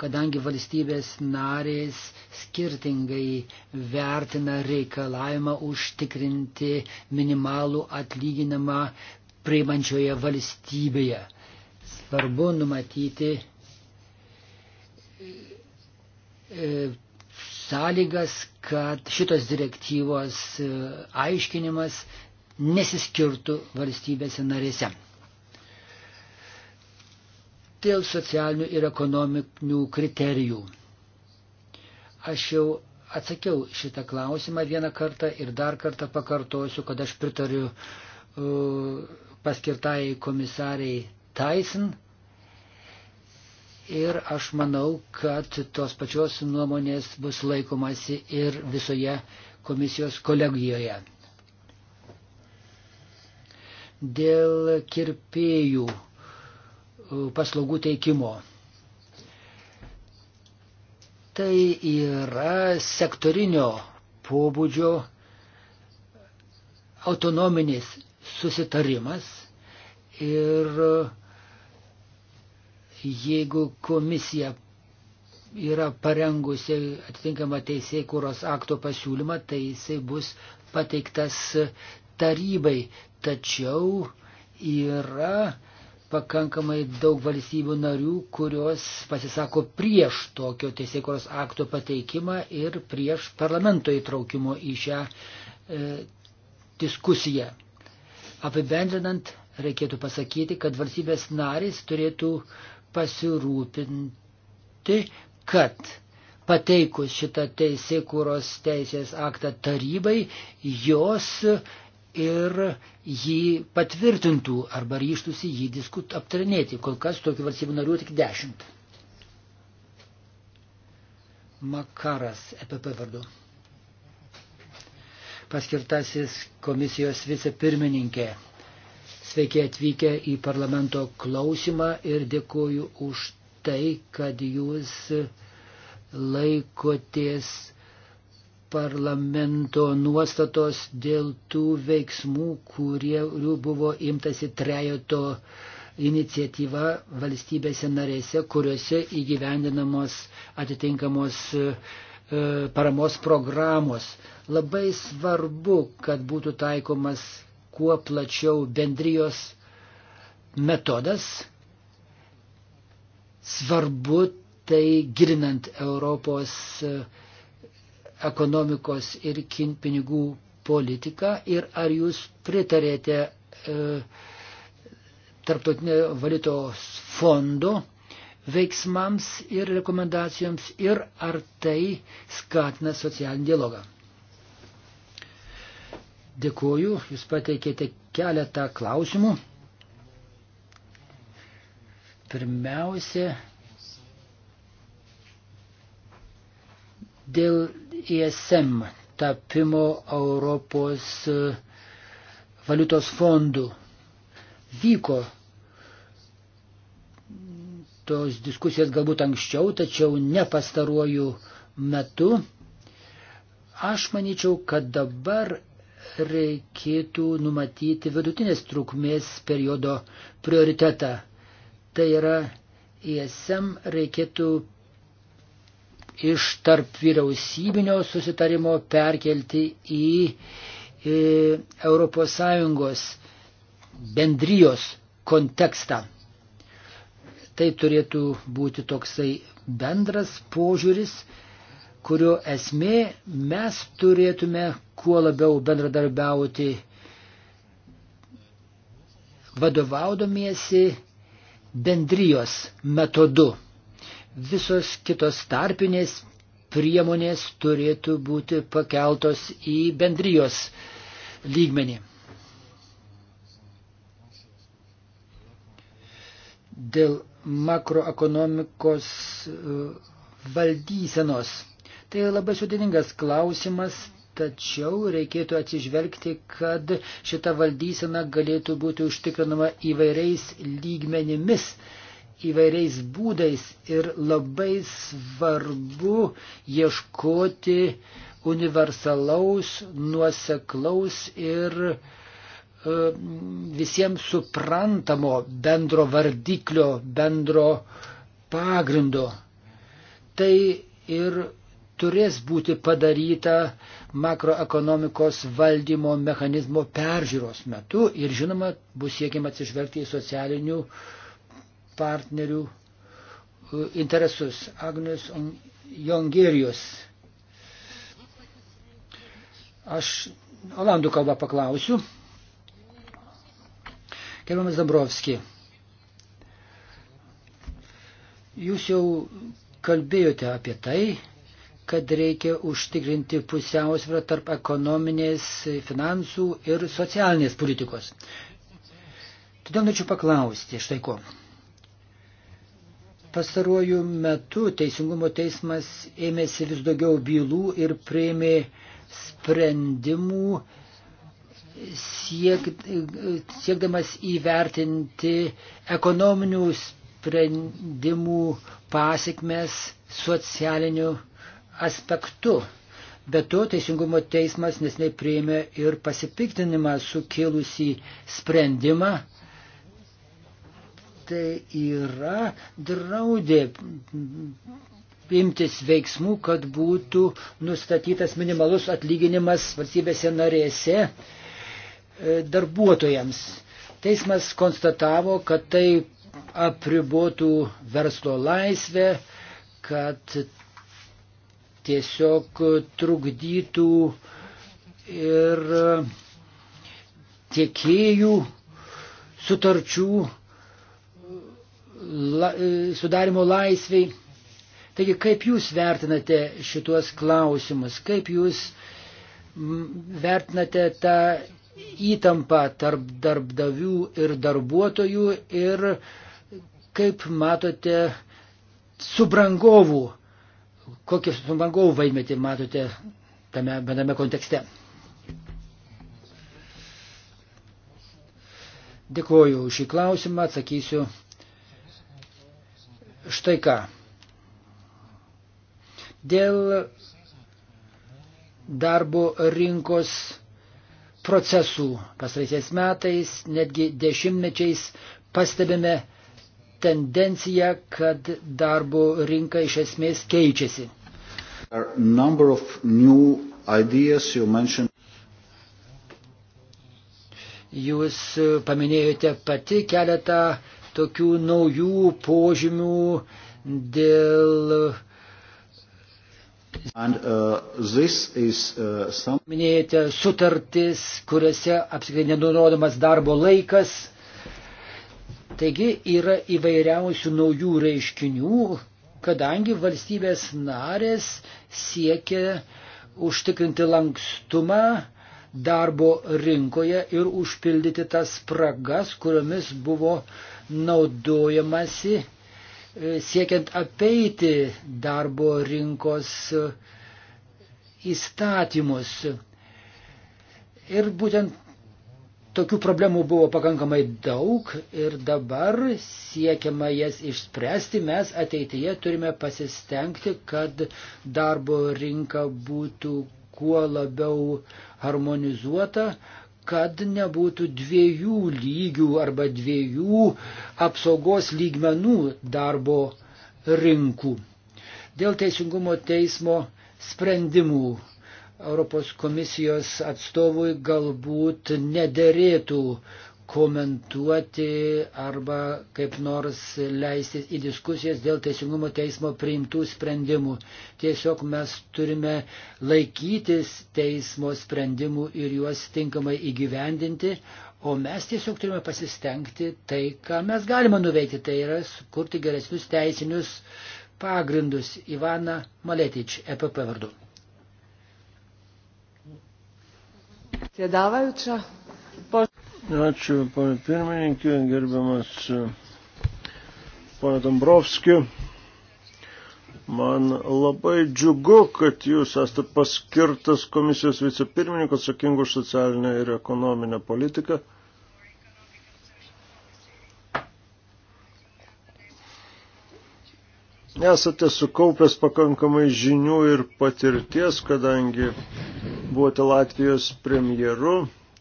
S1: kadangi valstybės narės skirtingai vertina reikalavimą užtikrinti minimalų atlyginimą priimančioje valstybėje. Svarbu numatyti e, sąlygas, kad šitos direktyvos e, aiškinimas nesiskirtų valstybėse narėse. Dėl socialinių ir ekonominių kriterijų. Aš jau atsakiau šitą klausimą vieną kartą ir dar kartą pakartosiu, kad aš pritariu uh, paskirtai komisariai Tyson, Ir aš manau, kad tos pačios nuomonės bus laikomasi ir visoje komisijos kolegijoje. Dėl kirpėjų paslaugų teikimo. Tai yra sektorinio pobūdžio autonominis susitarimas ir uh, jeigu komisija yra parengusi atitinkamą teisėkūros akto pasiūlymą, tai jisai bus pateiktas tarybai. Tačiau yra pakankamai daug valstybių narių, kurios pasisako prieš tokio teisėkūros akto pateikimą ir prieš parlamento įtraukimo į šią e, diskusiją. Apibendrinant, reikėtų pasakyti, kad valstybės narys turėtų e, pasirūpinti, kad pateikus šitą teisėkūros teisės aktą tarybai, jos ir jį patvirtintų arba ryštusi jį diskut aptarinėti. Kol kas tokių valstybių narių tik dešimt. Makaras, EPP vardu. Paskirtasis komisijos vicepirmininkė. pirmininkė Sveiki atvykę į parlamento klausimą ir dėkoju už tai, kad jūs laikotės parlamento nuostatos dėl tų veiksmų, kurių buvo imtasi trejoto iniciatyva valstybėse narėse, kuriuose įgyvendinamos atitinkamos e, paramos programos. Labai svarbu, kad būtų taikomas kuo plačiau bendrijos metodas. Svarbu tai gilinant Europos e, ekonomikos ir pinigų politiką ir ar jūs pritarėte e, Tarptautinio valiutos fondo veiksmams ir rekomendacijoms ir ar tai skatina socialinį dialogą. Dėkuoju, jūs pateikėte keletą klausimų. Pirmiausia, dėl ISM tapimo Europos e, valiutos fondų vyko tos diskusijos galbūt anksčiau, tačiau ne pastaruoju metu. Aš manyčiau, kad dabar reikėtų numatyti vidutinės trukmės periodo prioritetą. Tai yra, ISM e reikėtų iš tarp vyriausybinio susitarimo perkelti į, į e, ES bendrijos kontekstą. Tai turėtų būti toksai bendras požiūris, kurio esmė mes turėtume kuo labiau bendradarbiauti vadovaudomiesi bendrijos metodu. Visos kitos tarpinės priemonės turėtų būti pakeltos į bendrijos lygmenį. Dėl makroekonomikos e, valdysenos Tai labai sudėtingas klausimas, tačiau reikėtų atsižvelgti, kad šita valdysena galėtų būti užtikrinama įvairiais lygmenimis, įvairiais būdais ir labai svarbu ieškoti universalaus, nuoseklaus ir e, visiems suprantamo bendro vardiklio, bendro pagrindo. Tai ir turės būti padaryta makroekonomikos valdymo mechanizmo peržiūros metu ir žinoma bus siekiama atsižvelgti į socialinių partnerių e, interesus. Agnes Jongerius. Aš olandų kalbą paklausiu. Gerbiamas Dabrovski, jūs jau kalbėjote apie tai, kad reikia užtikrinti pusiausvyrą tarp ekonominės, finansų ir socialinės politikos. Todėl norėčiau paklausti štai ko. Pastaruoju metu Teisingumo teismas ėmėsi vis daugiau bylų ir prieimė sprendimų siek, siekdamas įvertinti ekonominių sprendimų pasiekmes socialinių aspektu. Be to, Teisingumo teismas nesnei priėmė ir pasipiktinimą sukėlusį sprendimą. Tai yra draudė imtis veiksmų, kad būtų nustatytas minimalus atlyginimas valstybėse narėse e, darbuotojams. Teismas konstatavo, kad tai apribotų verslo laisvę, kad tiesiog trukdytų ir tiekėjų sutarčių la, sudarimo laisviai. Taigi, kaip jūs vertinate šituos klausimus, kaip jūs vertinate tą įtampą tarp darbdavių ir darbuotojų ir kaip matote subrangovų Kokį sumangovų vaidmetį matote tame bename kontekste? Dėkuoju už šį klausimą, atsakysiu štai ką. Dėl darbo rinkos procesų pasraisiais metais, netgi dešimtmečiais pastebime tendencija, kad darbo rinka iš esmės keičiasi. Jūs paminėjote pati keletą tokių naujų požymių dėl.
S3: And, uh, is, uh, some...
S1: Minėjote sutartis, kuriuose apskritai nenurodomas darbo laikas Taigi yra įvairiausių naujų reiškinių, kadangi valstybės narės siekia užtikrinti lankstumą darbo rinkoje ir užpildyti tas spragas, kuriomis buvo naudojamasi e, siekiant apeiti darbo rinkos e, įstatymus. Ir būtent Tokių problemų buvo pakankamai daug ir dabar siekiama jas išspręsti. Mes ateityje turime pasistengti, kad darbo rinka būtų kuo labiau harmonizuota, kad nebūtų dviejų lygių arba dviejų apsaugos lygmenų darbo rinkų. Dėl teisingumo teismo sprendimų Europos komisijos atstovui galbūt nederėtų komentuoti arba kaip nors leistis į diskusijas dėl Teisingumo teismo priimtų sprendimų. Tiesiog mes turime laikytis teismo sprendimų ir juos tinkamai įgyvendinti, o mes tiesiog turime pasistengti tai, ką mes galime nuveikti, tai yra sukurti geresnius teisinius pagrindus. Ivana Maletič, EPP vardu. Sėdavaučia. Po...
S4: Ačiū, ponė pirmininkė, gerbiamas ponė Dombrovski. Man labai džiugu, kad jūs esate paskirtas komisijos vicepirmininkas atsakingų už socialinę ir ekonominę politiką. Esate sukaupęs pakankamai žinių ir patirties, kadangi buvote Latvijos premjeru,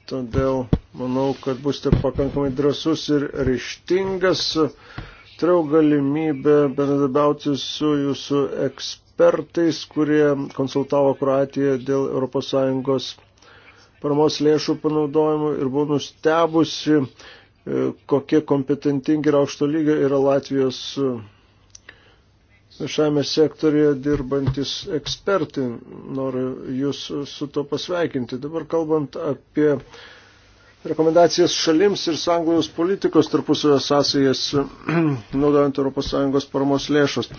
S4: todėl manau, kad būsite pakankamai drasus ir ryštingas. Turėjau galimybę bendradabiauti su jūsų ekspertais, kurie konsultavo Kroatiją dėl ES paramos lėšų panaudojimo ir buvau nustebusi, e, kokie kompetentingi ir aukšto lygio yra Latvijos viešame sektorėje dirbantis ekspertai. Noriu Jūs su to pasveikinti. Dabar kalbant apie rekomendacijas šalims ir sąjungos politikos tarpusavio sąsajas, naudojant ES paramos lėšos.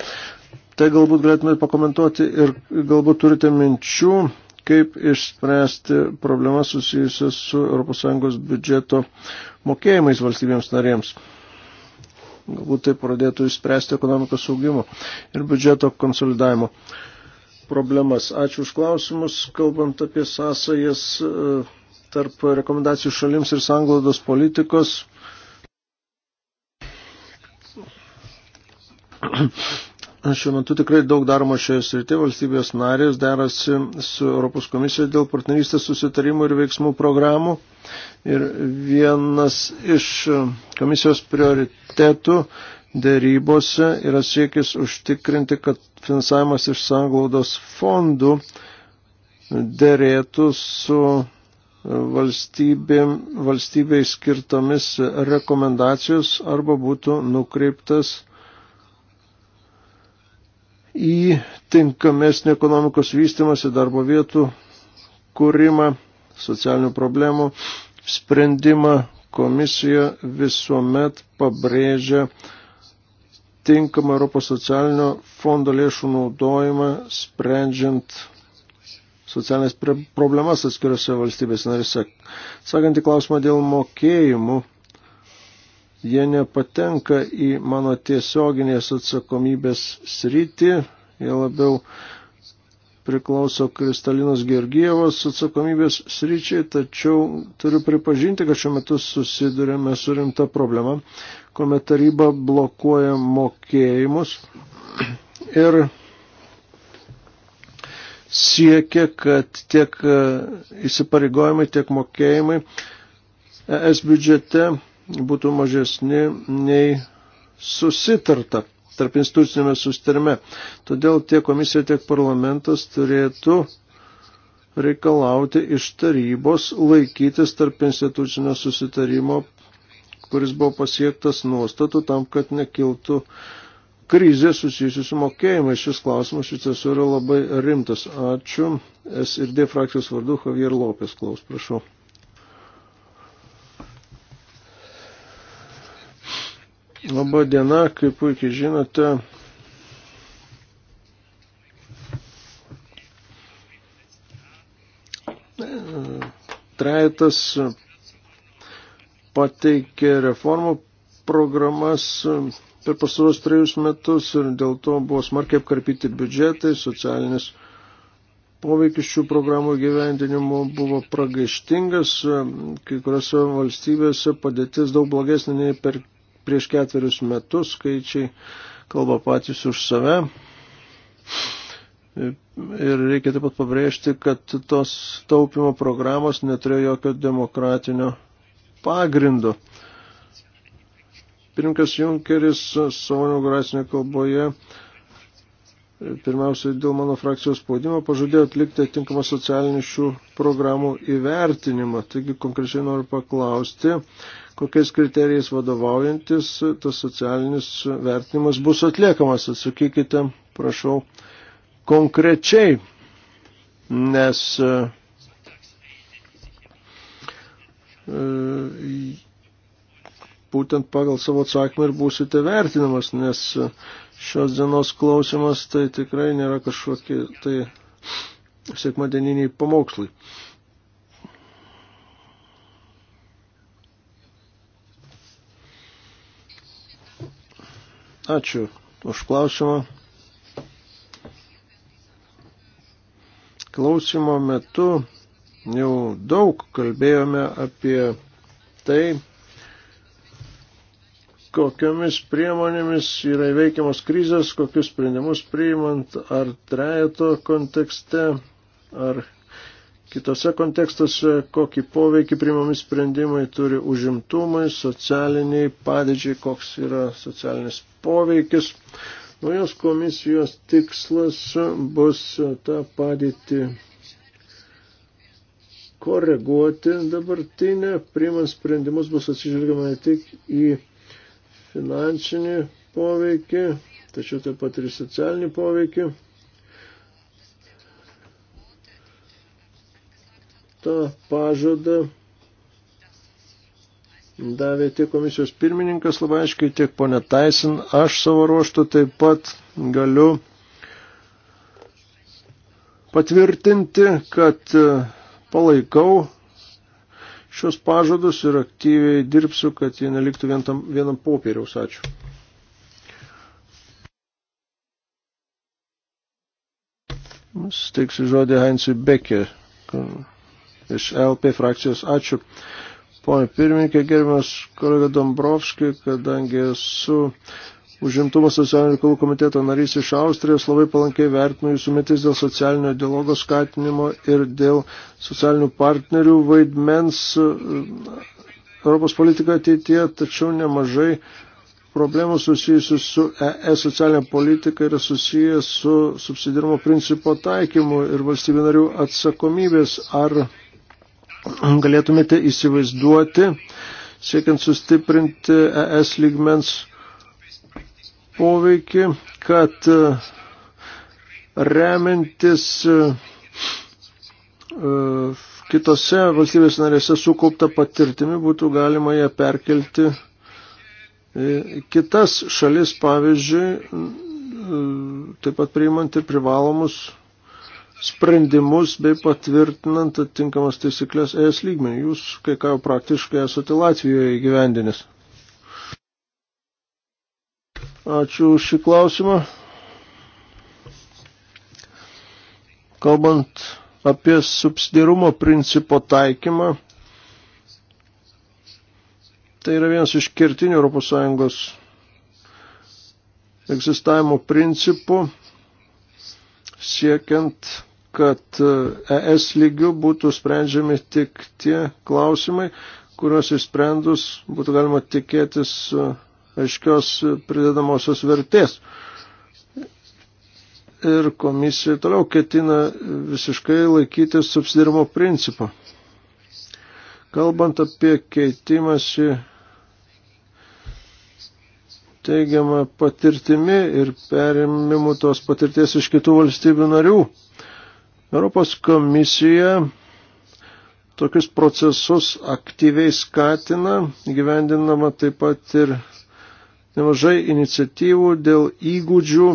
S4: Tai galbūt galėtumėte pakomentuoti ir galbūt turite minčių, kaip išspręsti problemas susijusias su ES biudžeto mokėjimais valstybėms narėms galbūt tai pradėtų išspręsti ekonomikos augimo ir biudžeto konsolidavimo problemas. Ačiū už klausimus, kalbant apie sąsajas e, tarp rekomendacijų šalims ir sanglaudos politikos. Šiuo metu tikrai daug daroma šioje srityje. Valstybės narės derasi su Europos komisija dėl partnerystės susitarimų ir veiksmų programų. Ir vienas iš komisijos prioritetų dėrybose yra siekis užtikrinti, kad finansavimas iš sanglaudos fondų dėrėtų su valstybė, valstybei skirtomis rekomendacijos arba būtų nukreiptas į tinkamesnį ekonomikos vystimąsi darbo vietų kūrimą, socialinių problemų sprendimą. Komisija visuomet pabrėžia tinkamą Europos socialinio fondo lėšų naudojimą, sprendžiant socialinės problemas atskiriuose valstybės narise. Sakant į klausimą dėl mokėjimų, jie nepatenka į mano tiesioginės atsakomybės sritį, jie labiau priklauso Kristalinos Gergievos atsakomybės sryčiai, tačiau turiu pripažinti, kad šiuo metu susidurėme su rimta problema, kuomet taryba blokuoja mokėjimus ir siekia, kad tiek įsipareigojimai, tiek mokėjimai ES biudžete būtų mažesni nei susitarta tarp institucinėme sustarime. Todėl tiek komisija, tiek parlamentas turėtų reikalauti iš tarybos laikytis tarp institucinio susitarimo, kuris buvo pasiektas nuostatų tam, kad nekiltų krizė susijusi su mokėjimais. Šis klausimas iš tiesų yra labai rimtas. Ačiū. S ir D frakcijos vardu Javier Lopės klaus, prašau. Labą dieną, kaip puikiai žinote, trejetas pateikė reformų programas per pasaros trejus metus ir dėl to buvo smarkiai apkarpyti biudžetai, socialinis poveikis šių programų gyvendinimo buvo pragaištingas, kai kuriuose valstybėse padėtis daug blogesnė nei per prieš ketverius metus skaičiai kalba patys už save. Ir reikia taip pat pabrėžti, kad tos taupimo programos neturėjo jokio demokratinio pagrindo. Pirmkas Junkeris savo inauguracinėje kalboje pirmiausia dėl mano frakcijos spaudimo pažadėjo atlikti atinkamą socialinių šių programų įvertinimą. Taigi konkrečiai noriu paklausti, kokiais kriterijais vadovaujantis tas socialinis vertinimas bus atliekamas. Atsakykite, prašau, konkrečiai, nes e, būtent pagal savo atsakymą ir būsite vertinamas, nes šios dienos klausimas tai tikrai nėra kažkokie tai sekmadieniniai pamokslai. Ačiū už klausimą. Klausimo metu jau daug kalbėjome apie tai, kokiamis priemonėmis yra įveikiamos krizės, kokius sprendimus priimant, ar trejeto kontekste, ar kitose kontekstuose, kokį poveikį priimami sprendimai turi užimtumai, socialiniai padėdžiai, koks yra socialinis poveikis. Naujos komisijos tikslas bus tą padėtį koreguoti dabartinę, priimant sprendimus bus atsižvelgiama ne tik į finansinį poveikį, tačiau taip pat ir į socialinį poveikį. Ta pažada davė tiek komisijos pirmininkas labai aiškiai, tiek ponė Taisin. Aš savo ruoštų taip pat galiu patvirtinti, kad e, palaikau šios pažadus ir aktyviai dirbsiu, kad jie neliktų vien tam, vienam popieriaus. Ačiū. Steiksiu žodį Heinzui Bekė iš LP frakcijos. Ačiū. Pone pirmininkė, gerbiamas kolega Dombrovski, kadangi esu užimtumo socialinių reikalų komiteto narys iš Austrijos, labai palankiai vertinu jūsų metis dėl socialinio dialogo skatinimo ir dėl socialinių partnerių vaidmens e, Europos politikoje ateityje, tačiau nemažai problemų susijusių su ES e socialinė politika yra susijęs su subsidirimo principo taikymu ir valstybių narių atsakomybės. Ar galėtumėte įsivaizduoti, siekiant sustiprinti ES lygmens poveikį, kad e, remiantis e, kitose valstybės narėse sukaupta patirtimi būtų galima ją perkelti kitas šalis, pavyzdžiui, e, taip pat priimant ir privalomus sprendimus bei patvirtinant atitinkamas taisyklės ES lygmenį. Jūs kai ką jau praktiškai esate Latvijoje įgyvendinis. Ačiū už šį klausimą. Kalbant apie subsidirumo principo taikymą, tai yra vienas iš kertinių ES egzistavimo principų siekiant kad ES e lygių būtų sprendžiami tik tie klausimai, kuriuos išsprendus būtų galima tikėtis e, aiškios pridedamosios vertės. Ir komisija toliau ketina visiškai laikytis subsidirimo principą. Kalbant apie keitimąsi teigiamą patirtimi ir perimimų tos patirties iš kitų valstybių narių, Europos komisija tokius procesus aktyviai skatina, gyvendinama taip pat ir nemažai iniciatyvų dėl įgūdžių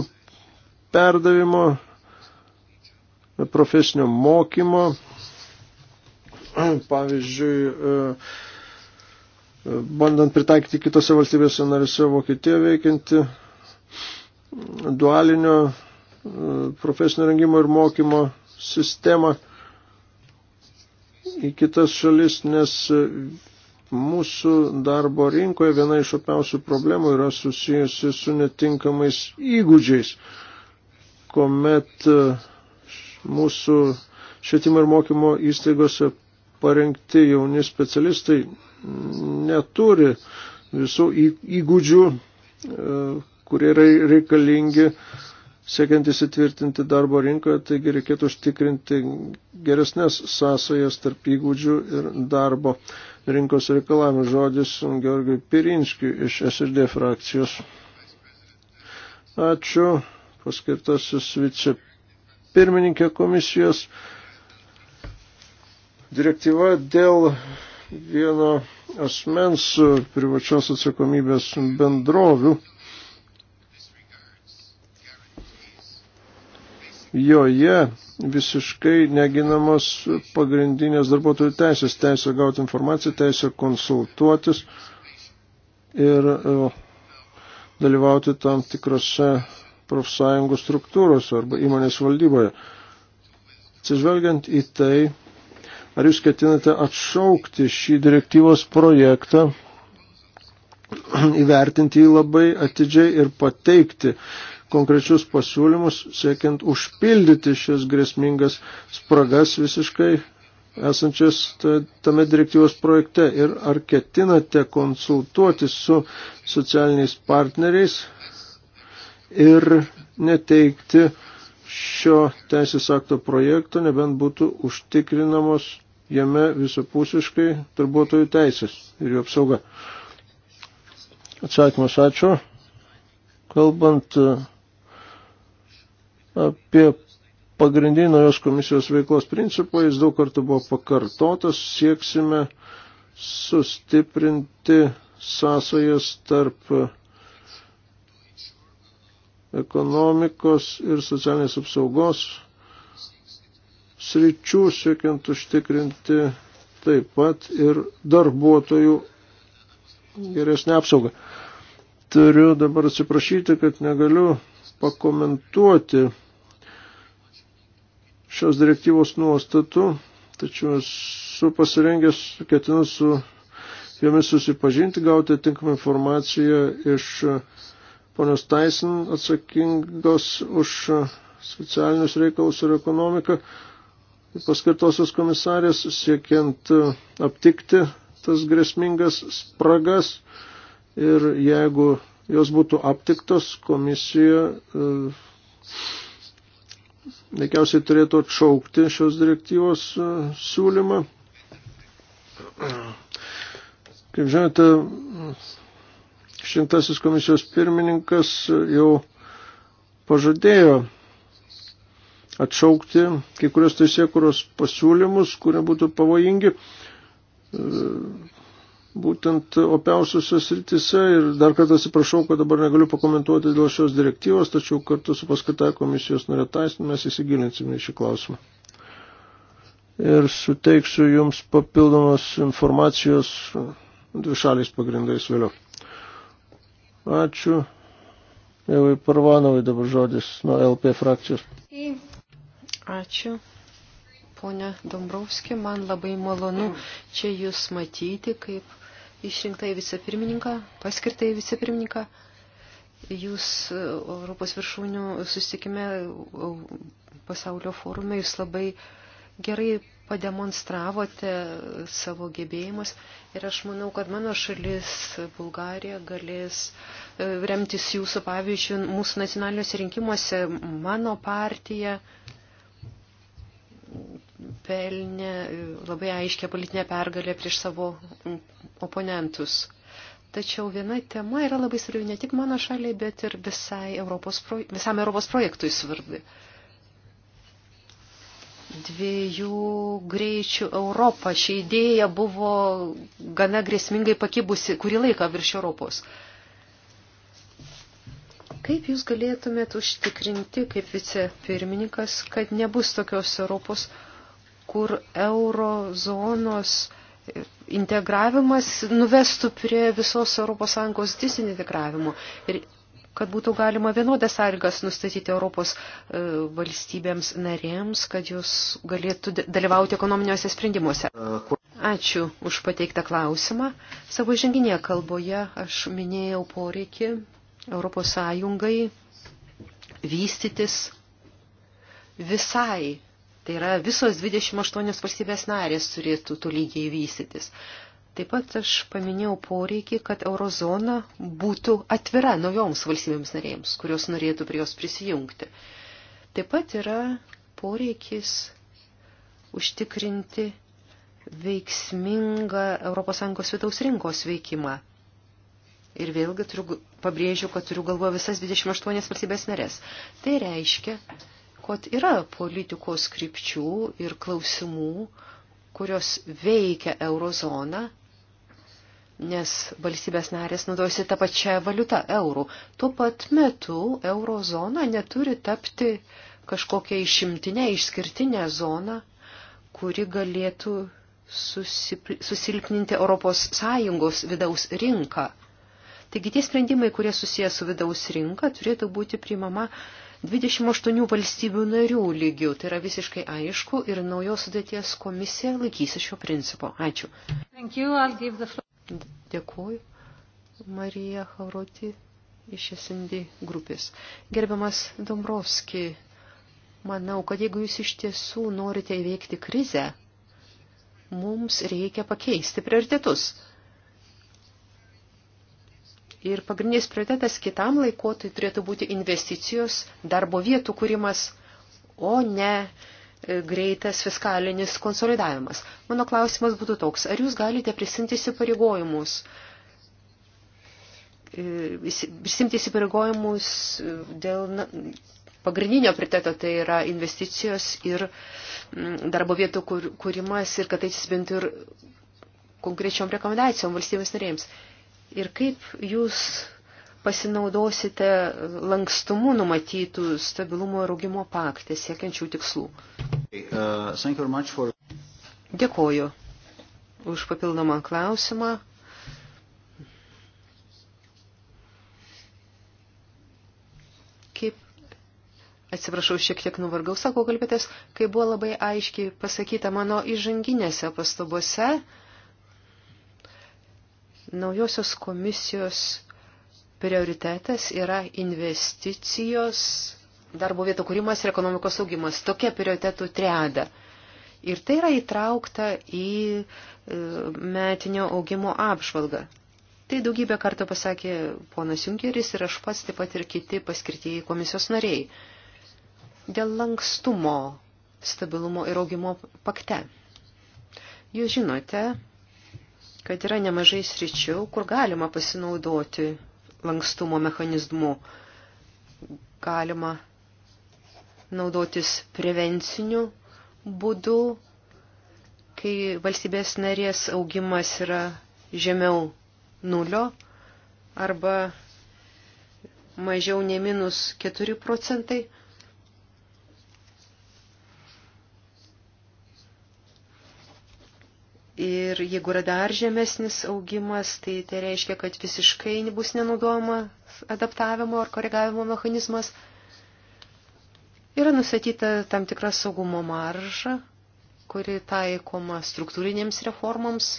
S4: perdavimo, profesinio mokymo. Pavyzdžiui, e, bandant pritaikyti kitose valstybėse narise Vokietijoje veikianti dualinio e, profesinio rengimo ir mokymo sistemą į kitas šalis, nes mūsų darbo rinkoje viena iš opiausių problemų yra susijusi su netinkamais įgūdžiais, kuomet e, mūsų švietimo ir mokymo įstaigose parengti jauni specialistai neturi visų įgūdžių, e, kurie yra reikalingi siekiant įsitvirtinti darbo rinkoje, taigi reikėtų užtikrinti geresnės sąsajas tarp įgūdžių ir darbo rinkos reikalavimų. Žodis Georgiui Pirinskiui iš SRD frakcijos. Ačiū, paskirtasis vicepirmininkė komisijos. Direktyva dėl vieno asmens privačios atsakomybės bendrovių joje visiškai neginamos pagrindinės darbuotojų teisės, teisė gauti informaciją, teisė konsultuotis ir e, dalyvauti tam tikrose profsąjungų struktūrose arba įmonės valdyboje. Atsižvelgiant į tai, ar jūs ketinate atšaukti šį direktyvos projektą, įvertinti jį labai atidžiai ir pateikti konkrečius pasiūlymus, siekiant užpildyti šias grėsmingas spragas visiškai esančias tame direktyvos projekte ir ar ketinate konsultuoti su socialiniais partneriais ir neteikti šio teisės akto projekto, nebent būtų užtikrinamos jame visapusiškai darbuotojų teisės ir jų apsauga. Atsakymas ačiū. Kalbant apie pagrindinį naujos komisijos veiklos principą, jis daug kartų buvo pakartotas, sieksime sustiprinti sąsajas tarp ekonomikos ir socialinės apsaugos sričių, siekiant užtikrinti taip pat ir darbuotojų geresnę apsaugą. Turiu dabar atsiprašyti, kad negaliu pakomentuoti šios direktyvos nuostatų, tačiau esu pasirengęs, ketinu su jomis susipažinti, gauti tinkamą informaciją iš ponios Tyson atsakingos už socialinius reikalus ir ekonomiką paskirtosios komisarės, siekiant aptikti tas grėsmingas spragas ir jeigu jos būtų aptiktos, komisija e, veikiausiai turėtų atšaukti šios direktyvos e, siūlymą. Kaip žinote, šimtasis komisijos pirmininkas jau pažadėjo atšaukti kai kurios teisėkuros pasiūlymus, kurie būtų pavojingi. E, būtent opiausiuose sritise ir dar kartą atsiprašau, kad dabar negaliu pakomentuoti dėl šios direktyvos, tačiau kartu su paskata komisijos norėtaisnė mes įsigilinsime į šį klausimą. Ir suteiksiu Jums papildomos informacijos dvišaliais pagrindais vėliau. Ačiū. Evai Parvanovai dabar žodis nuo LP frakcijos.
S2: Ačiū. Pone Dombrovski, man labai malonu čia jūs matyti, kaip išrinktai vicepirmininką, paskirtai vicepirmininką. Jūs e, Europos viršūnių susitikime e, pasaulio forume, jūs labai gerai pademonstravote savo gebėjimus ir aš manau, kad mano šalis, Bulgarija, galės e, remtis jūsų pavyzdžių mūsų nacionaliniuose rinkimuose, mano partija pelnė e, labai aiškę politinę pergalę prieš savo oponentus. Tačiau viena tema yra labai svarbi ne tik mano šaliai, bet ir visai Europos pro, visam Europos projektui svarbi. Dviejų greičių Europą. Ši idėja buvo gana grėsmingai pakibusi kurį laiką virš Europos. Kaip jūs galėtumėt užtikrinti, kaip vicepirmininkas, kad nebus tokios Europos kur eurozonos integravimas nuvestų prie visos ES disintegravimo ir kad būtų galima vienodas sąlygas nustatyti Europos e, valstybėms narėms, kad jūs galėtų dalyvauti ekonominiuose sprendimuose. Ačiū už pateiktą klausimą. Savo žinginėje kalboje aš minėjau poreikį Europos Sąjungai vystytis visai Tai yra visos 28 valstybės narės turėtų tolygiai vystytis. Taip pat aš paminėjau poreikį, kad eurozona būtų atvira naujoms valstybėms narėms, kurios norėtų prie jos prisijungti. Taip pat yra poreikis užtikrinti veiksmingą ES vidaus rinkos veikimą. Ir vėlgi turiu, pabrėžiu, kad turiu galvoje visas 28 valstybės narės. Tai reiškia, kad yra politikos krypčių ir klausimų, kurios veikia eurozoną, nes valstybės narės naudojasi tą pačią valiutą eurų. Tuo pat metu eurozona neturi tapti kažkokia išimtinė, išskirtinė zona, kuri galėtų susilpninti ES vidaus rinką. Taigi tie sprendimai, kurie susijęs su vidaus rinka, turėtų būti priimama 28 valstybių narių lygių. Tai yra visiškai aišku ir naujos sudėties komisija laikysi šio principo. Ačiū. Dėkuoju. Marija Hauroti iš SND grupės. Gerbiamas Dombrovski, manau, kad jeigu jūs iš tiesų norite įveikti krizę, mums reikia pakeisti prioritetus. Ir pagrindinis prioritetas kitam laikotui turėtų būti investicijos, darbo vietų kūrimas, o ne e, greitas fiskalinis konsolidavimas. Mano klausimas būtų toks, ar jūs galite prisimti įsipareigojimus, e, prisimti įsipareigojimus e, dėl pagrindinio prioriteto, tai yra investicijos ir darbo vietų kūrimas ir kad tai atsispintų ir konkrečiom rekomendacijom valstybės narėjams ir kaip jūs pasinaudosite lankstumu numatytų stabilumo ir augimo paktę siekiančių tikslų.
S3: Uh,
S2: Dėkoju už papildomą klausimą. Kaip, atsiprašau, šiek tiek nuvargau, sako kalbėtės, kai buvo labai aiškiai pasakyta mano įžanginėse pastabuose, Naujosios komisijos prioritetas yra investicijos, darbo vietų kūrimas ir ekonomikos augimas. Tokia prioritetų triada. Ir tai yra įtraukta į e, metinio augimo apžvalgą. Tai daugybę kartų pasakė ponas Junkeris ir aš pats taip pat ir kiti paskirtieji komisijos nariai. Dėl lankstumo, stabilumo ir augimo pakte. Jūs žinote, kad yra nemažai sričių, kur galima pasinaudoti lankstumo mechanizmu. Galima naudotis prevenciniu būdu, kai valstybės narės augimas yra žemiau nulio arba mažiau nei minus 4 procentai. Ir jeigu yra dar žemesnis augimas, tai tai reiškia, kad visiškai bus nenaudojama adaptavimo ar koregavimo mechanizmas. Yra nustatyta tam tikra saugumo marža, kuri taikoma struktūrinėms reformoms,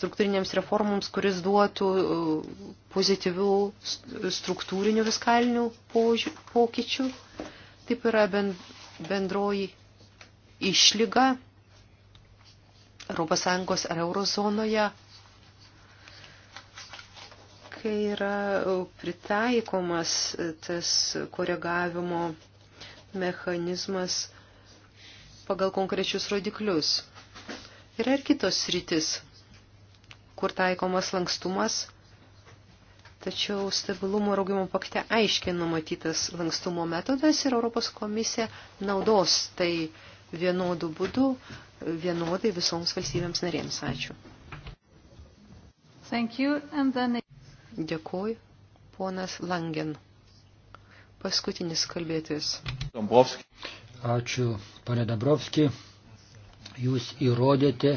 S2: struktūrinėms reformoms, kuris duotų uh, pozityvių struktūrinių viskalinių pokyčių. Taip yra bendroji išlyga ES ar eurozonoje, kai yra pritaikomas tas koregavimo mechanizmas pagal konkrečius rodiklius. Yra ir kitos rytis, kur taikomas lankstumas, tačiau stabilumo ir augimo pakte aiškiai numatytas lankstumo metodas ir Europos komisija naudos tai vienodų būdų, vienodai visoms valstybėms narėms. Ačiū. Thank you, and then... Dėkuoju, ponas Langen. Paskutinis kalbėtojas.
S1: Dombrovski. Ačiū, pane Dabrovski. Jūs įrodėte,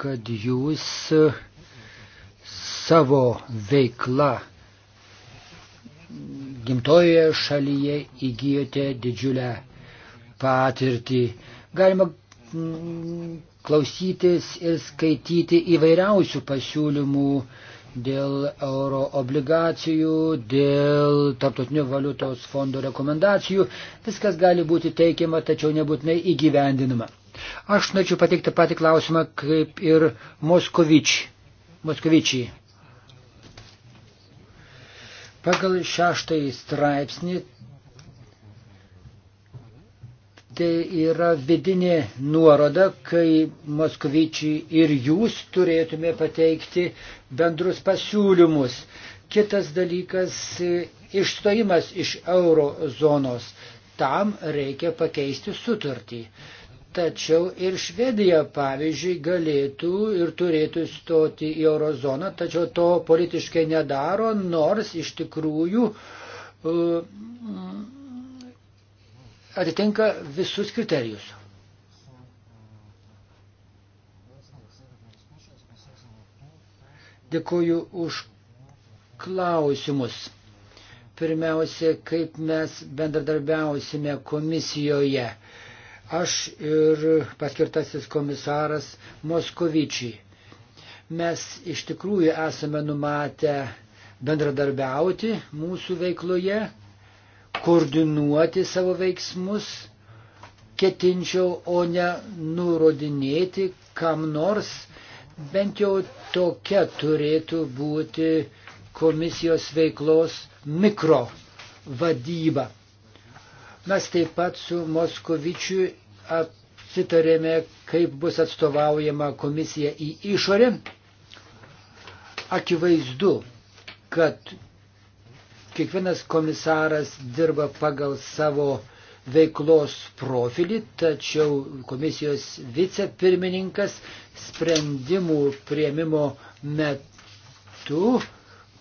S1: kad jūs savo veikla gimtojoje šalyje įgyjote didžiulę patirtį. Galima mm, klausytis ir skaityti įvairiausių pasiūlymų dėl euro obligacijų, dėl tarptautinio valiutos fondo rekomendacijų. Viskas gali būti teikiama, tačiau nebūtinai įgyvendinama. Aš norėčiau pateikti patį klausimą kaip ir Moskovičiai. Moskovičiai. Pagal šeštąjį straipsnį Tai yra vidinė nuoroda, kai Moskvyčiai ir jūs turėtume pateikti bendrus pasiūlymus. Kitas dalykas - išstojimas iš euro zonos. Tam reikia pakeisti sutartį. Tačiau ir Švedija, pavyzdžiui, galėtų ir turėtų stoti į eurozoną, tačiau to politiškai nedaro, nors iš tikrųjų uh, atitinka visus kriterijus. Dėkuoju už klausimus. Pirmiausia, kaip mes bendradarbiausime komisijoje. Aš ir paskirtasis komisaras Moskovičiai. Mes iš tikrųjų esame numatę bendradarbiauti mūsų veikloje koordinuoti savo veiksmus ketinčiau, o ne nurodinėti kam nors. Bent jau tokia turėtų būti komisijos veiklos mikro vadyba. Mes taip pat su Moskovičiu apsitarėme, kaip bus atstovaujama komisija į išorę. Akivaizdu, kad Kiekvienas komisaras dirba pagal savo veiklos profilį, tačiau komisijos vicepirmininkas sprendimų prieimimo metu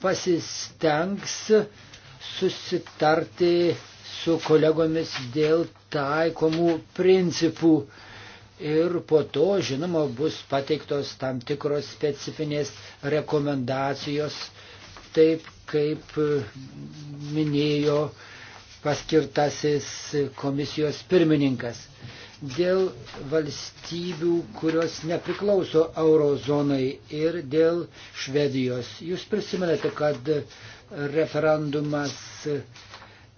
S1: pasistengs susitarti su kolegomis dėl taikomų principų. Ir po to, žinoma, bus pateiktos tam tikros specifinės rekomendacijos, taip kaip minėjo paskirtasis komisijos pirmininkas. Dėl valstybių, kurios nepriklauso eurozonai ir dėl Švedijos. Jūs prisimenate, kad referendumas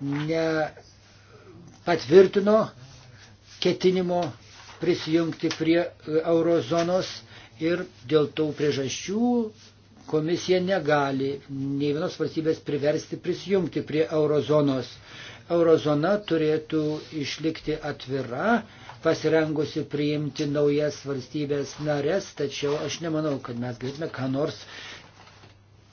S1: nepatvirtino ketinimo prisijungti prie eurozonos ir dėl tų priežasčių Komisija negali nei vienos valstybės priversti prisijungti prie eurozonos. Eurozona turėtų išlikti atvira, pasirengusi priimti naujas valstybės narės, tačiau aš nemanau, kad mes galėtume ką nors uh,